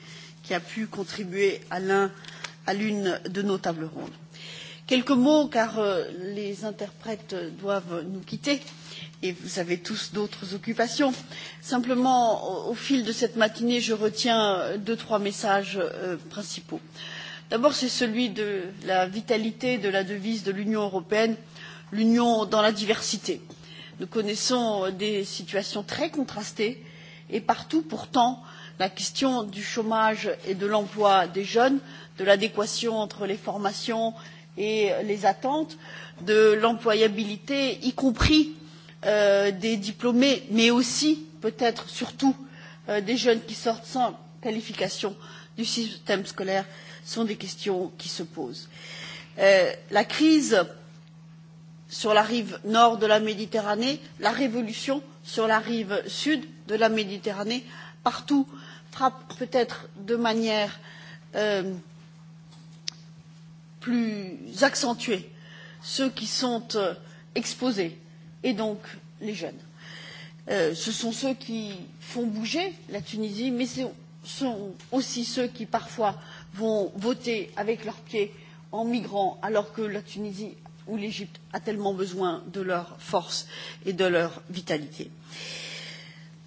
qui a pu contribuer à l'une de nos tables rondes. Quelques mots car les interprètes doivent nous quitter et vous avez tous d'autres occupations. Simplement, au fil de cette matinée, je retiens deux, trois messages principaux. Euh, D'abord, c'est celui de la vitalité de la devise de l'Union européenne, l'Union dans la diversité. Nous connaissons des situations très contrastées et partout, pourtant, la question du chômage et de l'emploi des jeunes, de l'adéquation entre les formations et les attentes, de l'employabilité, y compris des diplômés, mais aussi, peut être surtout, des jeunes qui sortent sans qualification du système scolaire sont des questions qui se posent. la crise sur la rive nord de la méditerranée la révolution sur la rive sud de la méditerranée partout frappe peut être de manière plus accentuée ceux qui sont exposés et donc les jeunes. ce sont ceux qui font bouger la tunisie mais ce sont aussi ceux qui parfois vont voter avec leurs pieds en migrant alors que la Tunisie ou l'Égypte ont tellement besoin de leur force et de leur vitalité.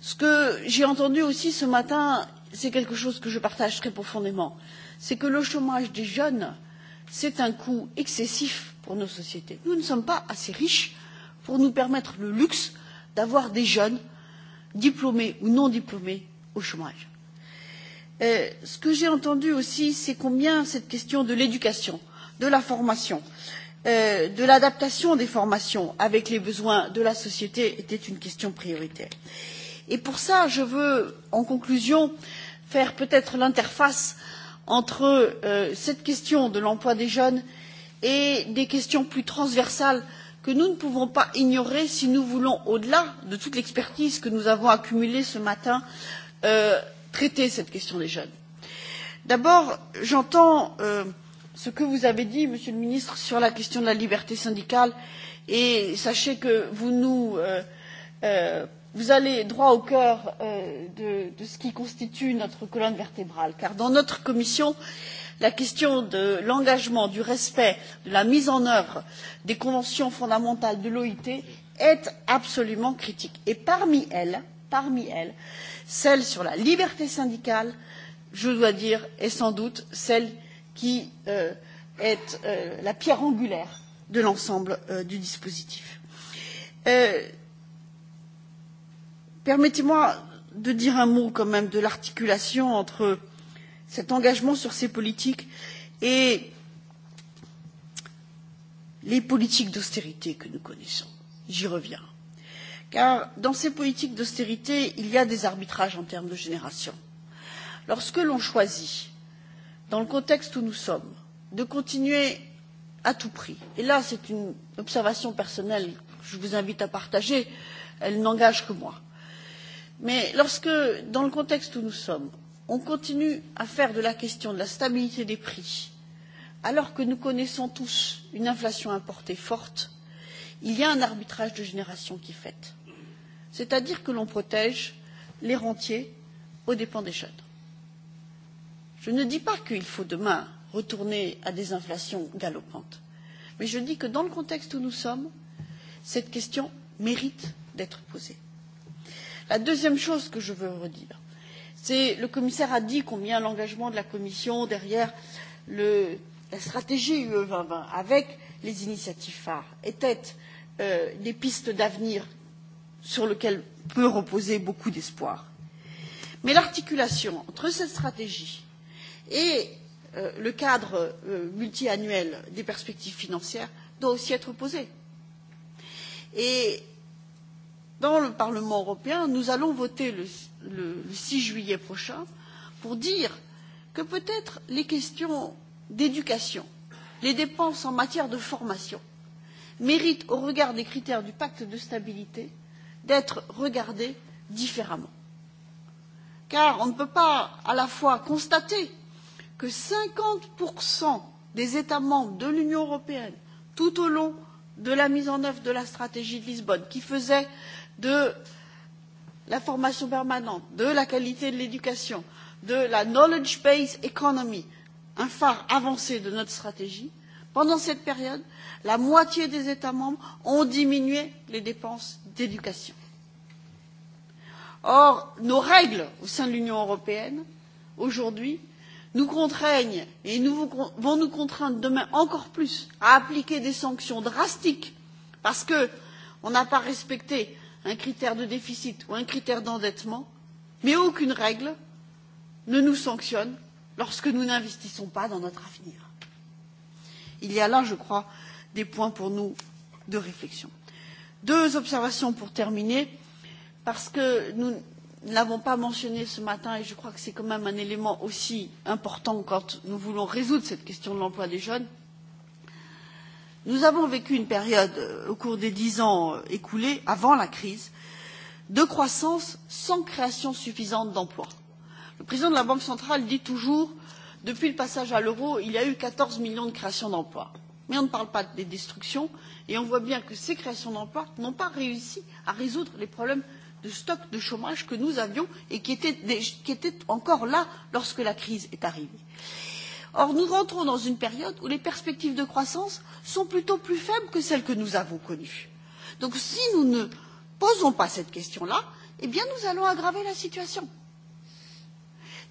Ce que j'ai entendu aussi ce matin, c'est quelque chose que je partage très profondément, c'est que le chômage des jeunes, c'est un coût excessif pour nos sociétés. Nous ne sommes pas assez riches pour nous permettre le luxe d'avoir des jeunes diplômés ou non diplômés au chômage ce que j'ai entendu aussi c'est combien cette question de l'éducation de la formation de l'adaptation des formations avec les besoins de la société était une question prioritaire. et pour cela je veux en conclusion faire peut être l'interface entre cette question de l'emploi des jeunes et des questions plus transversales que nous ne pouvons pas ignorer si nous voulons au delà de toute l'expertise que nous avons accumulée ce matin traiter cette question des jeunes. d'abord j'entends ce que vous avez dit monsieur le ministre sur la question de la liberté syndicale et sachez que vous nous allez droit au cœur de ce qui constitue notre colonne vertébrale car dans notre commission la question de l'engagement du respect de la mise en œuvre des conventions fondamentales de l'oit est absolument critique et parmi elles parmi elles, celle sur la liberté syndicale, je dois dire, est sans doute celle qui est la pierre angulaire de l'ensemble du dispositif. Permettez moi de dire un mot quand même de l'articulation entre cet engagement sur ces politiques et les politiques d'austérité que nous connaissons. J'y reviens car dans ces politiques d'austérité il y a des arbitrages en termes de génération. lorsque l'on choisit dans le contexte où nous sommes de continuer à tout prix et là c'est une observation personnelle que je vous invite à partager elle n'engage que moi mais lorsque dans le contexte où nous sommes on continue à faire de la question de la stabilité des prix alors que nous connaissons tous une inflation importée forte il y a un arbitrage de génération qui est fait c'est à dire que l'on protège les rentiers aux dépens des jeunes. je ne dis pas qu'il faut demain retourner à des inflations galopantes mais je dis que dans le contexte où nous sommes cette question mérite d'être posée. la deuxième chose que je veux redire c'est que le commissaire a dit combien l'engagement de la commission derrière la stratégie ue deux mille vingt avec les initiatives phares euh, des pistes d'avenir sur lequel peut reposer beaucoup d'espoir. Mais l'articulation entre cette stratégie et le cadre multiannuel des perspectives financières doit aussi être posée. Et dans le Parlement européen, nous allons voter le six juillet prochain pour dire que peut être les questions d'éducation, les dépenses en matière de formation méritent, au regard des critères du pacte de stabilité, d'être regardés différemment. Car on ne peut pas à la fois constater que cinquante des États membres de l'Union européenne, tout au long de la mise en œuvre de la stratégie de Lisbonne, qui faisait de la formation permanente, de la qualité de l'éducation, de la knowledge based economy un phare avancé de notre stratégie, pendant cette période, la moitié des États membres ont diminué les dépenses d'éducation or nos règles au sein de l'union européenne aujourd'hui nous contraignent et vont nous contraindre demain encore plus à appliquer des sanctions drastiques parce que nous n'avons pas respecté un critère de déficit ou un critère d'endettement mais aucune règle ne nous sanctionne lorsque nous n'investissons pas dans notre avenir. il y a là je crois des points pour nous de réflexion. deux observations pour terminer parce que nous ne l'avons pas mentionné ce matin et je crois que c'est quand même un élément aussi important quand nous voulons résoudre cette question de l'emploi des jeunes. Nous avons vécu une période au cours des dix ans écoulés, avant la crise, de croissance sans création suffisante d'emplois. Le président de la Banque centrale dit toujours depuis le passage à l'euro, il y a eu quatorze millions de créations d'emplois. Mais on ne parle pas des destructions et on voit bien que ces créations d'emplois n'ont pas réussi à résoudre les problèmes de stock de chômage que nous avions et qui était, qui était encore là lorsque la crise est arrivée. Or, nous rentrons dans une période où les perspectives de croissance sont plutôt plus faibles que celles que nous avons connues. Donc, si nous ne posons pas cette question là, eh bien, nous allons aggraver la situation.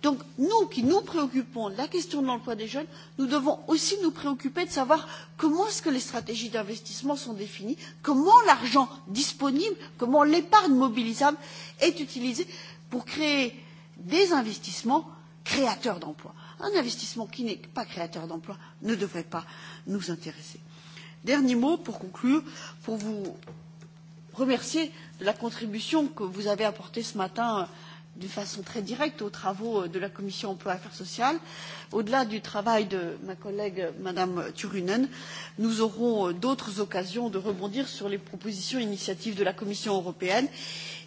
Donc nous qui nous préoccupons de la question de l'emploi des jeunes, nous devons aussi nous préoccuper de savoir comment les stratégies d'investissement sont définies, comment l'argent disponible, comment l'épargne mobilisable est utilisée pour créer des investissements créateurs d'emplois. Un investissement qui n'est pas créateur d'emplois ne devrait pas nous intéresser. Dernier mot pour conclure, pour vous remercier de la contribution que vous avez apportée ce matin euh, d'une façon très directe aux travaux de la commission de l'emploi et des affaires sociales. Au delà du travail de ma collègue Madame Turunen, nous aurons d'autres occasions de rebondir sur les propositions initiatives de la Commission européenne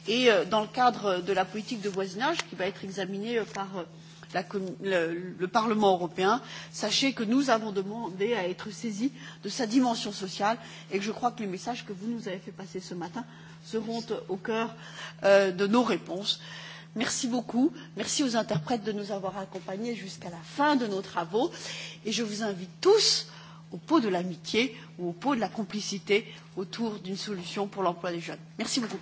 et dans le cadre de la politique de voisinage qui va être examinée par le Parlement européen, sachez que nous avons demandé à être saisis de sa dimension sociale et que je crois que les messages que vous nous avez fait passer ce matin seront au cœur de nos réponses. Euh, Merci beaucoup. Merci aux interprètes de nous avoir accompagnés jusqu'à la fin de nos travaux. Et je vous invite tous au pot de l'amitié ou au pot de la complicité autour d'une solution pour l'emploi des jeunes. Merci beaucoup.